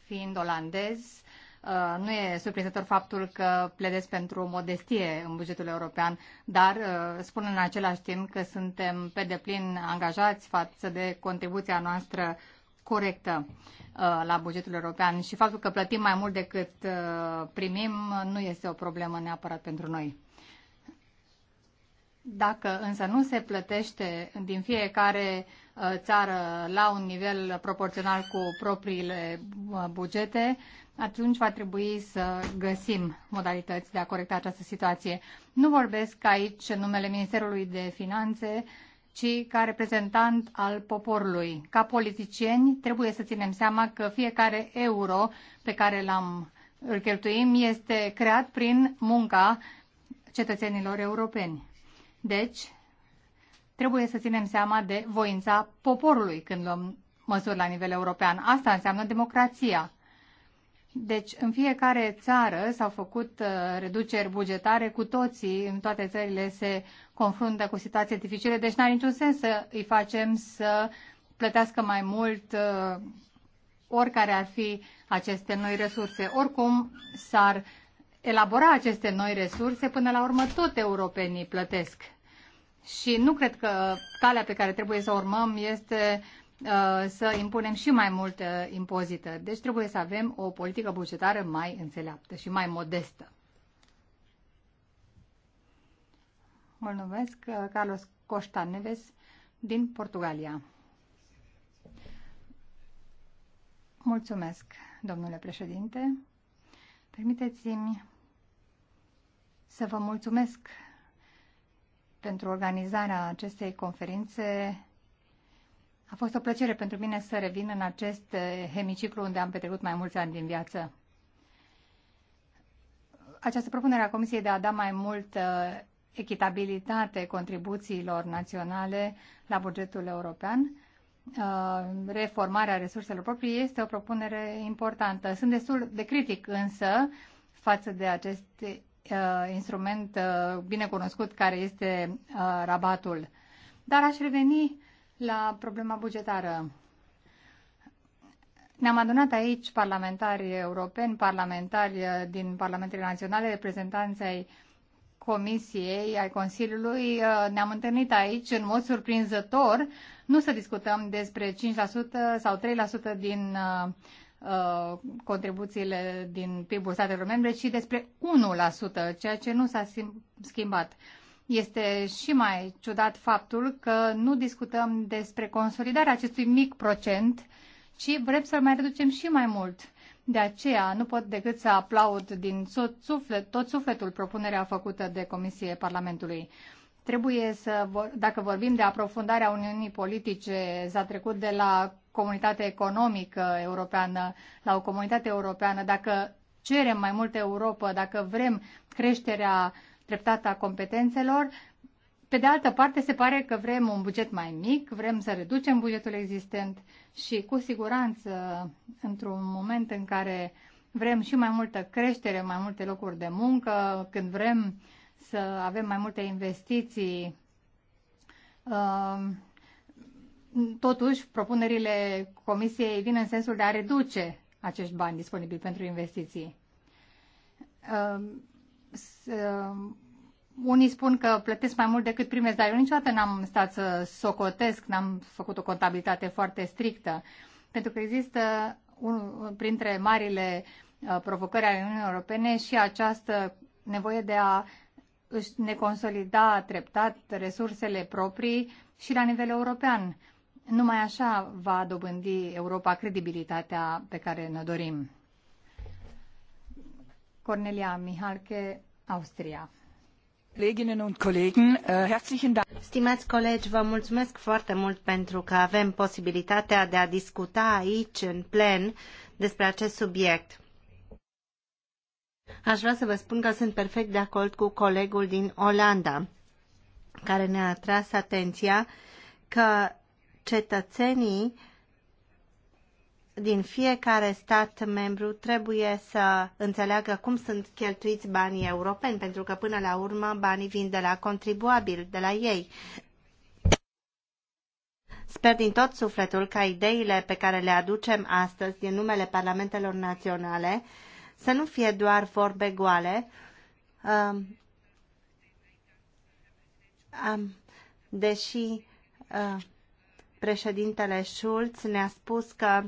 fiind olandez, uh, nu e surprinzător faptul că pledez pentru modestie în bugetul european, dar uh, spun în același timp că suntem pe deplin angajați față de contribuția noastră corectă la bugetul european și faptul că plătim mai mult decât primim nu este o problemă neapărat pentru noi. Dacă însă nu se plătește din fiecare uh, țară la un nivel proporțional cu propriile uh, bugete, atunci va trebui să găsim modalități de a corecta această situație. Nu vorbesc aici în numele Ministerului de Finanțe, ci ca reprezentant al poporului. Ca politicieni trebuie să ținem seama că fiecare euro pe care l-am îl cheltuim este creat prin munca cetățenilor europeni. Deci, trebuie să ținem seama de voința poporului când luăm măsuri la nivel european. Asta înseamnă democrația. Deci, în fiecare țară s-au făcut uh, reduceri bugetare, cu toții, în toate țările se confruntă cu situații dificile, deci n-are niciun sens să îi facem să plătească mai mult uh, oricare ar fi aceste noi resurse. Oricum s-ar elabora aceste noi resurse, până la urmă tot europenii plătesc și nu cred că calea pe care trebuie să urmăm este uh, să impunem și mai mult impozite. Deci trebuie să avem o politică bugetară mai înțeleaptă și mai modestă. Mulțumesc, uh, Carlos Costa Neves din Portugalia. Mulțumesc, domnule președinte. Permiteți-mi să vă mulțumesc pentru organizarea acestei conferințe. A fost o plăcere pentru mine să revin în acest eh, hemiciclu unde am petrecut mai mulți ani din viață. Această propunere a Comisiei de a da mai mult echitabilitate contribuțiilor naționale la bugetul european eh, reformarea resurselor proprii este o propunere importantă. Sunt destul de critic însă față de aceste Uh, instrument uh, bine cunoscut care este uh, rabatul. Dar aș reveni la problema bugetară. Ne-am adunat aici parlamentari europeni, parlamentari din Parlamentele Naționale, reprezentanței Comisiei, ai Consiliului. Ne-am întâlnit aici în mod surprinzător. Nu să discutăm despre 5% sau 3% din uh, Uh, contribuțiile din PIB-ul statelor membre, ci despre 1%, ceea ce nu s-a schimbat. Este și mai ciudat faptul că nu discutăm despre consolidarea acestui mic procent, ci vrem să-l mai reducem și mai mult. De aceea nu pot decât să aplaud din tot, suflet, tot sufletul propunerea făcută de Comisie Parlamentului. Trebuie să, dacă vorbim de aprofundarea Uniunii Politice, s-a trecut de la comunitate economică europeană, la o comunitate europeană, dacă cerem mai multă Europa, dacă vrem creșterea treptată a competențelor, pe de altă parte, se pare că vrem un buget mai mic, vrem să reducem bugetul existent și, cu siguranță, într-un moment în care vrem și mai multă creștere, mai multe locuri de muncă, când vrem să avem mai multe investiții, uh, Totuși, propunerile Comisiei vin în sensul de a reduce acești bani disponibili pentru investiții. Ehm, ehm, unii spun că plătesc mai mult decât primesc, dar eu niciodată n-am stat să socotesc, n-am făcut o contabilitate foarte strictă, pentru că există un, printre marile uh, provocări ale Uniunii Europene și această nevoie de a ne consolida treptat resursele proprii și la nivel european. Numai așa va dobândi Europa credibilitatea pe care ne dorim. Cornelia Mihalke, Austria. Kolleginnen und Kollegen, äh, herzlichen Dank. Stimați colegi, vă mulțumesc foarte mult pentru că avem posibilitatea de a discuta aici, în plen, despre acest subiect. Aș vrea să vă spun că sunt perfect de acord cu colegul din Olanda, care ne-a atras atenția că cetățenii din fiecare stat membru trebuie să înțeleagă cum sunt cheltuiți banii europeni, pentru că până la urmă banii vin de la contribuabil, de la ei. Sper din tot sufletul ca ideile pe care le aducem astăzi din numele parlamentelor naționale să nu fie doar vorbe goale. Um, um, deși uh, președintele Schulz ne-a spus că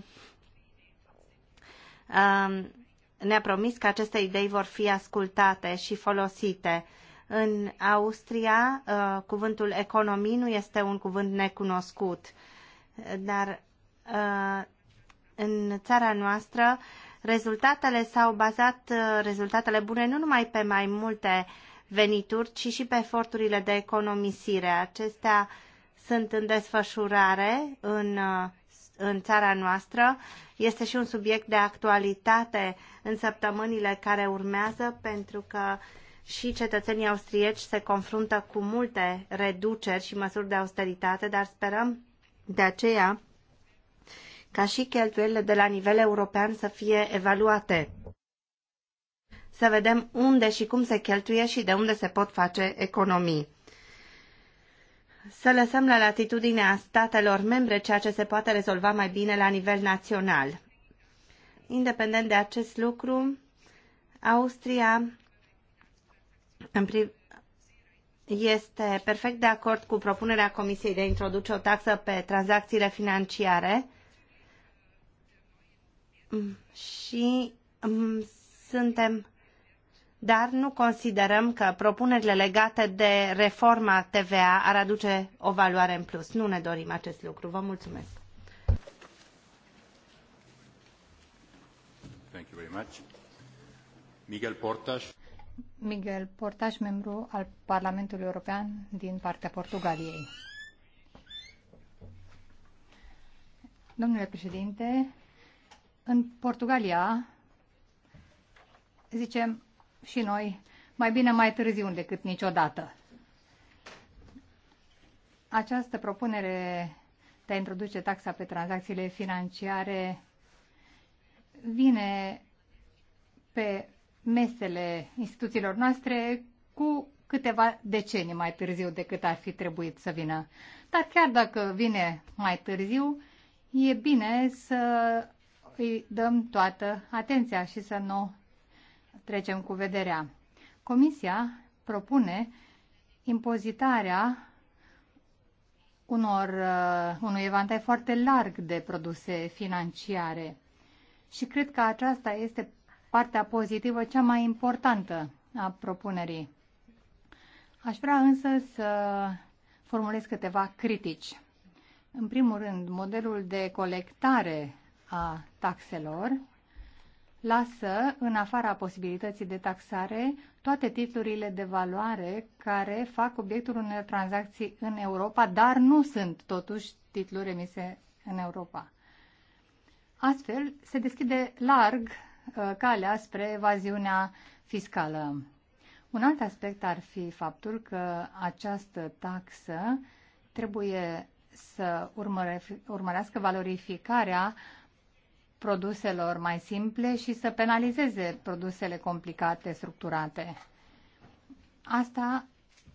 um, ne-a promis că aceste idei vor fi ascultate și folosite. În Austria, uh, cuvântul economii nu este un cuvânt necunoscut, dar uh, în țara noastră rezultatele s-au bazat, uh, rezultatele bune, nu numai pe mai multe venituri, ci și pe eforturile de economisire. Acestea uh, sunt în desfășurare în, uh, în țara noastră. Este și un subiect de actualitate în săptămânile care urmează, pentru că și cetățenii austrieci se confruntă cu multe reduceri și măsuri de austeritate, dar sperăm de aceea ca și cheltuielile de la nivel european să fie evaluate. Să vedem unde și cum se cheltuie și de unde se pot face economii să lăsăm la latitudinea statelor membre ceea ce se poate rezolva mai bine la nivel național. Independent de acest lucru, Austria este perfect de acord cu propunerea Comisiei de a introduce o taxă pe tranzacțiile financiare și mm, suntem dar nu considerăm că propunerile legate de reforma TVA ar aduce o valoare în plus. Nu ne dorim acest lucru. Vă mulțumesc. Thank you very much. Miguel Portas. Miguel Portas, membru al Parlamentului European din partea Portugaliei. Domnule președinte, în Portugalia, zicem, și noi mai bine mai târziu decât niciodată. Această propunere de a introduce taxa pe tranzacțiile financiare vine pe mesele instituțiilor noastre cu câteva decenii mai târziu decât ar fi trebuit să vină. Dar chiar dacă vine mai târziu, e bine să îi dăm toată atenția și să nu trecem cu vederea. Comisia propune impozitarea unor, uh, unui evantai foarte larg de produse financiare. Și cred că aceasta este partea pozitivă cea mai importantă a propunerii. Aș vrea însă să formulez câteva critici. În primul rând, modelul de colectare a taxelor lasă în afara posibilității de taxare toate titlurile de valoare care fac obiectul unor tranzacții în Europa, dar nu sunt totuși titluri emise în Europa. Astfel, se deschide larg uh, calea spre evaziunea fiscală. Un alt aspect ar fi faptul că această taxă trebuie să urmărească valorificarea produselor mai simple și să penalizeze produsele complicate, structurate. Asta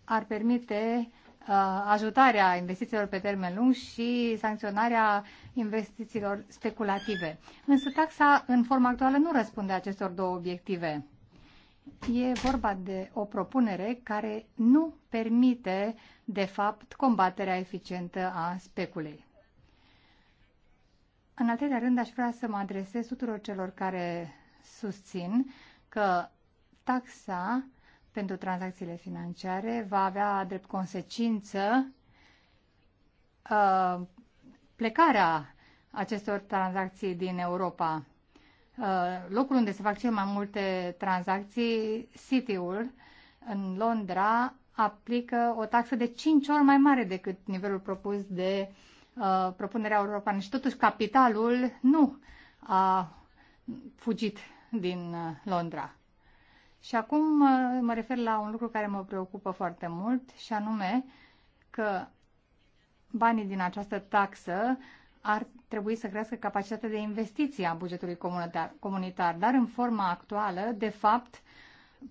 ar permite uh, ajutarea investițiilor pe termen lung și sancționarea investițiilor speculative. Însă taxa în forma actuală nu răspunde acestor două obiective. E vorba de o propunere care nu permite, de fapt, combaterea eficientă a speculei. În al treilea rând, aș vrea să mă adresez tuturor celor care susțin că taxa pentru tranzacțiile financiare va avea drept consecință uh, plecarea acestor tranzacții din Europa. Uh, locul unde se fac cel mai multe tranzacții, City-ul, în Londra, aplică o taxă de 5 ori mai mare decât nivelul propus de uh, Uh, propunerea europeană și totuși capitalul nu a fugit din uh, Londra. Și acum uh, mă refer la un lucru care mă preocupă foarte mult și anume că banii din această taxă ar trebui să crească capacitatea de investiție a bugetului comunitar, comunitar, dar în forma actuală, de fapt,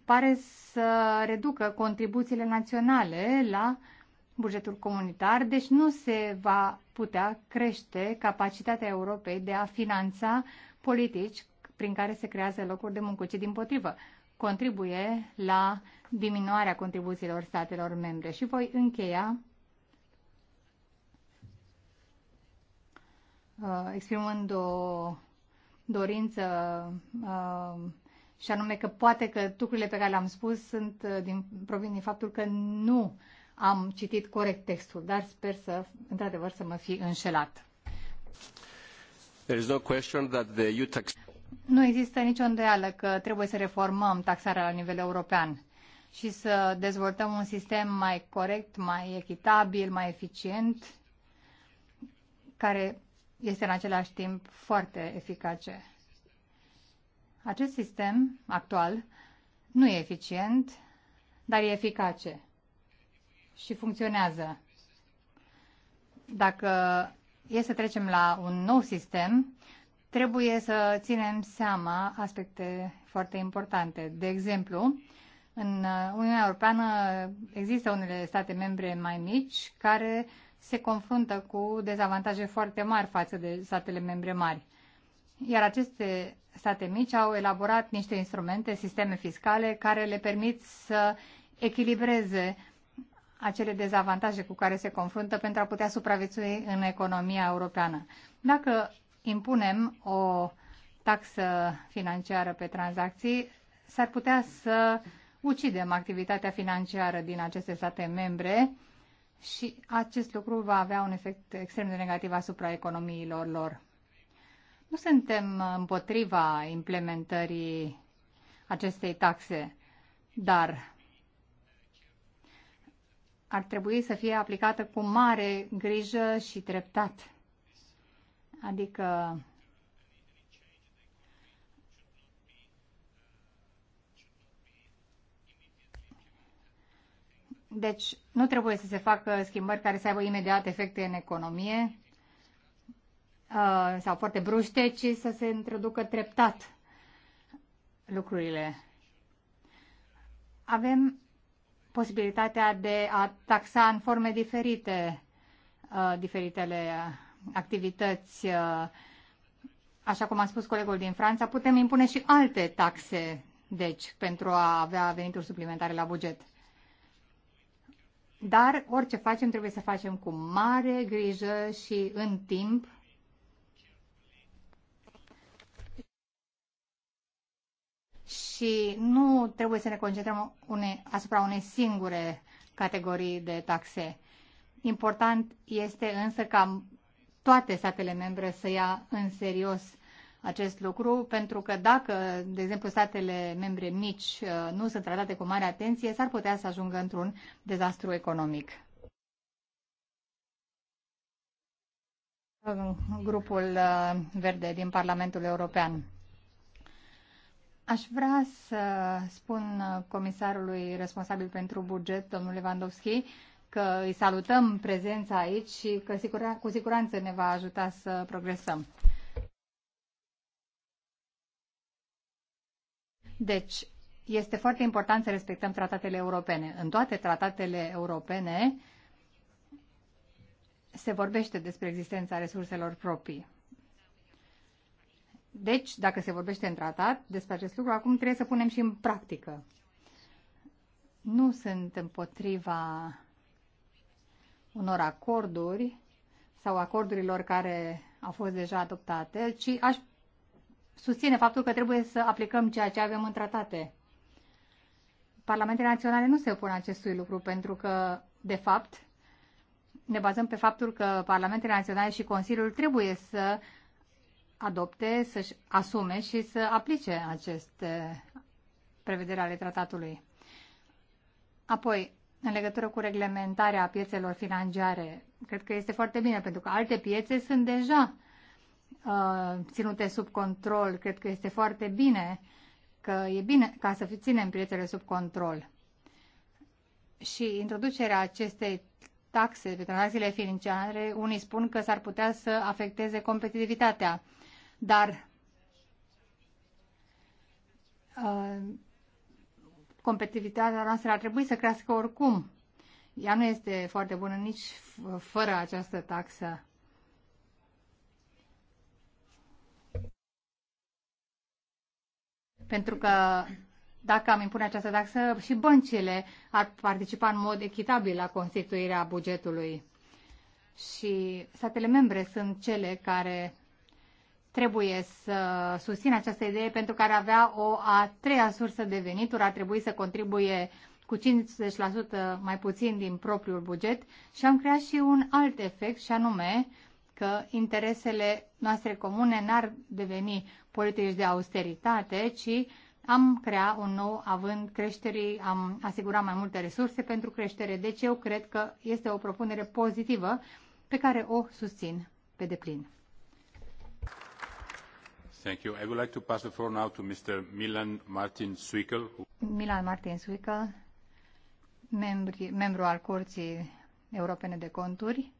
pare să reducă contribuțiile naționale la bugetul comunitar, deci nu se va putea crește capacitatea Europei de a finanța politici prin care se creează locuri de muncă, ci din potrivă contribuie la diminuarea contribuțiilor statelor membre. Și voi încheia uh, exprimând o dorință uh, și anume că poate că lucrurile pe care le-am spus sunt uh, din, provin din faptul că nu am citit corect textul, dar sper să, într-adevăr, să mă fi înșelat. There is no question that the Nu există nicio îndoială că trebuie să reformăm taxarea la nivel european și să dezvoltăm un sistem mai corect, mai echitabil, mai eficient, care este în același timp foarte eficace. Acest sistem actual nu e eficient, dar e eficace și funcționează. Dacă e să trecem la un nou sistem, trebuie să ținem seama aspecte foarte importante. De exemplu, în Uniunea Europeană există unele state membre mai mici care se confruntă cu dezavantaje foarte mari față de statele membre mari. Iar aceste state mici au elaborat niște instrumente, sisteme fiscale care le permit să echilibreze acele dezavantaje cu care se confruntă pentru a putea supraviețui în economia europeană. Dacă impunem o taxă financiară pe tranzacții, s-ar putea să ucidem activitatea financiară din aceste state membre și acest lucru va avea un efect extrem de negativ asupra economiilor lor. Nu suntem împotriva implementării acestei taxe, dar ar trebui să fie aplicată cu mare grijă și treptat. Adică Deci nu trebuie să se facă schimbări care să aibă imediat efecte în economie uh, sau foarte bruște, ci să se introducă treptat lucrurile. Avem posibilitatea de a taxa în forme diferite uh, diferitele activități. Uh, așa cum a spus colegul din Franța, putem impune și alte taxe, deci, pentru a avea venituri suplimentare la buget. Dar orice facem trebuie să facem cu mare grijă și în timp și nu trebuie să ne concentrăm une, asupra unei singure categorii de taxe. Important este însă ca toate statele membre să ia în serios acest lucru, pentru că dacă, de exemplu, statele membre mici uh, nu sunt tratate cu mare atenție, s-ar putea să ajungă într-un dezastru economic. Grupul uh, Verde din Parlamentul European. Aș vrea să spun comisarului responsabil pentru buget, domnul Lewandowski, că îi salutăm prezența aici și că cu siguranță ne va ajuta să progresăm. Deci, este foarte important să respectăm tratatele europene. În toate tratatele europene se vorbește despre existența resurselor proprii. Deci, dacă se vorbește în tratat despre acest lucru, acum trebuie să punem și în practică. Nu sunt împotriva unor acorduri sau acordurilor care au fost deja adoptate, ci aș susține faptul că trebuie să aplicăm ceea ce avem în tratate. Parlamentele naționale nu se opun acestui lucru pentru că, de fapt, ne bazăm pe faptul că Parlamentele naționale și Consiliul trebuie să adopte, să-și asume și să aplice aceste prevederi ale tratatului. Apoi, în legătură cu reglementarea piețelor financiare, cred că este foarte bine, pentru că alte piețe sunt deja uh, ținute sub control. Cred că este foarte bine că e bine ca să ținem piețele sub control. Și introducerea acestei taxe pe tranzacțiile financiare, unii spun că s-ar putea să afecteze competitivitatea dar uh, competitivitatea noastră ar trebui să crească oricum. Ea nu este foarte bună nici fără această taxă. Pentru că dacă am impune această taxă, și băncile ar participa în mod echitabil la constituirea bugetului. Și statele membre sunt cele care trebuie să susțin această idee pentru că ar avea o a treia sursă de venituri, ar trebui să contribuie cu 50% mai puțin din propriul buget și am creat și un alt efect și anume că interesele noastre comune n-ar deveni politici de austeritate, ci am creat un nou având creșterii, am asigurat mai multe resurse pentru creștere. Deci eu cred că este o propunere pozitivă pe care o susțin pe deplin. Thank you. I would like to pass the floor now to Mr. Milan Martin Suikel. Milan Martin Suikel, membri, membru al Curții Europene de Conturi,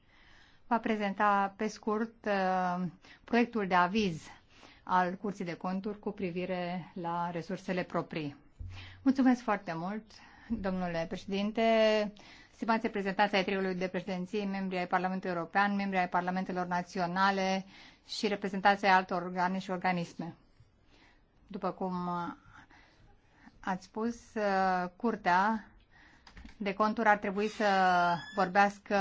va prezenta pe scurt uh, proiectul de aviz al Curții de Conturi cu privire la resursele proprii. Mulțumesc foarte mult, domnule președinte, stimați reprezentanți ai triului de Președinție, membri ai Parlamentului European, membri ai Parlamentelor Naționale, și reprezentanții altor organe și organisme. După cum uh, ați spus, uh, Curtea de Conturi ar trebui să vorbească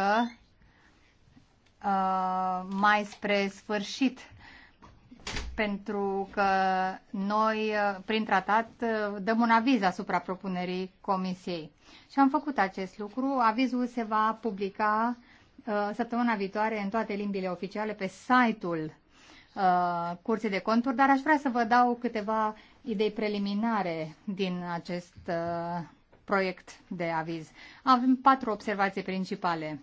uh, mai spre sfârșit pentru că noi, prin tratat, dăm un aviz asupra propunerii Comisiei. Și am făcut acest lucru. Avizul se va publica Uh, săptămâna viitoare în toate limbile oficiale pe site-ul uh, Curții de Conturi, dar aș vrea să vă dau câteva idei preliminare din acest uh, proiect de aviz. Avem patru observații principale.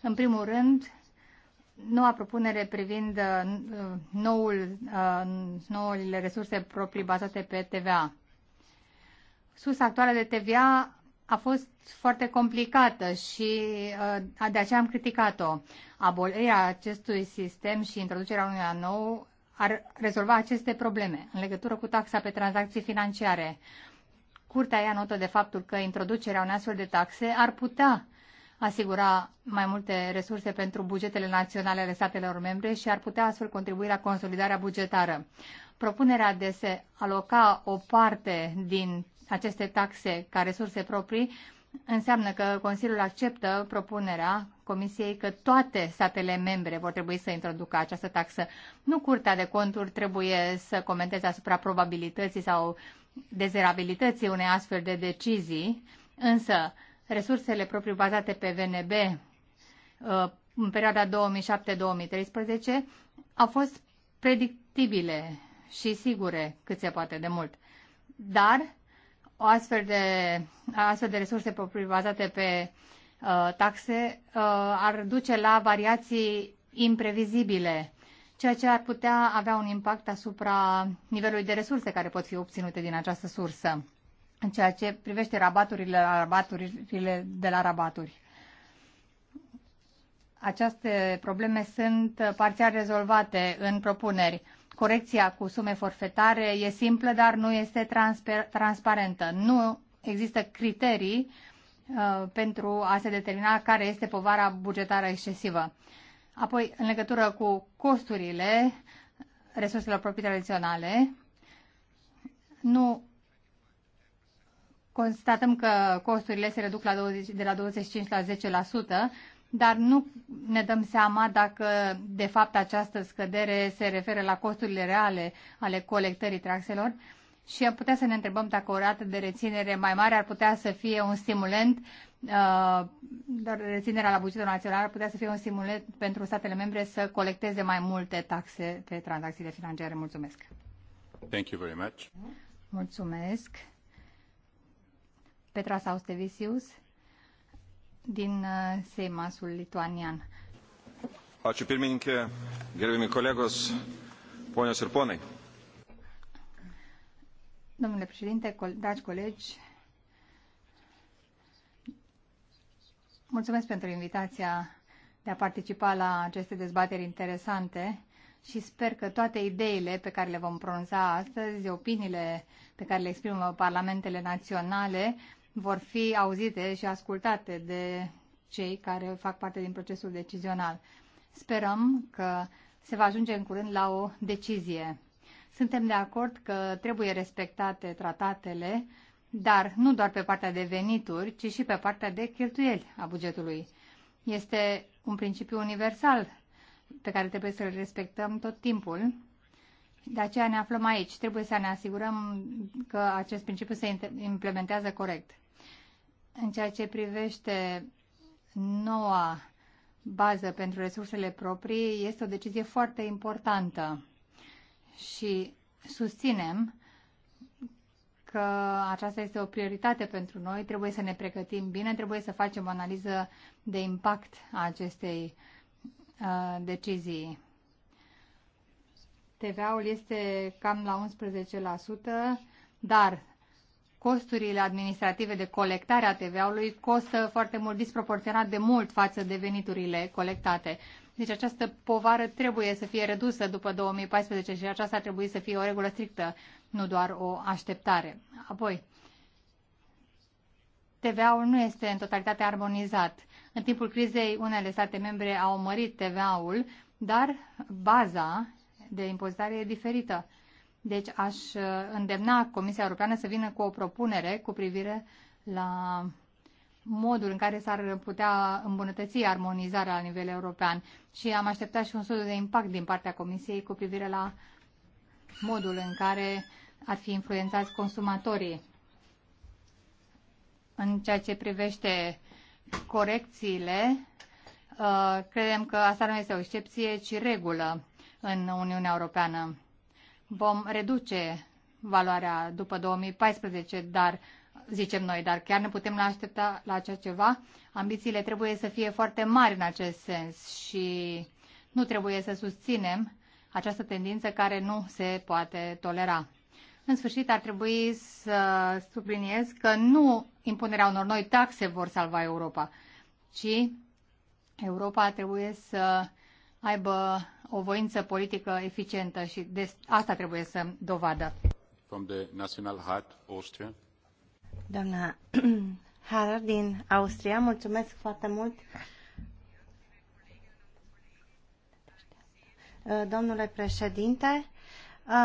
În primul rând, noua propunere privind noul, noile resurse proprii bazate pe TVA. Sus actuală de TVA a fost foarte complicată și uh, de aceea am criticat-o. Abolirea acestui sistem și introducerea unuia nou ar rezolva aceste probleme în legătură cu taxa pe tranzacții financiare. Curtea ia notă de faptul că introducerea unei astfel de taxe ar putea asigura mai multe resurse pentru bugetele naționale ale statelor membre și ar putea astfel contribui la consolidarea bugetară. Propunerea de se aloca o parte din aceste taxe ca resurse proprii, înseamnă că Consiliul acceptă propunerea Comisiei că toate statele membre vor trebui să introducă această taxă. Nu Curtea de Conturi trebuie să comenteze asupra probabilității sau dezerabilității unei astfel de decizii, însă resursele proprii bazate pe VNB uh, în perioada 2007-2013 au fost predictibile și sigure cât se poate de mult. Dar o astfel de, astfel de resurse bazate pe uh, taxe uh, ar duce la variații imprevizibile, ceea ce ar putea avea un impact asupra nivelului de resurse care pot fi obținute din această sursă, în ceea ce privește rabaturile, la rabaturile de la rabaturi. Aceste probleme sunt uh, parțial rezolvate în propuneri. Corecția cu sume forfetare e simplă, dar nu este transparentă. Nu există criterii uh, pentru a se determina care este povara bugetară excesivă. Apoi, în legătură cu costurile resurselor proprii tradiționale, nu constatăm că costurile se reduc la 20, de la 25 la 10%, dar nu ne dăm seama dacă, de fapt, această scădere se referă la costurile reale ale colectării taxelor și am putea să ne întrebăm dacă o rată de reținere mai mare ar putea să fie un stimulent, uh, dar reținerea la bugetul național ar putea să fie un stimulent pentru statele membre să colecteze mai multe taxe pe tranzacțiile financiare. Mulțumesc! Thank you very much. Mulțumesc! Petra Saustevisius din uh, Seimasul lituanian. Ačiū pirmininkė, gerbimi kolegos, ponios ir ponai. Domnule președinte, dragi colegi, mulțumesc pentru invitația de a participa la aceste dezbateri interesante și sper că toate ideile pe care le vom pronunța astăzi, opiniile pe care le exprimă parlamentele naționale, vor fi auzite și ascultate de cei care fac parte din procesul decizional. Sperăm că se va ajunge în curând la o decizie. Suntem de acord că trebuie respectate tratatele, dar nu doar pe partea de venituri, ci și pe partea de cheltuieli a bugetului. Este un principiu universal pe care trebuie să-l respectăm tot timpul. De aceea ne aflăm aici. Trebuie să ne asigurăm că acest principiu se implementează corect. În ceea ce privește noua bază pentru resursele proprii, este o decizie foarte importantă și susținem că aceasta este o prioritate pentru noi, trebuie să ne pregătim bine, trebuie să facem o analiză de impact a acestei uh, decizii. TVA-ul este cam la 11%, dar costurile administrative de colectare a TVA-ului costă foarte mult, disproporționat de mult față de veniturile colectate. Deci această povară trebuie să fie redusă după 2014 și aceasta ar trebui să fie o regulă strictă, nu doar o așteptare. Apoi, TVA-ul nu este în totalitate armonizat. În timpul crizei, unele state membre au mărit TVA-ul, dar baza de impozitare e diferită. Deci aș uh, îndemna Comisia Europeană să vină cu o propunere cu privire la modul în care s-ar putea îmbunătăți armonizarea la nivel european. Și am așteptat și un studiu de impact din partea Comisiei cu privire la modul în care ar fi influențați consumatorii în ceea ce privește corecțiile, uh, credem că asta nu este o excepție, ci regulă în Uniunea Europeană vom reduce valoarea după 2014, dar zicem noi, dar chiar ne putem aștepta la așa ceva. Ambițiile trebuie să fie foarte mari în acest sens și nu trebuie să susținem această tendință care nu se poate tolera. În sfârșit, ar trebui să subliniez că nu impunerea unor noi taxe vor salva Europa, ci Europa trebuie să aibă o voință politică eficientă și de asta trebuie să dovadă. From the National Heart, Austria. Doamna Harar din Austria, mulțumesc foarte mult. Domnule președinte,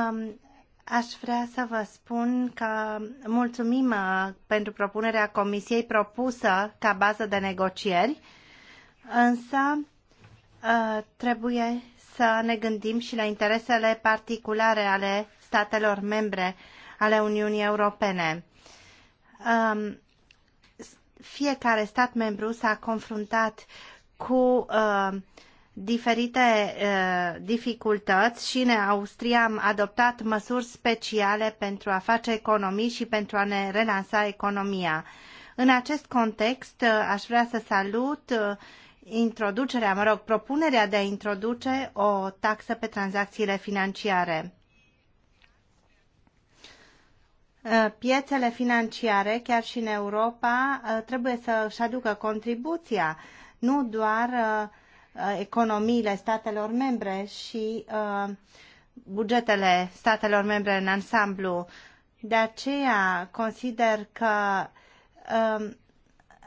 um, Aș vrea să vă spun că mulțumim uh, pentru propunerea comisiei propusă ca bază de negocieri, însă uh, trebuie să ne gândim și la interesele particulare ale statelor membre ale Uniunii Europene. Um, fiecare stat membru s-a confruntat cu uh, diferite uh, dificultăți și în Austria am adoptat măsuri speciale pentru a face economii și pentru a ne relansa economia. În acest context, uh, aș vrea să salut uh, introducerea, mă rog, propunerea de a introduce o taxă pe tranzacțiile financiare. Uh, piețele financiare, chiar și în Europa, uh, trebuie să își aducă contribuția, nu doar uh, economiile statelor membre și bugetele statelor membre în ansamblu. De aceea consider că um,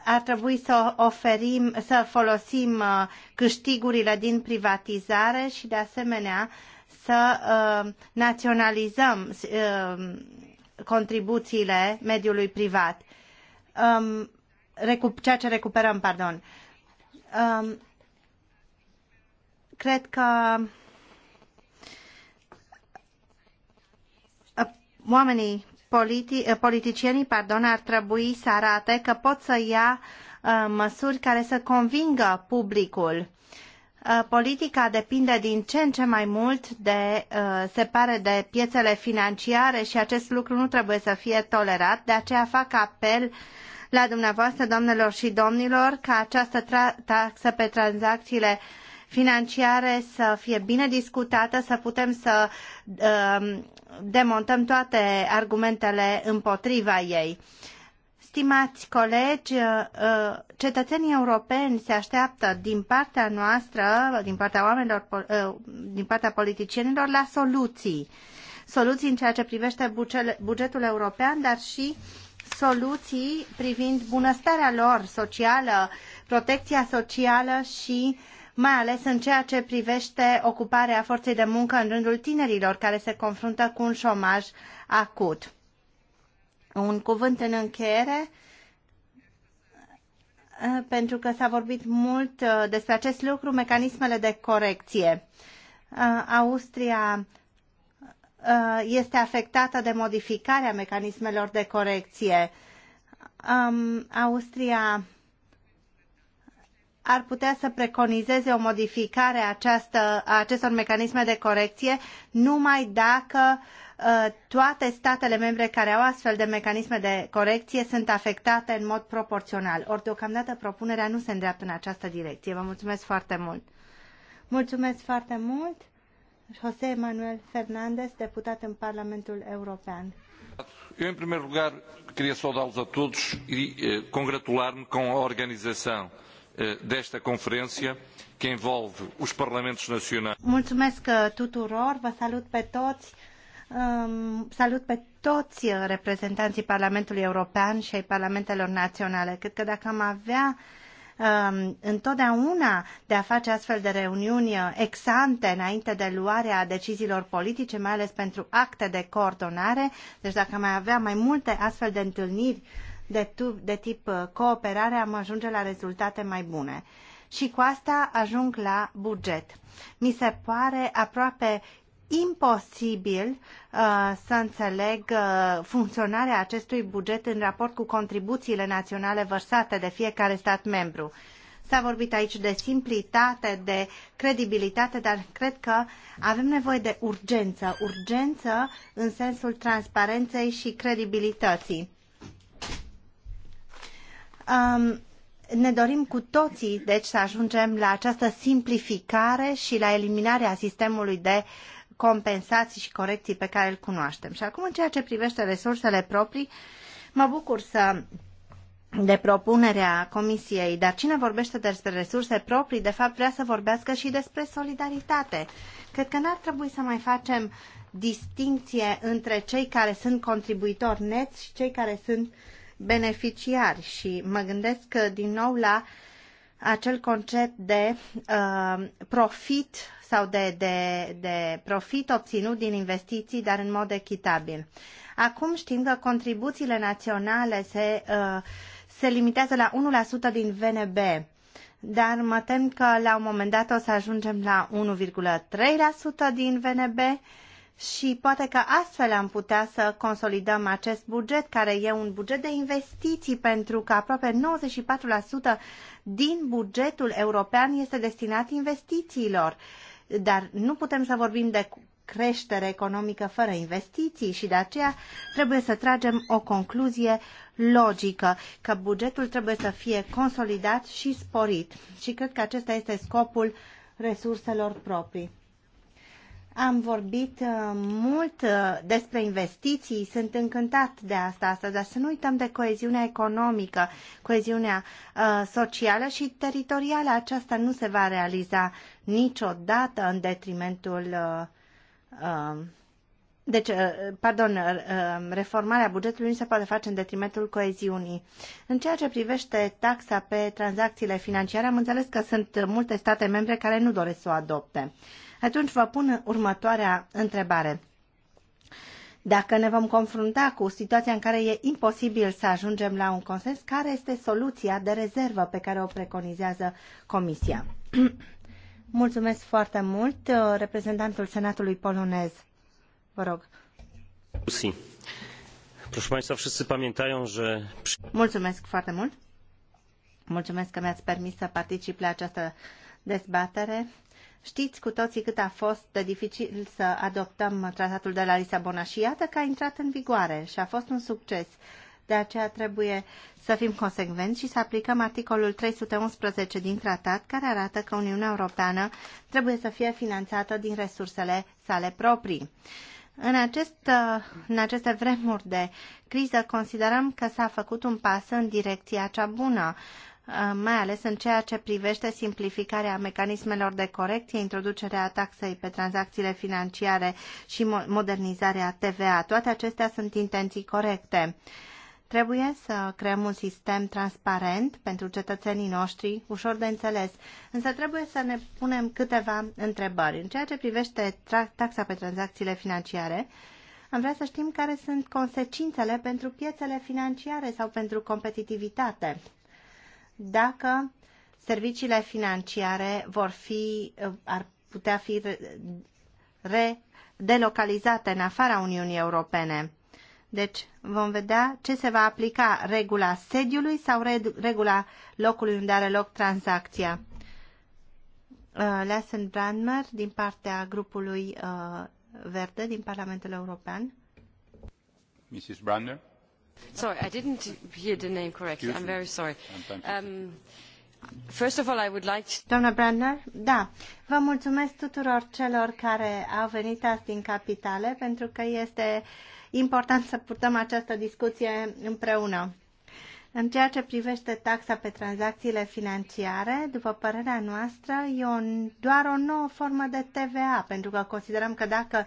ar trebui să oferim, să folosim uh, câștigurile din privatizare și de asemenea să uh, naționalizăm uh, contribuțiile mediului privat. Um, ceea ce recuperăm, pardon. Um, cred că oamenii politi- eh, politicienii pardon, ar trebui să arate că pot să ia eh, măsuri care să convingă publicul. Eh, politica depinde din ce în ce mai mult de, se pare, de piețele financiare și acest lucru nu trebuie să fie tolerat, de aceea fac apel la dumneavoastră, doamnelor și domnilor, ca această taxă pe tranzacțiile uh, financiare să fie bine discutată, să putem să um, demontăm toate argumentele împotriva ei. Stimați colegi, uh, cetățenii europeni se așteaptă din partea noastră, din partea oamenilor, uh, din partea politicienilor, la soluții. Soluții în ceea ce privește bugetul european, dar și soluții privind bunăstarea lor socială, protecția socială și mai ales în ceea ce privește ocuparea forței de muncă în rândul tinerilor care se confruntă cu un șomaj acut. Un cuvânt în încheiere, pentru că s-a vorbit mult uh, despre acest lucru, mecanismele de corecție. Uh, Austria uh, este afectată de modificarea mecanismelor de corecție. Um, Austria ar putea să preconizeze o modificare această, a acestor mecanisme de corecție numai dacă uh, toate statele membre care au astfel de mecanisme de corecție sunt afectate în mod proporțional. Ori deocamdată propunerea nu se îndreaptă în această direcție. Vă mulțumesc foarte mult! Mulțumesc foarte mult! José Manuel Fernández, deputat în Parlamentul European. Eu, în primul lugar, queria saudá-los a todos e eh, congratular-me com a organização Eh, desta conferência que envolve os parlamentos nacionais. Mulțumesc eh, tuturor, vă salut pe toți. Um, salut pe toți eh, reprezentanții Parlamentului European și ai Parlamentelor Naționale. Cred că dacă am avea um, întotdeauna de a face astfel de reuniuni exante înainte de luarea deciziilor politice, mai ales pentru acte de coordonare. Deci dacă mai avea mai multe astfel de întâlniri de, tu, de tip uh, cooperare am ajunge la rezultate mai bune. Și cu asta ajung la buget. Mi se pare aproape imposibil uh, să înțeleg uh, funcționarea acestui buget în raport cu contribuțiile naționale vărsate de fiecare stat membru. S-a vorbit aici de simplitate, de credibilitate, dar cred că avem nevoie de urgență. Urgență în sensul transparenței și credibilității. Um, ne dorim cu toții, deci, să ajungem la această simplificare și la eliminarea sistemului de compensații și corecții pe care îl cunoaștem. Și acum, în ceea ce privește resursele proprii, mă bucur să de propunerea Comisiei, dar cine vorbește despre resurse proprii, de fapt vrea să vorbească și despre solidaritate. Cred că n-ar trebui să mai facem distinție între cei care sunt contribuitori neți și cei care sunt uh, beneficiari și mă gândesc din nou la acel concept de uh, profit sau de, de, de profit obținut din investiții, dar în mod echitabil. Acum știm că contribuțiile naționale se, uh, se limitează la 1% din VNB, dar mă tem că la un moment dat o să ajungem la 1,3% din VNB și poate că astfel am putea să consolidăm acest buget, care e un buget de investiții, pentru că aproape 94% din bugetul european este destinat investițiilor. Dar nu putem să vorbim de creștere economică fără investiții și de aceea trebuie să tragem o concluzie logică, că bugetul trebuie să fie consolidat și sporit. Și cred că acesta este scopul resurselor proprii. Am vorbit uh, mult uh, despre investiții, sunt încântat de asta astăzi, dar să nu uităm de coeziunea economică, coeziunea uh, socială și teritorială. Aceasta nu se va realiza niciodată în detrimentul. Deci, pardon, reformarea bugetului nu se poate face în detrimentul coeziunii. În ceea ce privește taxa pe tranzacțiile financiare, am înțeles că sunt multe state membre care nu doresc să o adopte. Atunci vă pun următoarea întrebare. Dacă ne vom confrunta cu situația în care e imposibil să ajungem la un consens, care este soluția de rezervă pe care o preconizează Comisia? Mulțumesc foarte mult, uh, reprezentantul Senatului polonez. Vă rog. Proszę Państwa, wszyscy pamiętają, że... Mulțumesc foarte mult. Mulțumesc că mi-ați permis să particip la această dezbatere. Știți cu toții cât a fost de dificil să adoptăm tratatul de la Lisabona și iată că a intrat în vigoare și a fost un succes. De aceea trebuie să fim consecvenți și să aplicăm articolul 311 din tratat care arată că Uniunea Europeană trebuie să fie finanțată din resursele sale proprii. În, acest, în aceste vremuri de criză considerăm că s-a făcut un pas în direcția cea bună mai ales în ceea ce privește simplificarea mecanismelor de corecție, introducerea taxei pe tranzacțiile financiare și modernizarea TVA. Toate acestea sunt intenții corecte. Trebuie să creăm un sistem transparent pentru cetățenii noștri, ușor de înțeles, însă trebuie să ne punem câteva întrebări. În ceea ce privește taxa pe tranzacțiile financiare, am vrea să știm care sunt consecințele pentru piețele financiare sau pentru competitivitate dacă serviciile financiare vor fi, ar putea fi redelocalizate delocalizate în afara Uniunii Europene. Deci vom vedea ce se va aplica, regula sediului sau regula locului unde are loc tranzacția. Uh, Lassen Brandmer din partea grupului uh, Verde din Parlamentul European. Mrs. Brandner. Sorry, I didn't hear the name correctly. I'm very sorry. Um, first of all, I would like to... Doamna Brandner? Da. Vă mulțumesc tuturor celor care au venit azi din capitale, pentru că este important să purtăm această discuție împreună. În ceea ce privește taxa pe tranzacțiile financiare, după părerea noastră, e o, doar o nouă formă de TVA, pentru că considerăm că dacă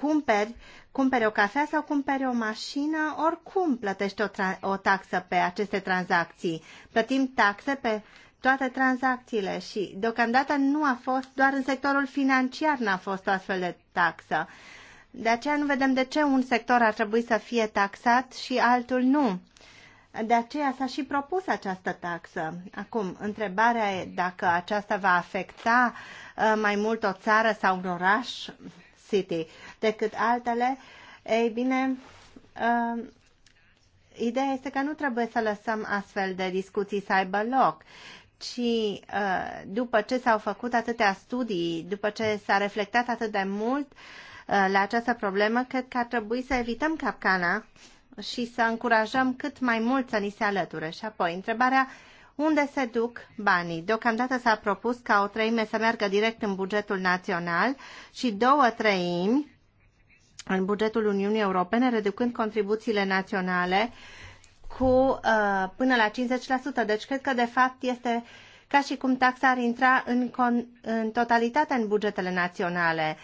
cumperi, cumperi o cafea sau cumperi o mașină, oricum plătești o, o taxă pe aceste tranzacții. Plătim taxe pe toate tranzacțiile și deocamdată nu a fost, doar în sectorul financiar n-a fost o astfel de taxă. De aceea nu vedem de ce un sector ar trebui să fie taxat și altul nu. De aceea s-a și propus această taxă. Acum, întrebarea e dacă aceasta va afecta uh, mai mult o țară sau un oraș, city decât altele, ei bine, uh, ideea este că nu trebuie să lăsăm astfel de discuții să aibă loc ci uh, după ce s-au făcut atâtea studii, după ce s-a reflectat atât de mult uh, la această problemă, cred că ar trebui să evităm capcana și să încurajăm cât mai mult să ni se alăture. Și apoi, întrebarea unde se duc banii? Deocamdată s-a propus ca o treime să meargă direct în bugetul național și două treimi în bugetul Uniunii Europene, reducând contribuțiile naționale cu uh, până la 50%. Deci cred că, de fapt, este ca și cum taxa ar intra în, con- în totalitate în bugetele naționale.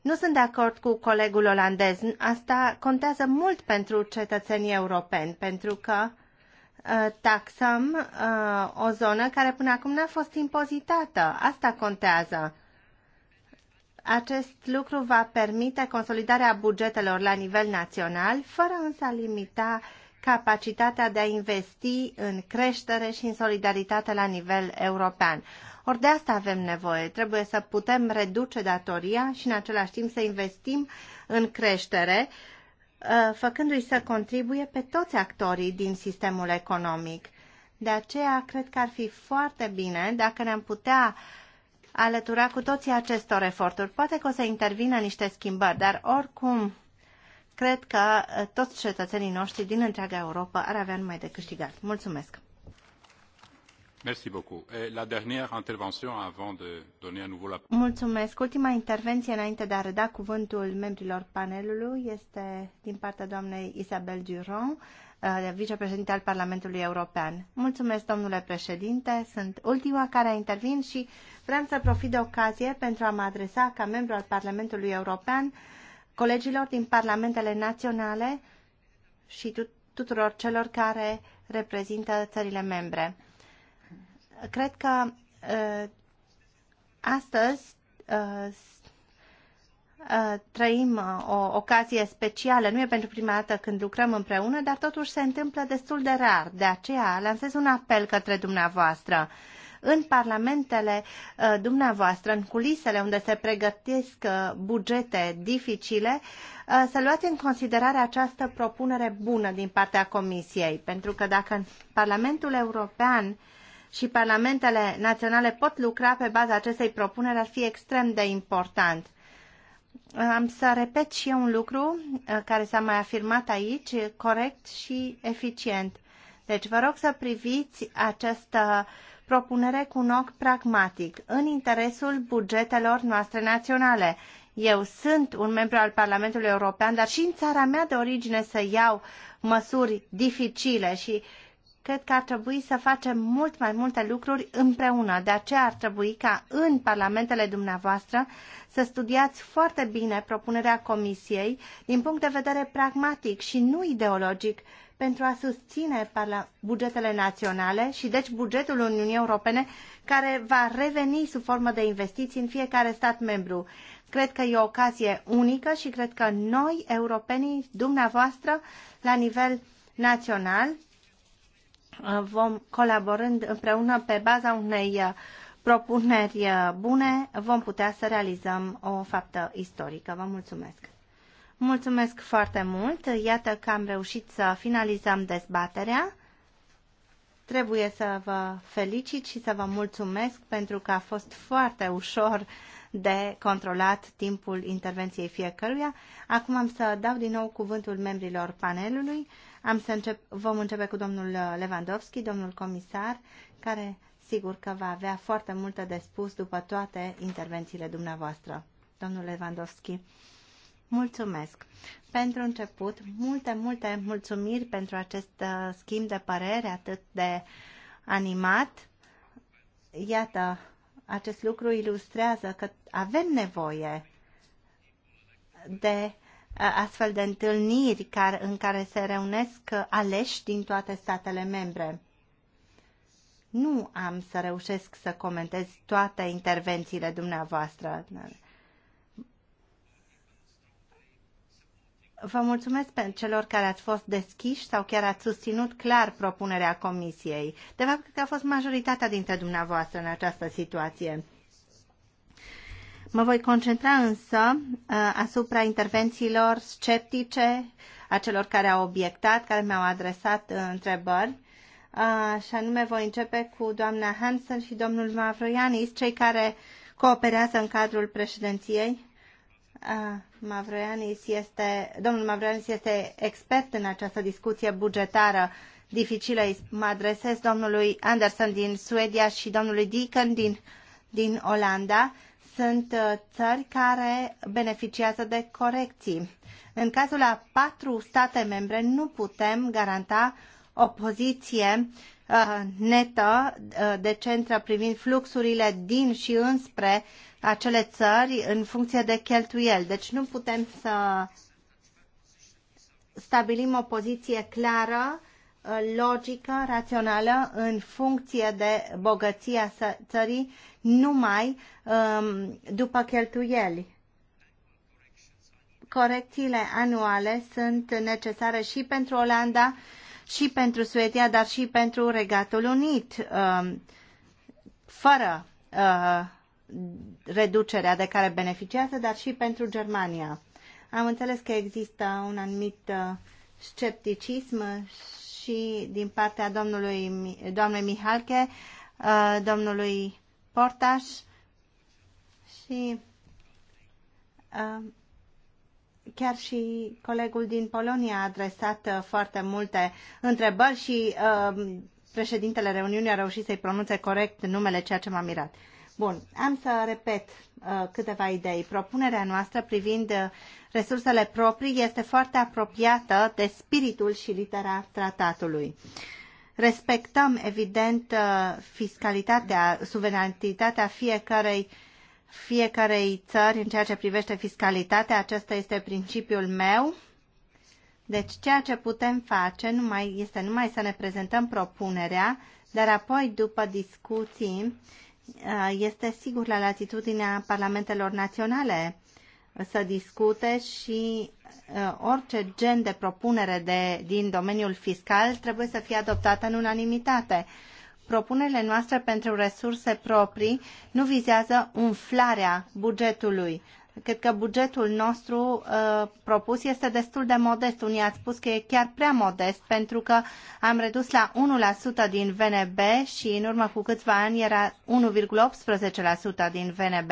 Nu sunt de acord cu colegul olandez. Asta contează mult pentru cetățenii europeni, pentru că uh, taxăm uh, o zonă care până acum n-a fost impozitată. Asta contează. Acest lucru va permite consolidarea bugetelor la nivel național, fără însă a limita capacitatea de a investi în creștere și în solidaritate la nivel european. Ori de asta avem nevoie. Trebuie să putem reduce datoria și în același timp să investim în creștere, ă, făcându-i să contribuie pe toți actorii din sistemul economic. De aceea, cred că ar fi foarte bine dacă ne-am putea uh, alătura cu toții acestor eforturi. Poate că o să intervină niște schimbări, dar oricum cred că uh, toți cetățenii noștri din întreaga Europa ar avea numai de câștigat. Mulțumesc! Merci beaucoup. Et la dernière intervention avant de donner à nouveau la Mulțumesc. Ultima intervenție înainte de a reda cuvântul membrilor panelului este din partea doamnei Isabel Durand Uh, vicepreședinte al Parlamentului European. Mulțumesc, domnule președinte, sunt ultima care intervin și vreau să profit de ocazie pentru a mă adresa ca membru al Parlamentului European colegilor din parlamentele naționale și tuturor celor care reprezintă țările membre. Cred că uh, astăzi uh, Uh, trăim uh, o ocazie specială, nu e pentru prima dată când lucrăm împreună, dar totuși se întâmplă destul de rar. De aceea lansez un apel către dumneavoastră. În parlamentele uh, dumneavoastră, în culisele unde se pregătesc bugete dificile, să luați în considerare această propunere bună din partea Comisiei, pentru că dacă în Parlamentul European și parlamentele naționale pot lucra pe baza acestei propuneri, ar fi extrem de important am să repet și eu un lucru uh, care s-a mai afirmat aici, corect și eficient. Deci vă rog să priviți această propunere cu un ochi pragmatic, în interesul bugetelor noastre naționale. Eu sunt un membru al Parlamentului European, dar și în țara mea de origine să iau măsuri dificile și cred că ar trebui să facem mult mai multe lucruri împreună. De aceea ar trebui ca în parlamentele dumneavoastră să studiați foarte bine propunerea Comisiei din punct de vedere pragmatic și nu ideologic pentru a susține bugetele naționale și deci bugetul Uniunii Europene care va reveni sub formă de investiții în fiecare stat membru. Cred că e o ocazie unică și cred că noi, europenii, dumneavoastră, la nivel național, Uh, vom colaborând împreună pe baza unei uh, propuneri uh, bune, vom putea să realizăm o faptă istorică. Vă mulțumesc! Mulțumesc foarte mult! Iată că am reușit să finalizăm dezbaterea. Trebuie să vă felicit și să vă mulțumesc pentru că a fost foarte ușor de controlat timpul intervenției fiecăruia. Acum am să dau din nou cuvântul membrilor panelului. Am să încep, vom începe cu domnul uh, Lewandowski, domnul comisar, care sigur că va avea foarte multe de spus după toate intervențiile dumneavoastră. Domnul Lewandowski, mulțumesc. Pentru început, multe, multe mulțumiri pentru acest uh, schimb de părere atât de animat. Iată, acest lucru ilustrează că avem nevoie de uh, astfel de întâlniri care, în care se reunesc aleși din toate statele membre. Nu am să reușesc să comentez toate intervențiile dumneavoastră. Vă mulțumesc pentru celor care ați fost deschiși sau chiar ați susținut clar propunerea Comisiei. De fapt, cred că a fost majoritatea dintre dumneavoastră în această situație. Mă voi concentra însă uh, asupra intervențiilor sceptice a celor care au obiectat, care mi-au adresat uh, întrebări. Uh, și anume voi începe cu doamna Hansen și domnul Mavroianis, cei care cooperează în cadrul președinției. Mavroianis este, domnul Mavroianis este expert în această discuție bugetară dificilă. Mă adresez domnului Anderson din Suedia și domnului Deacon din, din Olanda sunt uh, țări care beneficiază de corecții. În cazul a patru state membre nu putem garanta o poziție uh, netă, uh, de centră privind fluxurile din și înspre acele țări în funcție de cheltuiel. Deci nu putem să stabilim o poziție clară logică, rațională, în funcție de bogăția țării, numai um, după cheltuieli. Corecțiile anuale sunt necesare și pentru Olanda, și pentru Suedia, dar și pentru Regatul Unit, um, fără uh, reducerea de care beneficiază, dar și pentru Germania. Am înțeles că există un anumit uh, scepticism și din partea domnului, doamnei Mihalche, uh, domnului Portaș și uh, chiar și colegul din Polonia a adresat uh, foarte multe întrebări și președintele reuniunii a reușit să-i pronunțe corect numele, ceea ce m-a mirat. Bun, am să repet uh, câteva idei. Propunerea noastră privind uh, resursele proprii este foarte apropiată de spiritul și litera tratatului. Respectăm, evident, uh, fiscalitatea, suveranitatea fiecarei fiecarei țări în ceea ce privește fiscalitatea. Acesta este principiul meu. Deci ceea ce putem face numai, este numai să ne prezentăm propunerea, dar apoi după discuții Uh, este sigur la latitudinea parlamentelor naționale să discute și uh, orice gen de propunere de, din domeniul fiscal trebuie să fie adoptată în unanimitate. Propunerile noastre pentru resurse proprii nu vizează umflarea bugetului. Cred că bugetul nostru uh, propus este destul de modest. Unii ați spus că e chiar prea modest pentru că am redus la 1% din VNB și în urmă cu câțiva ani era 1,18% din VNB.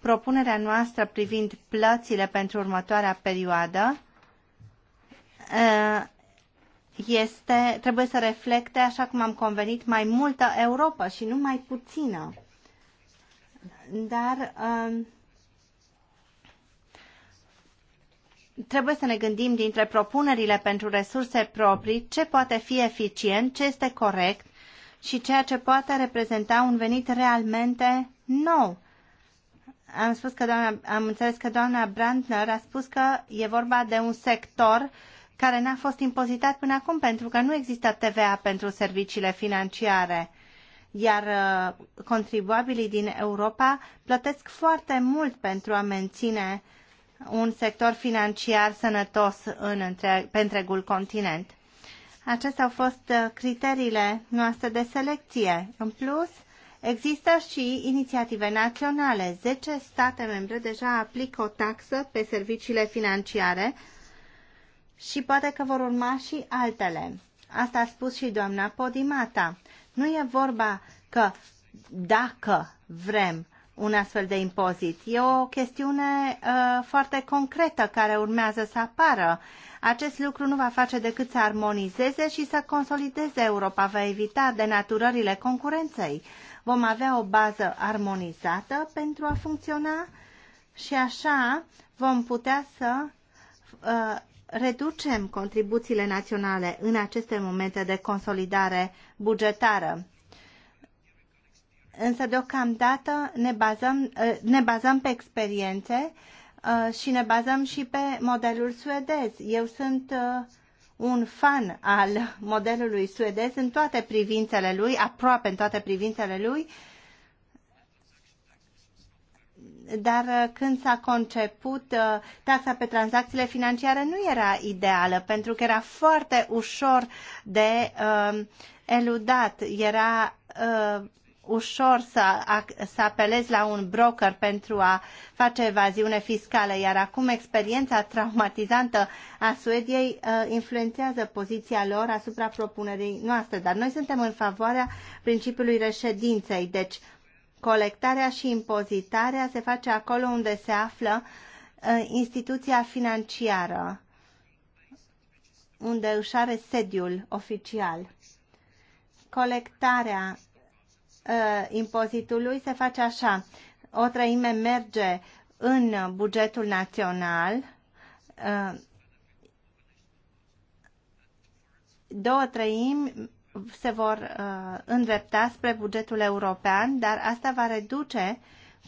Propunerea noastră privind plățile pentru următoarea perioadă uh, este, trebuie să reflecte, așa cum am convenit, mai multă Europa și nu mai puțină. Dar uh, trebuie să ne gândim dintre propunerile pentru resurse proprii ce poate fi eficient, ce este corect și ceea ce poate reprezenta un venit realmente nou. Am, spus că doamna, am înțeles că doamna Brandner a spus că e vorba de un sector care n-a fost impozitat până acum pentru că nu există TVA pentru serviciile financiare iar uh, contribuabilii din Europa plătesc foarte mult pentru a menține uh, un sector financiar sănătos în întreg, pe întregul continent. Acestea au fost uh, criteriile noastre de selecție. În plus, există și inițiative naționale. 10 state membre deja aplică o taxă pe serviciile financiare și poate că vor urma și altele. Asta a spus și doamna Podimata. Nu e vorba că dacă vrem un astfel de impozit. E o chestiune uh, foarte concretă care urmează să apară. Acest lucru nu va face decât să armonizeze și să consolideze Europa, va evita denaturările concurenței. Vom avea o bază armonizată pentru a funcționa și așa vom putea să uh, reducem contribuțiile naționale în aceste momente de consolidare bugetară. Însă deocamdată ne bazăm, ă, ne bazăm pe experiențe ă, și ne bazăm și pe modelul suedez. Eu sunt ă, un fan al modelului suedez în toate privințele lui, aproape în toate privințele lui, dar când s-a conceput taxa pe tranzacțiile financiare nu era ideală, pentru că era foarte ușor de uh, eludat, era uh, ușor să, să apelezi la un broker pentru a face evaziune fiscală, iar acum experiența traumatizantă a Suediei uh, influențează poziția lor asupra propunerii noastre. Dar noi suntem în favoarea principiului reședinței, deci colectarea și impozitarea se face acolo unde se află uh, instituția financiară unde își are sediul oficial. Colectarea uh, impozitului se face așa. O treime merge în bugetul național, uh, două treimi se vor uh, îndrepta spre bugetul european, dar asta va reduce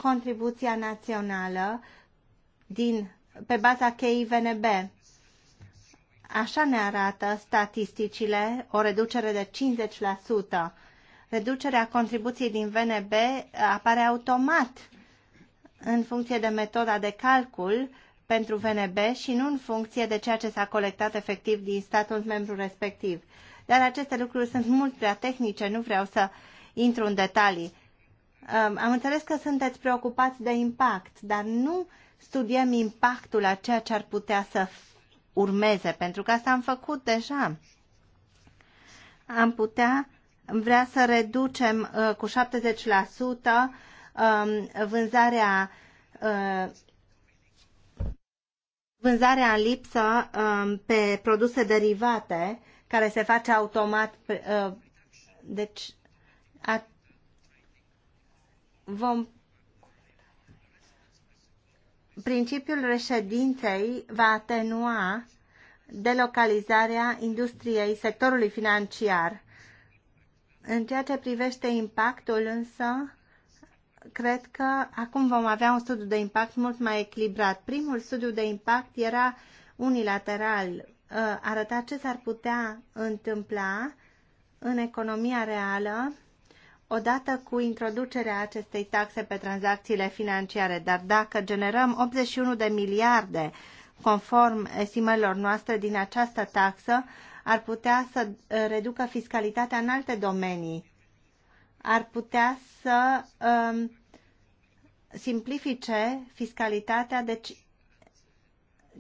contribuția națională din, pe baza cheii VNB. Așa ne arată statisticile, o reducere de 50% reducerea contribuției din VNB apare automat în funcție de metoda de calcul pentru VNB și nu în funcție de ceea ce s-a colectat efectiv din statul membru respectiv. Dar aceste lucruri sunt mult prea tehnice, nu vreau să intru în detalii. Am înțeles că sunteți preocupați de impact, dar nu studiem impactul la ceea ce ar putea să urmeze, pentru că asta am făcut deja. Am putea vrea să reducem uh, cu 70% um, vânzarea uh, vânzarea în lipsă um, pe produse derivate care se face automat uh, deci a, vom principiul reședinței va atenua delocalizarea industriei sectorului financiar în ceea ce privește impactul însă, cred că acum vom avea un studiu de impact mult mai echilibrat. Primul studiu de impact era unilateral, uh, arăta ce s-ar putea întâmpla în economia reală odată cu introducerea acestei taxe pe tranzacțiile financiare. Dar dacă generăm 81 de miliarde conform estimărilor noastre din această taxă, ar putea să uh, reducă fiscalitatea în alte domenii, ar putea să um, simplifice fiscalitatea, deci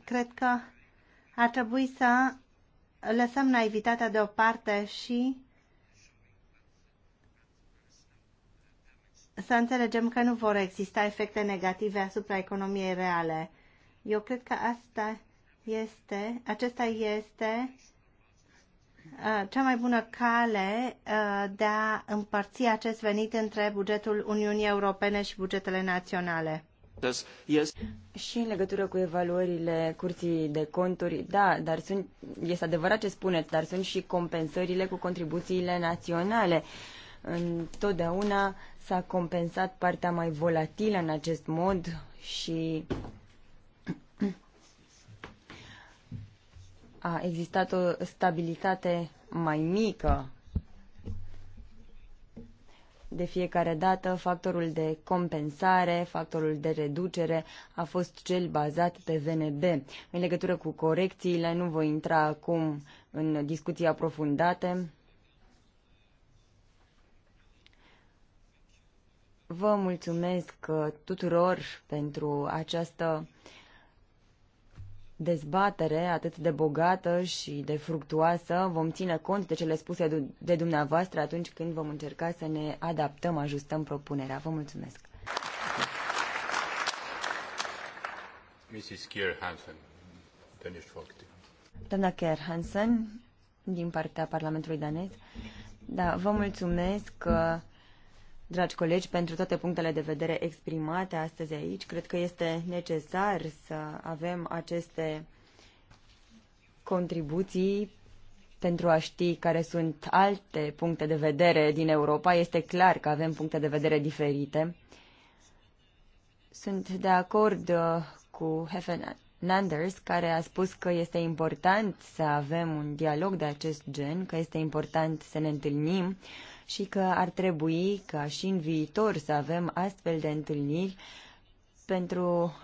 cred că ar trebui să lăsăm naivitatea deoparte și să înțelegem că nu vor exista efecte negative asupra economiei reale. Eu cred că asta este, acesta este Uh, cea mai bună cale uh, de a împărți acest venit între bugetul Uniunii Europene și bugetele naționale? Yes. Și în legătură cu evaluările curții de conturi, da, dar sunt, este adevărat ce spuneți, dar sunt și compensările cu contribuțiile naționale. Întotdeauna s-a compensat partea mai volatilă în acest mod și a existat o stabilitate mai mică. De fiecare dată, factorul de compensare, factorul de reducere a fost cel bazat pe VNB. În legătură cu corecțiile, nu voi intra acum în discuții aprofundate. Vă mulțumesc uh, tuturor pentru această uh, dezbatere atât de bogată și de fructuoasă. Vom ține cont de cele spuse de dumneavoastră atunci când vom încerca să ne adaptăm, ajustăm propunerea. Vă mulțumesc. Mrs. Kier Hansen, Danish Folketing. Doamna Kier Hansen, din partea Parlamentului danez. Da, vă mulțumesc. Că dragi colegi, pentru toate punctele de vedere exprimate astăzi aici. Cred că este necesar să avem aceste contribuții pentru a ști care sunt alte puncte de vedere din Europa. Este clar că avem puncte de vedere diferite. Sunt de acord uh, cu Heffen Nanders, care a spus că este important să avem un dialog de acest gen, că este important să ne întâlnim, și că ar trebui ca și în viitor să avem astfel de întâlniri pentru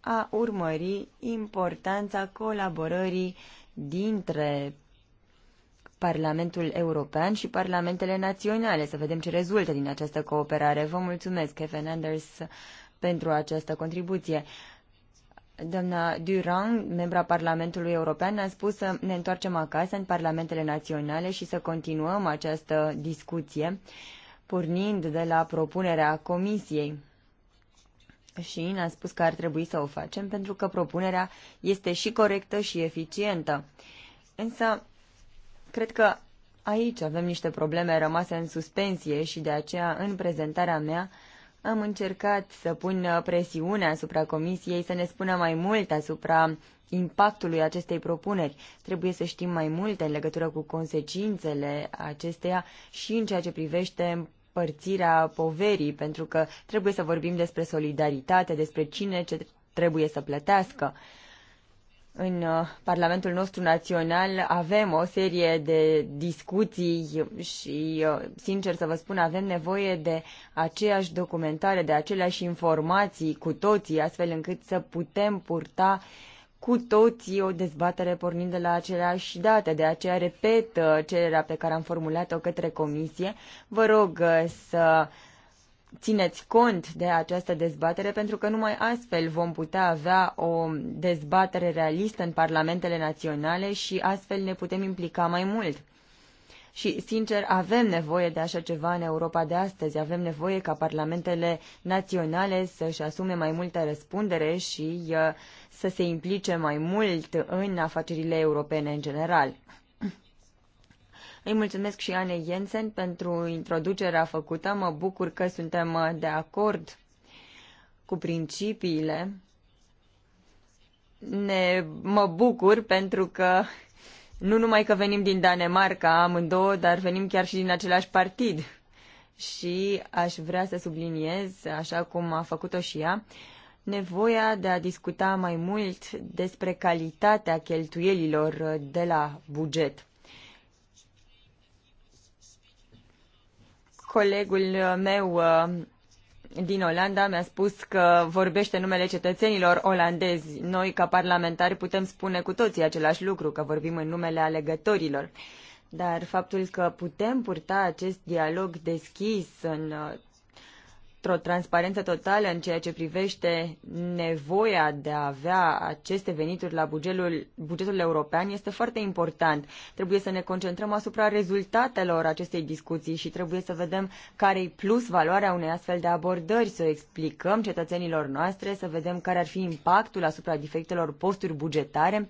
a urmări importanța colaborării dintre Parlamentul European și Parlamentele Naționale, să vedem ce rezultă din această cooperare. Vă mulțumesc, Kevin Anders, pentru această contribuție. Doamna Durand, membra Parlamentului European, a spus să ne întoarcem acasă în parlamentele naționale și să continuăm această discuție, pornind de la propunerea Comisiei. Și ne-a spus că ar trebui să o facem pentru că propunerea este și corectă și eficientă. Însă, cred că aici avem niște probleme rămase în suspensie și de aceea, în prezentarea mea, am încercat să pun uh, presiune asupra Comisiei să ne spună mai mult asupra impactului acestei propuneri. Trebuie să știm mai multe în legătură cu consecințele acesteia și în ceea ce privește împărțirea poverii, pentru că trebuie să vorbim despre solidaritate, despre cine ce trebuie să plătească. Uh, în uh, Parlamentul nostru național avem o serie de discuții și, uh, sincer să vă spun, avem nevoie de aceeași documentare, de aceleași informații cu toții, astfel încât să putem purta cu toții o dezbatere pornind de la aceleași date. De aceea repet uh, cererea pe care am formulat-o către comisie. Vă rog să țineți cont de această dezbatere, pentru că numai astfel vom putea avea o dezbatere realistă în parlamentele naționale și astfel ne putem implica mai mult. Și, sincer, avem nevoie de așa ceva în Europa de astăzi. Avem nevoie ca parlamentele naționale să-și asume mai multă răspundere și uh, să se implice mai mult în afacerile europene în general. Îi mulțumesc și Anne Jensen pentru introducerea făcută. Mă bucur că suntem uh, de acord cu principiile. Ne, mă bucur pentru că nu numai că venim din Danemarca amândouă, dar venim chiar și din același partid. Și aș vrea să subliniez, așa cum a făcut-o și ea, nevoia de a discuta mai mult despre calitatea cheltuielilor uh, de la buget. Colegul uh, meu uh, din Olanda mi-a spus că vorbește numele cetățenilor olandezi. Noi, ca parlamentari, putem spune cu toții același lucru, că vorbim în numele alegătorilor. Dar faptul că putem purta acest dialog deschis în uh, într-o transparență totală în ceea ce privește nevoia de a avea aceste venituri la bugetul, bugetul european este foarte important. Trebuie să ne concentrăm asupra rezultatelor acestei discuții și trebuie să vedem care-i plus valoarea unei astfel de abordări, să o explicăm cetățenilor noastre, să vedem care ar fi impactul asupra diferitelor posturi bugetare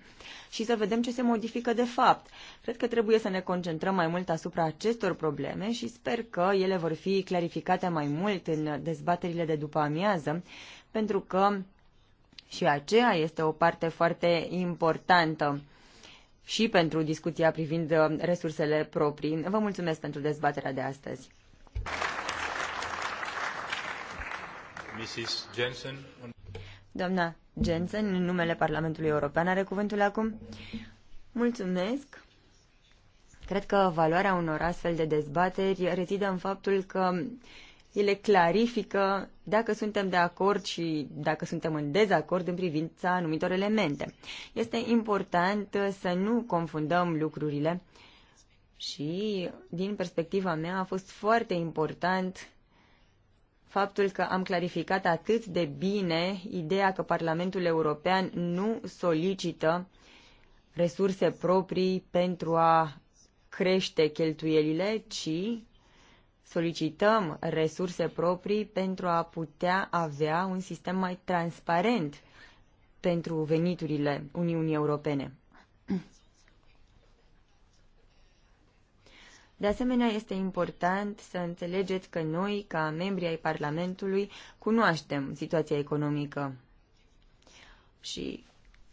și să vedem ce se modifică de fapt. Cred că trebuie să ne concentrăm mai mult asupra acestor probleme și sper că ele vor fi clarificate mai mult în dezbaterile de după amiază, pentru că și aceea este o parte foarte importantă și pentru discuția privind uh, resursele proprii. Vă mulțumesc pentru dezbaterea de astăzi. Mrs. Jensen. Doamna Jensen, în numele Parlamentului European, are cuvântul acum. Mulțumesc. Cred că valoarea unor astfel de dezbateri rezidă în faptul că ele clarifică dacă suntem de acord și dacă suntem în dezacord în privința anumitor elemente. Este important să nu confundăm lucrurile și, din perspectiva mea, a fost foarte important faptul că am clarificat atât de bine ideea că Parlamentul European nu solicită resurse proprii pentru a crește cheltuielile, ci solicităm resurse proprii pentru a putea avea un sistem mai transparent pentru veniturile Uniunii Europene. De asemenea, este important să înțelegeți că noi, ca membri ai Parlamentului, cunoaștem situația economică și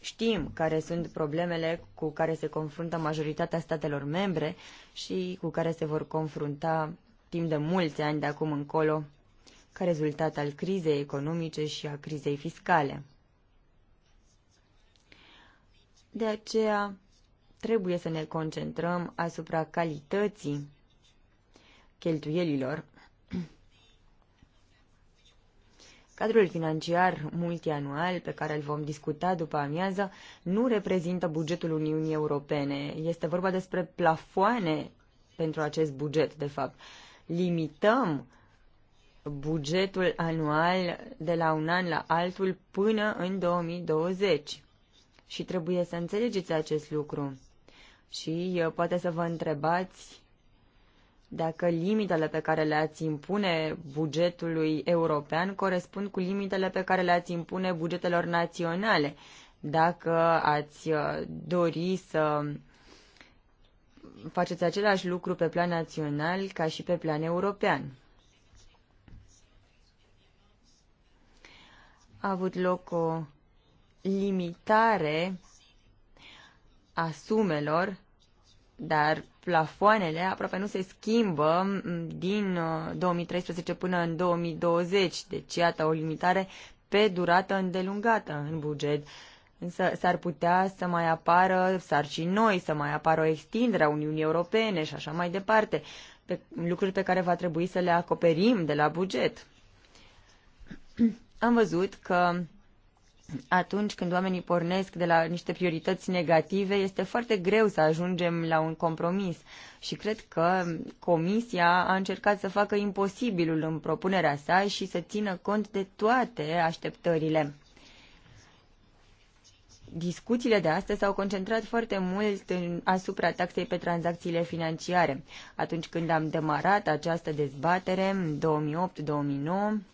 Știm care sunt problemele cu care se confruntă majoritatea statelor membre și cu care se vor confrunta timp de mulți ani de acum încolo, ca rezultat al crizei economice și a crizei fiscale. De aceea, trebuie să ne concentrăm asupra calității cheltuielilor Cadrul financiar multianual pe care îl vom discuta după amiază nu reprezintă bugetul Uniunii Europene. Este vorba despre plafoane pentru acest buget, de fapt. Limităm bugetul anual de la un an la altul până în 2020. Și trebuie să înțelegeți acest lucru. Și uh, poate să vă întrebați dacă limitele pe care le-ați impune bugetului european corespund cu limitele pe care le-ați impune bugetelor naționale, dacă ați uh, dori să faceți același lucru pe plan național ca și pe plan european. A avut loc o limitare a sumelor dar plafoanele aproape nu se schimbă mm, din 2013 uh, până în 2020, deci iată o limitare pe durată îndelungată în buget. Însă s-ar putea să mai apară sarcini noi, să mai apară o extindere a Uniunii Europene și așa mai departe, pe lucruri pe care va trebui să le acoperim de la buget. Am văzut că atunci când oamenii pornesc de la niște priorități negative, este foarte greu să ajungem la un compromis. Și cred că Comisia a încercat să facă imposibilul în propunerea sa și să țină cont de toate așteptările. Discuțiile de astăzi s-au concentrat foarte mult în, asupra taxei pe tranzacțiile financiare. Atunci când am demarat această dezbatere în 2008-2009,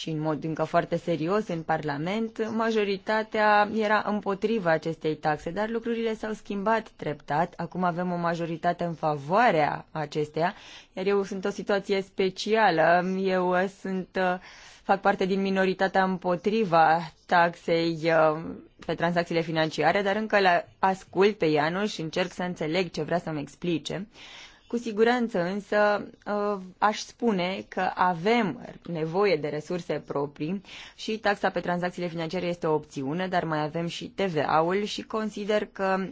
și în mod încă foarte serios în Parlament, majoritatea era împotriva acestei taxe, dar lucrurile s-au schimbat treptat. Acum avem o majoritate în favoarea acesteia, iar eu sunt o situație specială. Eu uh, sunt, uh, fac parte din minoritatea împotriva taxei uh, pe tranzacțiile financiare, dar încă la ascult pe Ianu și încerc să înțeleg ce vrea să-mi explice. Cu siguranță însă uh, aș spune că avem nevoie de resurse proprii și taxa pe tranzacțiile financiare este o opțiune, dar mai avem și TVA-ul și consider că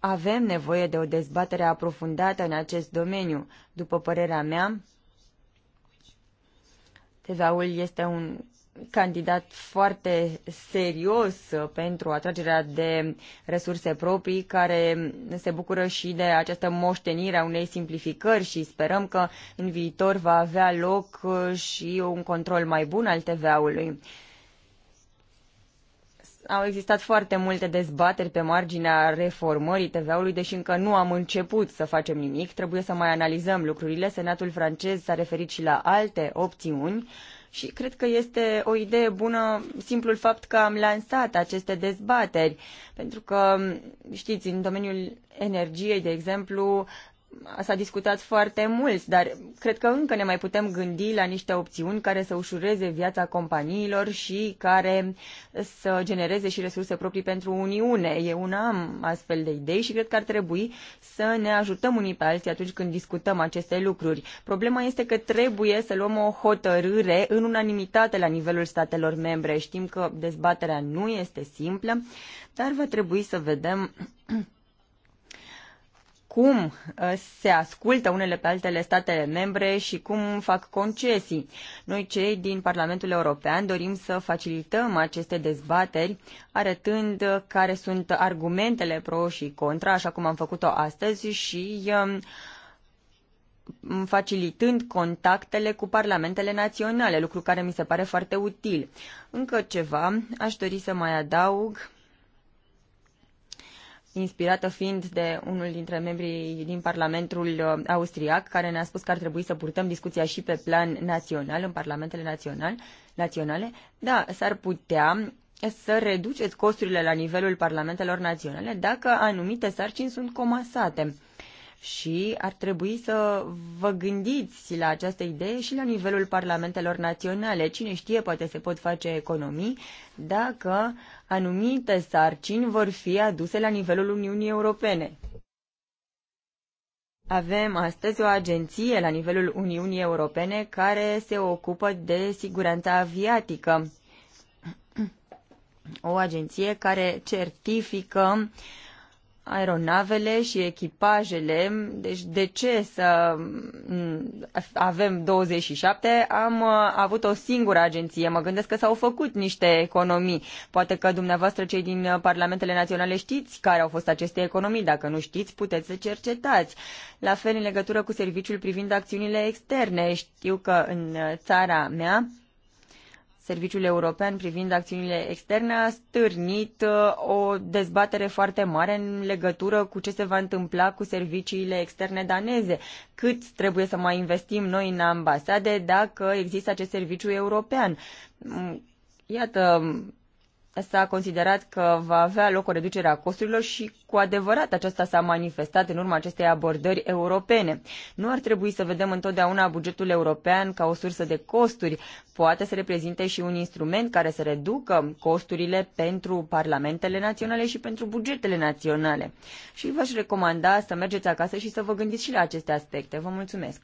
avem nevoie de o dezbatere aprofundată în acest domeniu. După părerea mea, TVA-ul este un candidat foarte serios uh, pentru atragerea de resurse proprii, care se bucură și de această moștenire a unei simplificări și sperăm că în viitor va avea loc uh, și un control mai bun al TVA-ului. Au existat foarte multe dezbateri pe marginea reformării TVA-ului, deși încă nu am început să facem nimic. Trebuie să mai analizăm lucrurile. Senatul francez s-a referit și la alte opțiuni. Și cred că este o idee bună simplul fapt că am lansat aceste dezbateri, pentru că, știți, în domeniul energiei, de exemplu, s-a discutat foarte mult, dar cred că încă ne mai putem gândi la niște opțiuni care să ușureze viața companiilor și care să genereze și resurse proprii pentru Uniune. Eu una am astfel de idei și cred că ar trebui să ne ajutăm unii pe alții atunci când discutăm aceste lucruri. Problema este că trebuie să luăm o hotărâre în unanimitate la nivelul statelor membre. Știm că dezbaterea nu este simplă, dar va trebui să vedem cum uh, se ascultă unele pe altele statele membre și cum fac concesii. Noi, cei din Parlamentul European, dorim să facilităm aceste dezbateri, arătând care sunt argumentele pro și contra, așa cum am făcut-o astăzi, și um, facilitând contactele cu parlamentele naționale, lucru care mi se pare foarte util. Încă ceva aș dori să mai adaug inspirată fiind de unul dintre membrii din Parlamentul uh, austriac, care ne-a spus că ar trebui să purtăm discuția și pe plan național, în parlamentele național, naționale. Da, s-ar putea să reduceți costurile la nivelul parlamentelor naționale dacă anumite sarcini sunt comasate și ar trebui să vă gândiți la această idee și la nivelul parlamentelor naționale. Cine știe, poate se pot face economii dacă anumite sarcini vor fi aduse la nivelul Uniunii Europene. Avem astăzi o agenție la nivelul Uniunii Europene care se ocupă de siguranța aviatică. O agenție care certifică uh, aeronavele și echipajele, deci de ce să mm, avem 27? Am uh, avut o singură agenție, mă gândesc că s-au făcut niște economii. Poate că dumneavoastră cei din uh, Parlamentele Naționale știți care au fost aceste economii, dacă nu știți puteți să cercetați. La fel în legătură cu serviciul privind acțiunile externe, știu că în uh, țara mea Serviciul European privind acțiunile externe a stârnit uh, o dezbatere foarte mare în legătură cu ce se va întâmpla cu serviciile externe daneze. Cât trebuie să mai investim noi în ambasade dacă există acest serviciu european? Mm, iată, s-a considerat că va avea loc o reducere a costurilor și cu adevărat aceasta s-a manifestat în urma acestei abordări europene. Nu ar trebui să vedem întotdeauna bugetul european ca o sursă de costuri. Poate să reprezinte și un instrument care să reducă costurile pentru parlamentele naționale și pentru bugetele naționale. Și v-aș recomanda să mergeți acasă și să vă gândiți și la aceste aspecte. Vă mulțumesc.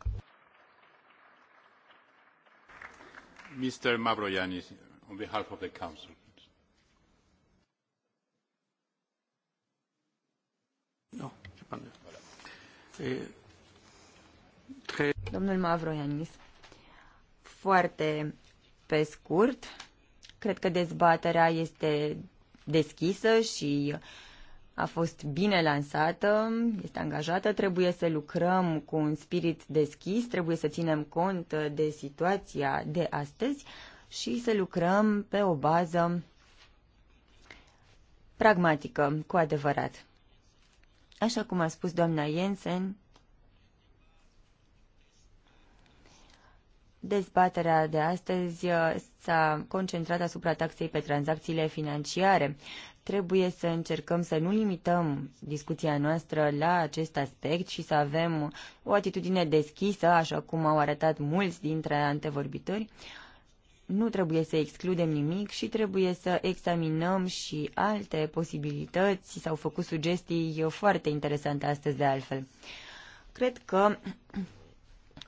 Mr. Mavroianis, on behalf of the Council. Nu, ce Domnul Mavroianis, foarte pe scurt, cred că dezbaterea este deschisă și a fost bine lansată, este angajată, trebuie să lucrăm cu un spirit deschis, trebuie să ținem cont de situația de astăzi și să lucrăm pe o bază pragmatică, cu adevărat. Așa cum a spus doamna Jensen, Dezbaterea de astăzi uh, s-a concentrat asupra taxei pe tranzacțiile financiare. Trebuie să încercăm să nu limităm discuția noastră la acest aspect și să avem o atitudine deschisă, așa cum au arătat mulți dintre antevorbitori, nu trebuie să excludem nimic și trebuie să examinăm și alte posibilități. S-au făcut sugestii foarte interesante astăzi de altfel. Cred că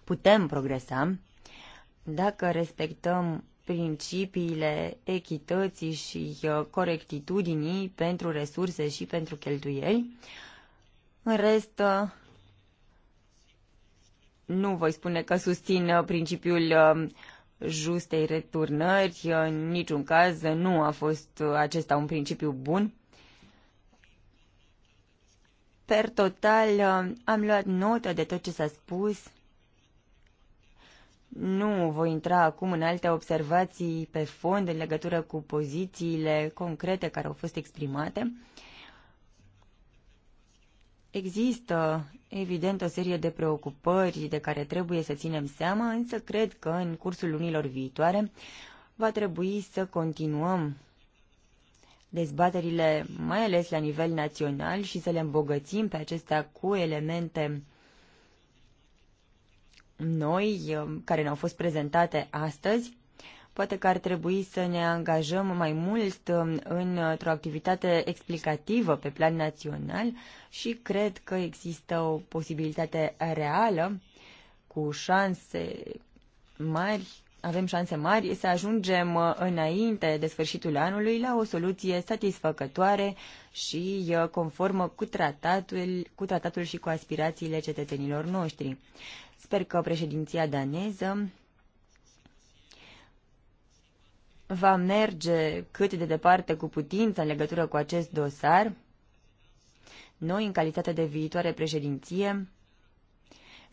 putem progresa dacă respectăm principiile echității și uh, corectitudinii pentru resurse și pentru cheltuieli. În rest, uh, nu voi spune că susțin uh, principiul justei returnări. În niciun caz nu a fost acesta un principiu bun. Per total, am luat notă de tot ce s-a spus. Nu voi intra acum în alte observații pe fond în legătură cu pozițiile concrete care au fost exprimate. Există, evident, o serie de preocupări de care trebuie să ținem seama, însă cred că în cursul lunilor viitoare va trebui să continuăm dezbaterile, mai ales la nivel național, și să le îmbogățim pe acestea cu elemente noi uh, care ne-au fost prezentate astăzi Poate că ar trebui să ne angajăm mai mult um, într-o activitate explicativă pe plan național și cred că există o posibilitate reală cu șanse mari, avem șanse mari să ajungem uh, înainte de sfârșitul anului la o soluție satisfăcătoare și uh, conformă cu tratatul, cu tratatul și cu aspirațiile cetățenilor noștri. Sper că președinția daneză va merge cât de departe cu putință în legătură cu acest dosar. Noi, în calitate de viitoare președinție,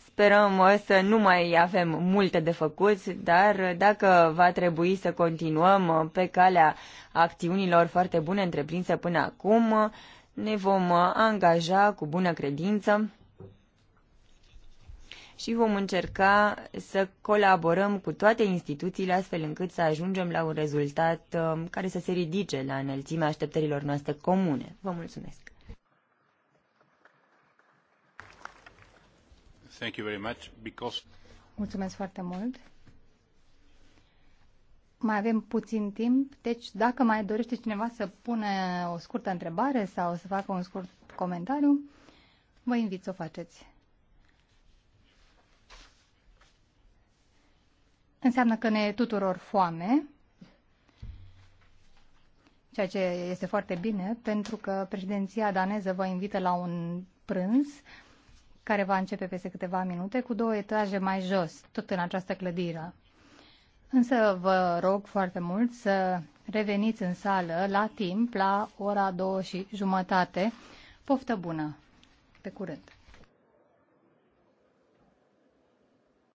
sperăm uh, să nu mai avem multe de făcut, dar dacă va trebui să continuăm uh, pe calea acțiunilor foarte bune întreprinse până acum, ne vom uh, angaja cu bună credință și vom încerca să colaborăm cu toate instituțiile astfel încât să ajungem la un rezultat um, care să se ridice la înălțimea așteptărilor noastre comune. Vă mulțumesc! Thank you very much because... Mulțumesc foarte mult! Mai avem puțin timp, deci dacă mai dorește cineva să pune o scurtă întrebare sau să facă un scurt comentariu, vă invit să o faceți. Înseamnă că ne e tuturor foame, ceea ce este foarte bine, pentru că președinția daneză vă invită la un prânz care va începe peste câteva minute cu două etaje mai jos, tot în această clădire. Însă vă rog foarte mult să reveniți în sală la timp, la ora două și jumătate. Poftă bună! Pe curând!